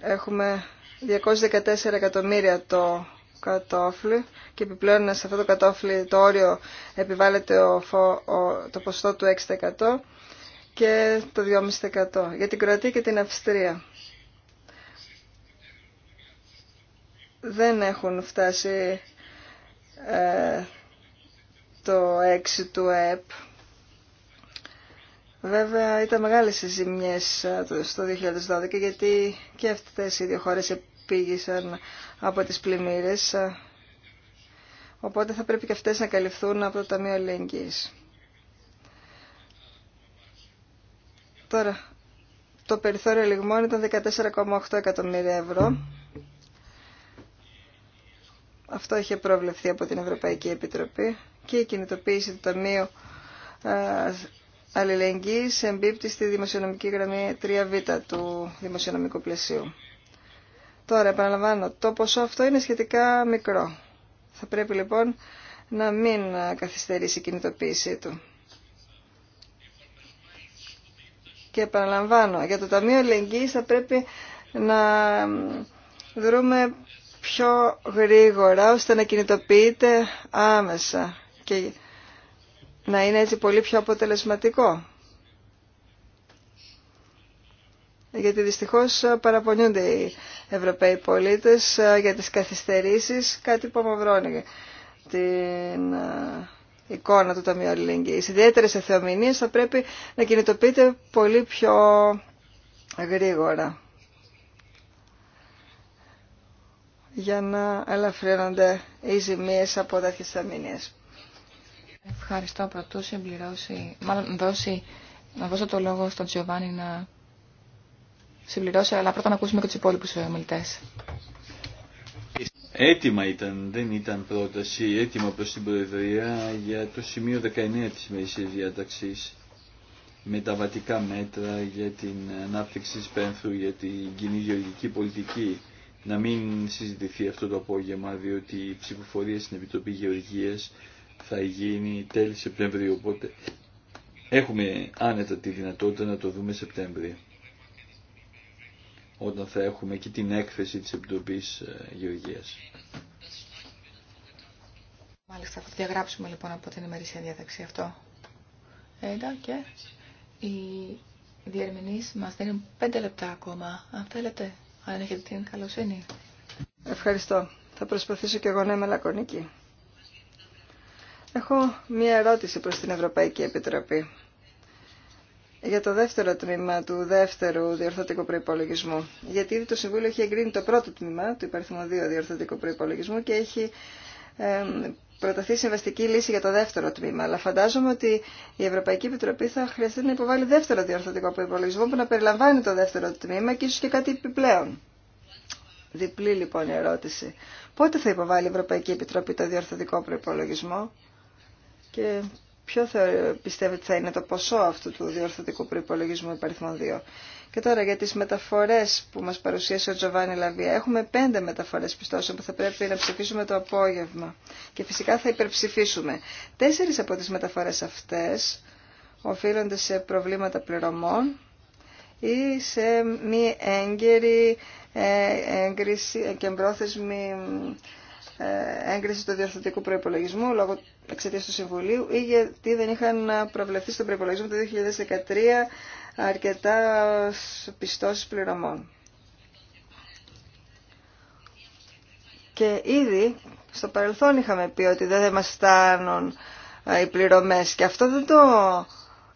Speaker 1: Έχουμε 214 εκατομμύρια το κατόφλι και επιπλέον σε αυτό το κατόφλι το όριο επιβάλλεται το ποστό του 6% και το 2,5% για την Κροατία και την Αυστρία. Δεν έχουν φτάσει ε, το 6 του ΕΠ. Βέβαια ήταν μεγάλες οι ζημιές ε, στο 2012 γιατί και αυτές οι δύο χώρες πήγησαν από τις πλημμύρες, οπότε θα πρέπει και αυτές να καλυφθούν από το Ταμείο Αλληλεγγύης. Τώρα, το περιθώριο λιγμών ήταν 14,8 εκατομμύρια ευρώ. Αυτό είχε προβλεφθεί από την Ευρωπαϊκή Επιτροπή και η κινητοποίηση του Ταμείου ε, Αλληλεγγύης εμπίπτει στη δημοσιονομική γραμμή 3β του δημοσιονομικού πλαισίου. Τώρα, επαναλαμβάνω, το ποσό αυτό είναι σχετικά μικρό. Θα πρέπει λοιπόν να μην καθυστερήσει η κινητοποίησή του. Και επαναλαμβάνω, για το Ταμείο Ελεγγύης θα πρέπει να δρούμε πιο γρήγορα, ώστε να κινητοποιείται άμεσα και να είναι έτσι πολύ πιο αποτελεσματικό. Γιατί δυστυχώς παραπονιούνται οι Ευρωπαίοι πολίτες ε, για τις καθυστερήσεις, κάτι που αμαυρώνει την ε, εικόνα του Ταμείου Αλληλεγγύης. Ιδιαίτερες εθεομηνίες θα πρέπει να κινητοποιείται πολύ πιο γρήγορα για να ελαφρύνονται οι ζημίες από τέτοιες εθεομηνίες.
Speaker 2: Ευχαριστώ πρωτού συμπληρώσει, μάλλον δώσει, να δώσω το λόγο στον Τζιωβάνι να συμπληρώσει, αλλά πρώτα να ακούσουμε και του υπόλοιπου ε, ομιλητέ.
Speaker 3: Έτοιμα ήταν, δεν ήταν πρόταση, έτοιμα προς την Προεδρία για το σημείο 19 της με Διάταξης βατικά μέτρα για την ανάπτυξη της Πένθου, για την κοινή γεωργική πολιτική. Να μην συζητηθεί αυτό το απόγευμα, διότι η ψηφοφορία στην Επιτροπή Γεωργίας θα γίνει τέλη Σεπτεμβρίου, οπότε έχουμε άνετα τη δυνατότητα να το δούμε Σεπτέμβριο όταν θα έχουμε και την έκθεση της Επιτροπής ε, Γεωργίας.
Speaker 2: Μάλιστα, θα το διαγράψουμε λοιπόν από την ημερήσια διάταξη αυτό. Έντα και οι διερμηνείς μας δίνουν πέντε λεπτά ακόμα, αν θέλετε, αν έχετε την καλοσύνη.
Speaker 1: Ευχαριστώ. Θα προσπαθήσω και εγώ να είμαι λακωνική.
Speaker 2: Έχω μία
Speaker 1: ερώτηση προς την Ευρωπαϊκή Επιτροπή για το δεύτερο τμήμα του δεύτερου διορθωτικού προπολογισμού, Γιατί ήδη το Συμβούλιο έχει εγκρίνει το πρώτο τμήμα του υπαριθμού 2 διορθωτικού προπολογισμού και έχει ε, προταθεί συμβαστική λύση για το δεύτερο τμήμα. Αλλά φαντάζομαι ότι η Ευρωπαϊκή Επιτροπή θα χρειαστεί να υποβάλει δεύτερο διορθωτικό προπολογισμό που να περιλαμβάνει το δεύτερο τμήμα και ίσω και κάτι επιπλέον. Διπλή λοιπόν η ερώτηση. Πότε θα υποβάλει η Ευρωπαϊκή Επιτροπή το διορθωτικό προπολογισμό. και Ποιο πιστεύετε θα είναι το ποσό αυτού του διορθωτικού προπολογισμού υπαριθμών 2. Και τώρα για τις μεταφορές που μας παρουσίασε ο Τζοβάνι Λαβία. Έχουμε πέντε μεταφορές πιστώσεων που θα πρέπει να ψηφίσουμε το απόγευμα. Και φυσικά θα υπερψηφίσουμε. Τέσσερις από τις μεταφορές αυτές οφείλονται σε προβλήματα πληρωμών ή σε μη έγκαιρη ε, έγκριση ε, και εμπρόθεσμη ε, έγκριση του διορθωτικού προπολογισμού λόγω εξαιτία του Συμβουλίου ή γιατί δεν είχαν προβλεφθεί στον προπολογισμό το 2013 αρκετά πιστώσει πληρωμών. Και ήδη στο παρελθόν είχαμε πει ότι δεν μας φτάνουν ε, οι πληρωμές και αυτό δεν το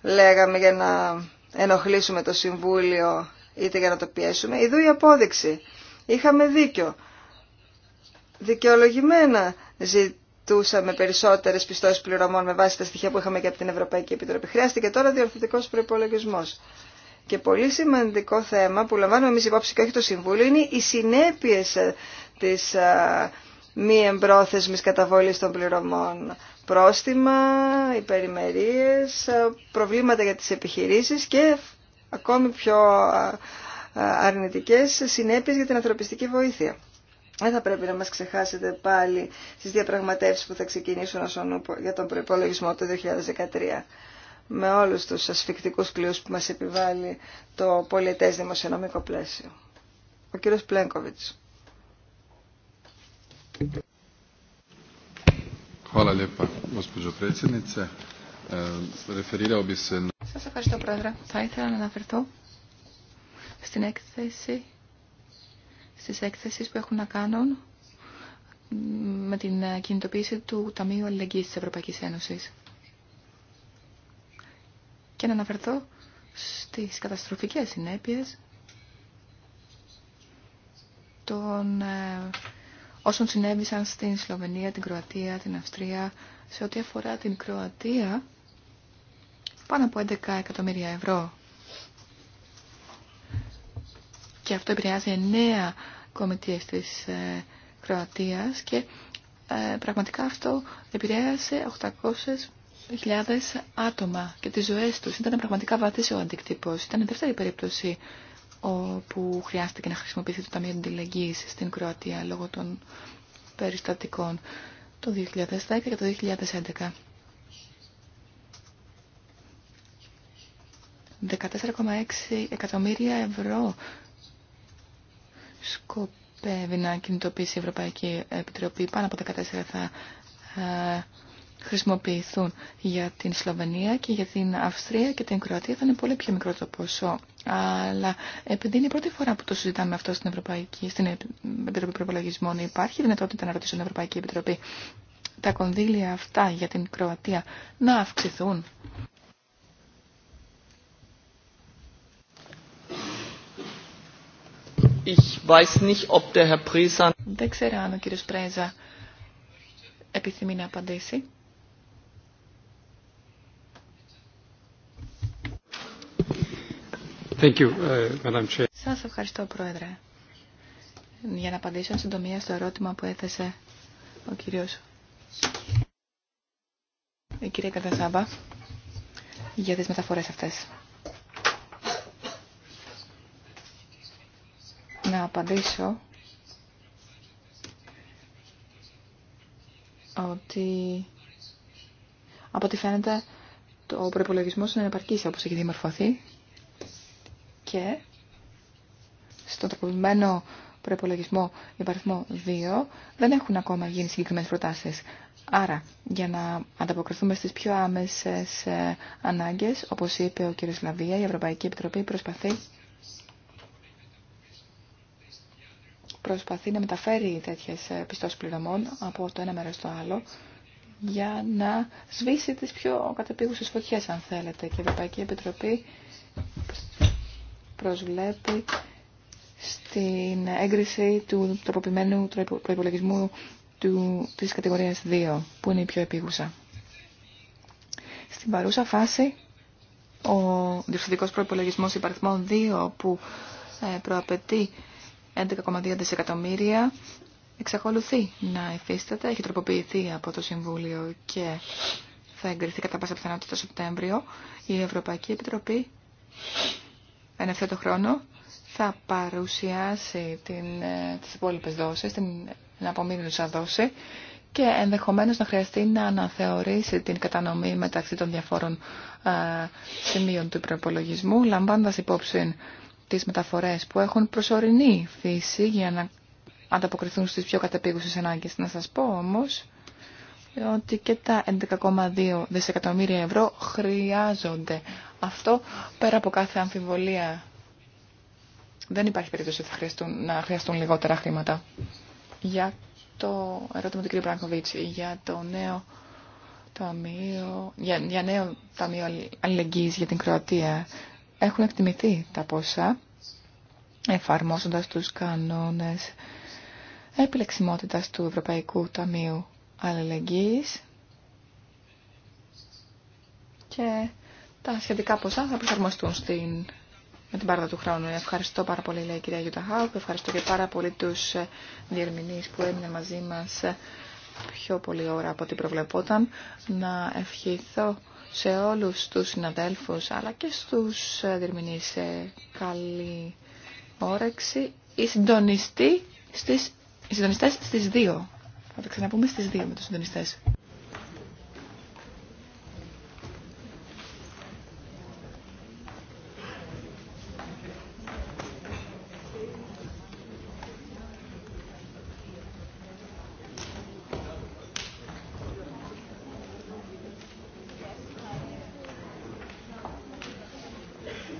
Speaker 1: λέγαμε για να ενοχλήσουμε το Συμβούλιο είτε για να το πιέσουμε. Ιδού η απόδειξη. Είχαμε δίκιο δικαιολογημένα ζητούσαμε περισσότερες πιστώσεις πληρωμών με βάση τα στοιχεία που είχαμε και από την Ευρωπαϊκή Επιτροπή. Χρειάστηκε τώρα διορθωτικός προϋπολογισμός. Και πολύ σημαντικό θέμα που λαμβάνουμε εμείς υπόψη και όχι το Συμβούλιο είναι οι συνέπειες ε, της ε, μη εμπρόθεσμης καταβολής των πληρωμών. Πρόστιμα, υπερημερίες, ε, προβλήματα για τις επιχειρήσεις και ακόμη πιο αρνητικές συνέπειες για την ανθρωπιστική βοήθεια. Δεν θα πρέπει να μας ξεχάσετε πάλι στις διαπραγματεύσεις που θα ξεκινήσουν όσον για τον προϋπολογισμό του 2013 με όλους τους ασφικτικούς κλειούς που μας επιβάλλει το πολιτές δημοσιονομικό πλαίσιο. Ο κύριος Πλένκοβιτς.
Speaker 3: Ε,
Speaker 2: Σας ευχαριστώ, Πρόεδρε. Θα ήθελα να αναφερθώ στην έκθεση στις έκθεσεις που έχουν να κάνουν με την κινητοποίηση του Ταμείου Αλληλεγγύης της Ευρωπαϊκής Ένωσης. Και να αναφερθώ στις καταστροφικές συνέπειες των ε, όσων συνέβησαν στην Σλοβενία, την Κροατία, την Αυστρία. Σε ό,τι αφορά την Κροατία, πάνω από 11 εκατομμύρια ευρώ και αυτό επηρεάζει εννέα κομιτείες της ε, Κροατίας και ε, πραγματικά αυτό επηρέασε 800.000 άτομα και τις ζωές τους. Ήταν πραγματικά βαθύς ο αντικτύπος. Ήταν η δεύτερη περίπτωση όπου χρειάστηκε να χρησιμοποιηθεί το Ταμείο Αντιλεγγύης στην Κροατία λόγω των περιστατικών το 2010 και το 2011. 14,6 εκατομμύρια ευρώ σκοπεύει να κινητοποιήσει η Ευρωπαϊκή Επιτροπή. Πάνω από 14 θα ε, χρησιμοποιηθούν για την Σλοβενία και για την Αυστρία και την Κροατία θα είναι πολύ πιο μικρό το ποσό. Αλλά επειδή είναι η πρώτη φορά που το συζητάμε αυτό στην Ευρωπαϊκή, στην Επιτροπή Προπολογισμών, υπάρχει δυνατότητα να ρωτήσω την Ευρωπαϊκή Επιτροπή τα κονδύλια αυτά για την Κροατία να αυξηθούν. Δεν ξέρω αν ο κύριος Πρέζα επιθυμεί να απαντήσει.
Speaker 4: Thank uh,
Speaker 2: Σας ευχαριστώ, Πρόεδρε. Για να απαντήσω συντομία στο ερώτημα που έθεσε ο κύριος η κυρία Κατασάμπα για τις μεταφορές αυτές. απαντήσω ότι από ό,τι φαίνεται το προπολογισμό είναι επαρκή όπως έχει δημορφωθεί και στον τροποποιημένο προπολογισμό υπαριθμό 2 δεν έχουν ακόμα γίνει συγκεκριμένες προτάσεις. Άρα, για να ανταποκριθούμε στις πιο άμεσες ε, ανάγκες, όπως είπε ο κ. Λαβία η Ευρωπαϊκή Επιτροπή προσπαθεί προσπαθεί να μεταφέρει τέτοιες ε, πιστώσεις πληρωμών από το ένα μέρος στο άλλο για να σβήσει τις πιο κατεπίγουσες φωτιές αν θέλετε και η Ευρωπαϊκή Επιτροπή προσβλέπει στην έγκριση του τροποποιημένου προϋπολογισμού της κατηγορίας 2 που είναι η πιο επίγουσα. Στην παρούσα φάση ο διευθυντικός προϋπολογισμός υπαριθμών 2 που ε, προαπαιτεί 11,2 δισεκατομμύρια εξακολουθεί να υφίσταται, έχει τροποποιηθεί από το Συμβούλιο και θα εγκριθεί κατά πάσα πιθανότητα το Σεπτέμβριο. Η Ευρωπαϊκή Επιτροπή εν το χρόνο θα παρουσιάσει την, ε, τις υπόλοιπες δόσεις, την, απομείνουσα δόση και ενδεχομένως να χρειαστεί να αναθεωρήσει την κατανομή μεταξύ των διαφόρων ε, σημείων του προπολογισμού, λαμβάνοντας υπόψη τις μεταφορές που έχουν προσωρινή φύση για να ανταποκριθούν στις πιο κατεπίγουσες ανάγκες. Να σας πω όμως ότι και τα 11,2 δισεκατομμύρια ευρώ χρειάζονται. Αυτό πέρα από κάθε αμφιβολία δεν υπάρχει περίπτωση θα χρειαστούν, να χρειαστούν λιγότερα χρήματα. Για το ερώτημα του κ. Μπρανκοβίτς, για το νέο ταμείο, για, για νέο ταμείο αλληλεγγύης για την Κροατία έχουν εκτιμηθεί τα ποσά εφαρμόζοντας τους κανόνες επιλεξιμότητας του Ευρωπαϊκού Ταμείου Αλληλεγγύης και τα σχετικά ποσά θα προσαρμοστούν στην... με την πάρδα του χρόνου. Ευχαριστώ πάρα πολύ, λέει η κυρία Γιούτα Ευχαριστώ και πάρα πολύ τους ε, διερμηνείς που έμειναν μαζί μας ε, πιο πολύ ώρα από ό,τι προβλεπόταν. Να ευχηθώ σε όλους τους συναδέλφους αλλά και στους ε, σε καλή όρεξη. Οι, συντονιστές στις, οι συντονιστές στις 2. Θα τα ξαναπούμε στις δύο με τους συντονιστές.